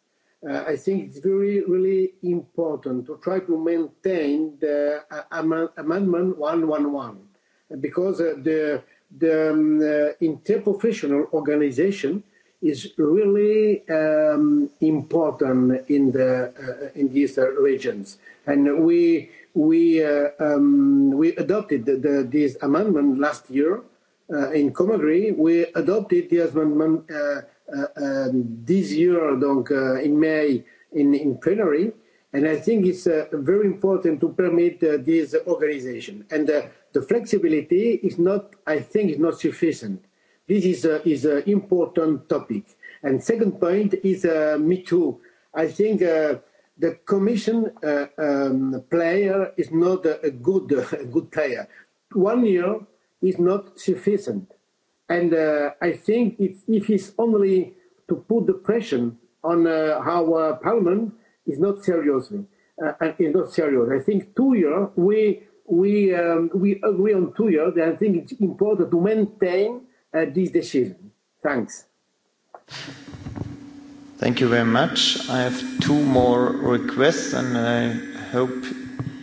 uh, I think it's very, really important to try to maintain the uh, am- Amendment 111 because uh, the, the um, uh, interprofessional organization is really um, important in the uh, in these uh, regions, and we we uh, um, we adopted the, the, this amendment last year uh, in Comagri. We adopted the amendment. Uh, uh, um, this year, donc, uh, in May, in, in plenary. And I think it's uh, very important to permit uh, this organization. And uh, the flexibility is not, I think, is not sufficient. This is an uh, is a uh, important topic. And second point is uh, Me Too. I think uh, the Commission uh, um, player is not a, a good a good player. One year is not sufficient And uh, I think it's, if it's only to put the pressure on uh, our uh, parliament is not seriously, uh, is not serious. I think two years, we, we, um, we agree on two years, and I think it's important to maintain uh, this decision. Thanks. Thank you very much. I have two more requests, and I hope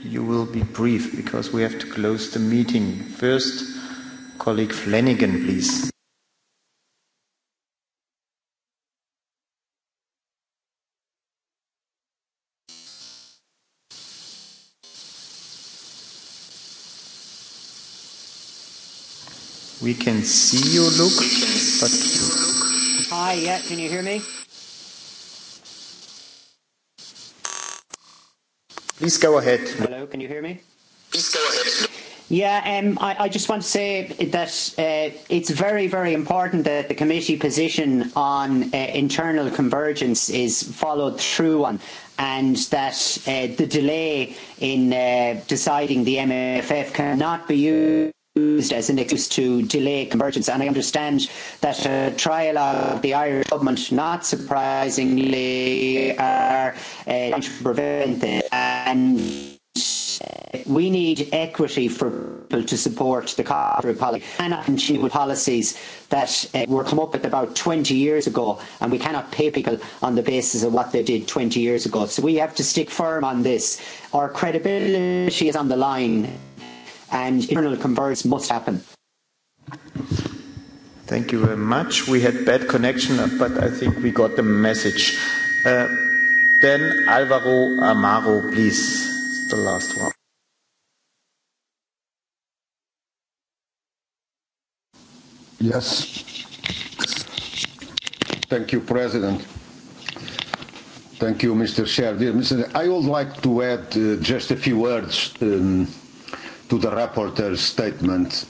you will be brief because we have to close the meeting. First, Colleague Flanagan, please. We can see you, Luke, but... Hi, yeah, can you hear me? Please go ahead. Hello, can you hear me? Please go ahead. Yeah, um, I, I just want to say that uh, it's very, very important that the committee position on uh, internal convergence is followed through on and that uh, the delay in uh, deciding the MFF cannot be used used as an excuse to delay convergence. And I understand that a trial of the Irish government, not surprisingly, are uh, trying to prevent it. And we need equity for people to support the corporate policy. We cannot continue policies that uh, were come up with about 20 years ago, and we cannot pay people on the basis of what they did 20 years ago. So we have to stick firm on this. Our credibility is on the line, and internal converts must happen. Thank you very much. We had bad connection, but I think we got the message. Uh, then Alvaro Amaro, please the last one. Yes. Thank you, President. Thank you, Mr. Chair. Dear Mr. I would like to add uh, just a few words um, to the rapporteur's statement.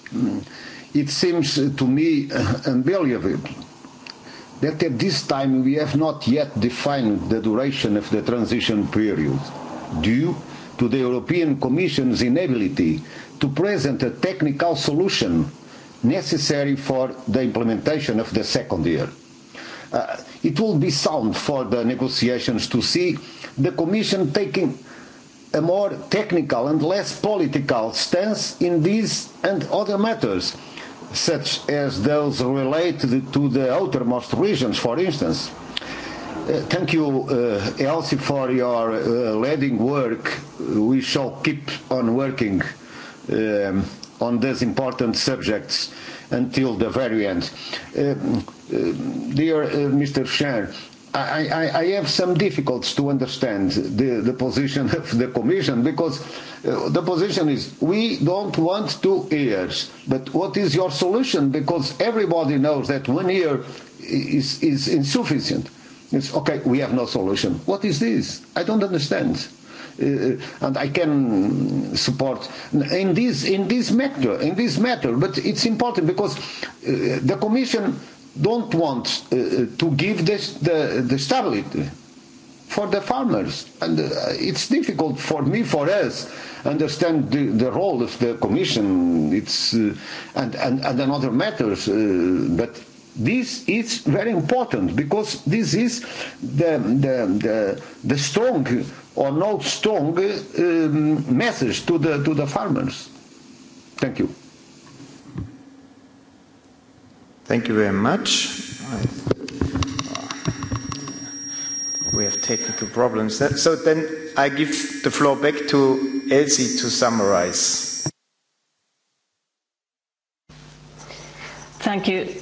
It seems to me uh, unbelievable that at this time we have not yet defined the duration of the transition period due to the European Commission's inability to present a technical solution necessary for the implementation of the second year. Uh, it will be sound for the negotiations to see the Commission taking a more technical and less political stance in these and other matters, such as those related to the outermost regions, for instance. Uh, thank you, uh, Elsie, for your leading uh, work. We shall keep on working um, on these important subjects until the very end. dear Mr. Chair, I, I, I have some difficulties to understand the, the position of the Commission because uh, the position is we don't want two years. But what is your solution? Because everybody knows that one year is, is insufficient. Uh, It's okay, we have no solution. What is this? I don't understand. Uh, uh, and I can support in this in this matter in this matter but it's important because uh, the commission don't want uh, uh to give this the, the stability for the farmers and uh, it's difficult for me for us understand the, the role of the commission it's uh, and, and and another matters uh, but This is very important because this is the, the, the, the strong or not strong um, message to the, to the farmers. Thank you. Thank you very much. We have technical problems. There. so then I give the floor back to Elsie to summarize. Thank you.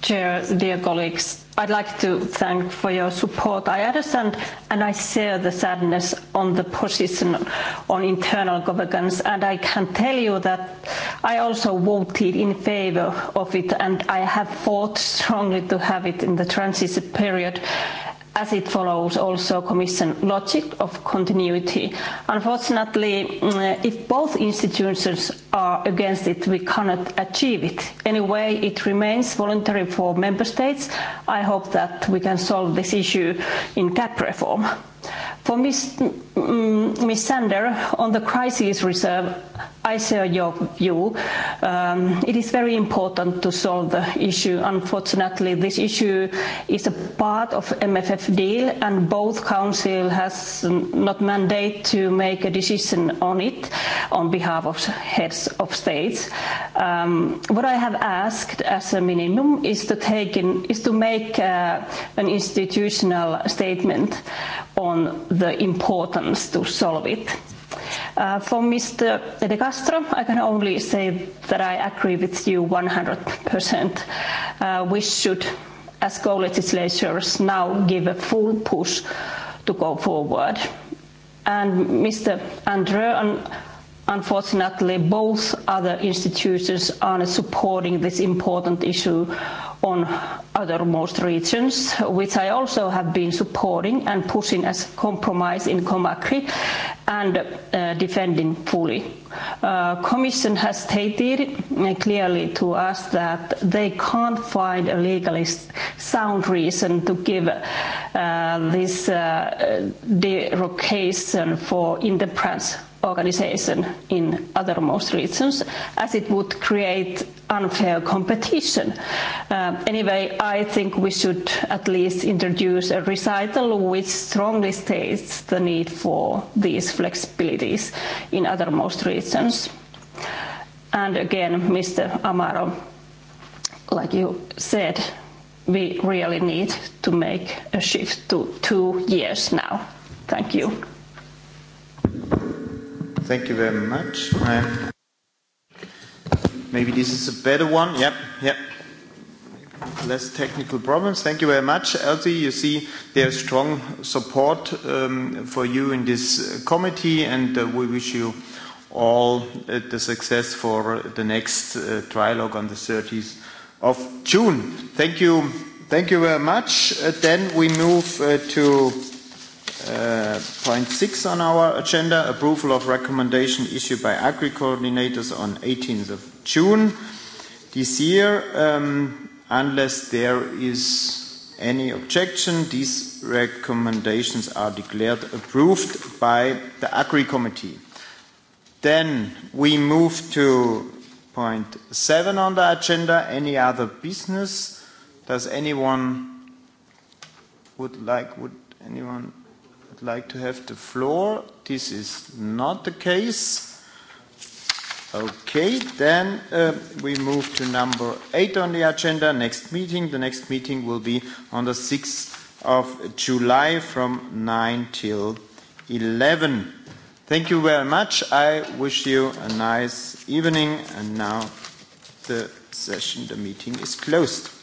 Chair, dear colleagues, I'd like to thank for your support. I understand and I share the sadness on the position on internal governance and I can tell you that I also voted in favour of it and I have fought strongly to have it in the transition period as it follows also Commission logic of continuity. Unfortunately, mm, if both institutions are against it, we cannot achieve it. Anyway, it remains voluntary for Member States. I hope that we can solve this issue in CAP reform. For Ms. Ms. Mm, Sander, on the crisis reserve, I share your view. Um, it is very important to solve the issue. Unfortunately, this issue is a part of MFF deal, and both council has not mandate to make a decision on it on behalf of heads of states. Um, what I have asked as a minimum is to take in, is to make uh, an institutional statement on on the importance to solve it. Uh, for Mr. De Castro, I can only say that I agree with you 100%. Uh, we should, as co-legislators, now give a full push to go forward. And Mr. Andrew, unfortunately, both other institutions are supporting this important issue on other most regions, which I also have been supporting and pushing as compromise in Comacri and uh, defending fully. Uh, Commission has stated uh, clearly to us that they can't find a legally sound reason to give uh, this uh, derogation for independence organization in othermost regions as it would create unfair competition. Uh, anyway, I think we should at least introduce a recital which strongly states the need for these flexibilities in othermost regions. And again, Mr. Amaro, like you said, we really need to make a shift to two years now. Thank you. Thank you very much. And maybe this is a better one. Yep, yep. Less technical problems. Thank you very much, Elsie. You see, there's strong support um, for you in this committee, and uh, we wish you all uh, the success for the next uh, trilogue on the 30th of June. Thank you. Thank you very much. Uh, then we move uh, to Uh, point six on our agenda, approval of recommendation issued by agri coordinators on 18th of June this year. Um, unless there is any objection, these recommendations are declared approved by the agri committee. Then we move to point seven on the agenda, any other business. Does anyone would like, would anyone would like to have the floor? This is not the case. Okay, then uh, we move to number eight on the agenda. Next meeting. The next meeting will be on the 6th of July from 9 till 11. Thank you very much. I wish you a nice evening. And now the session, the meeting is closed.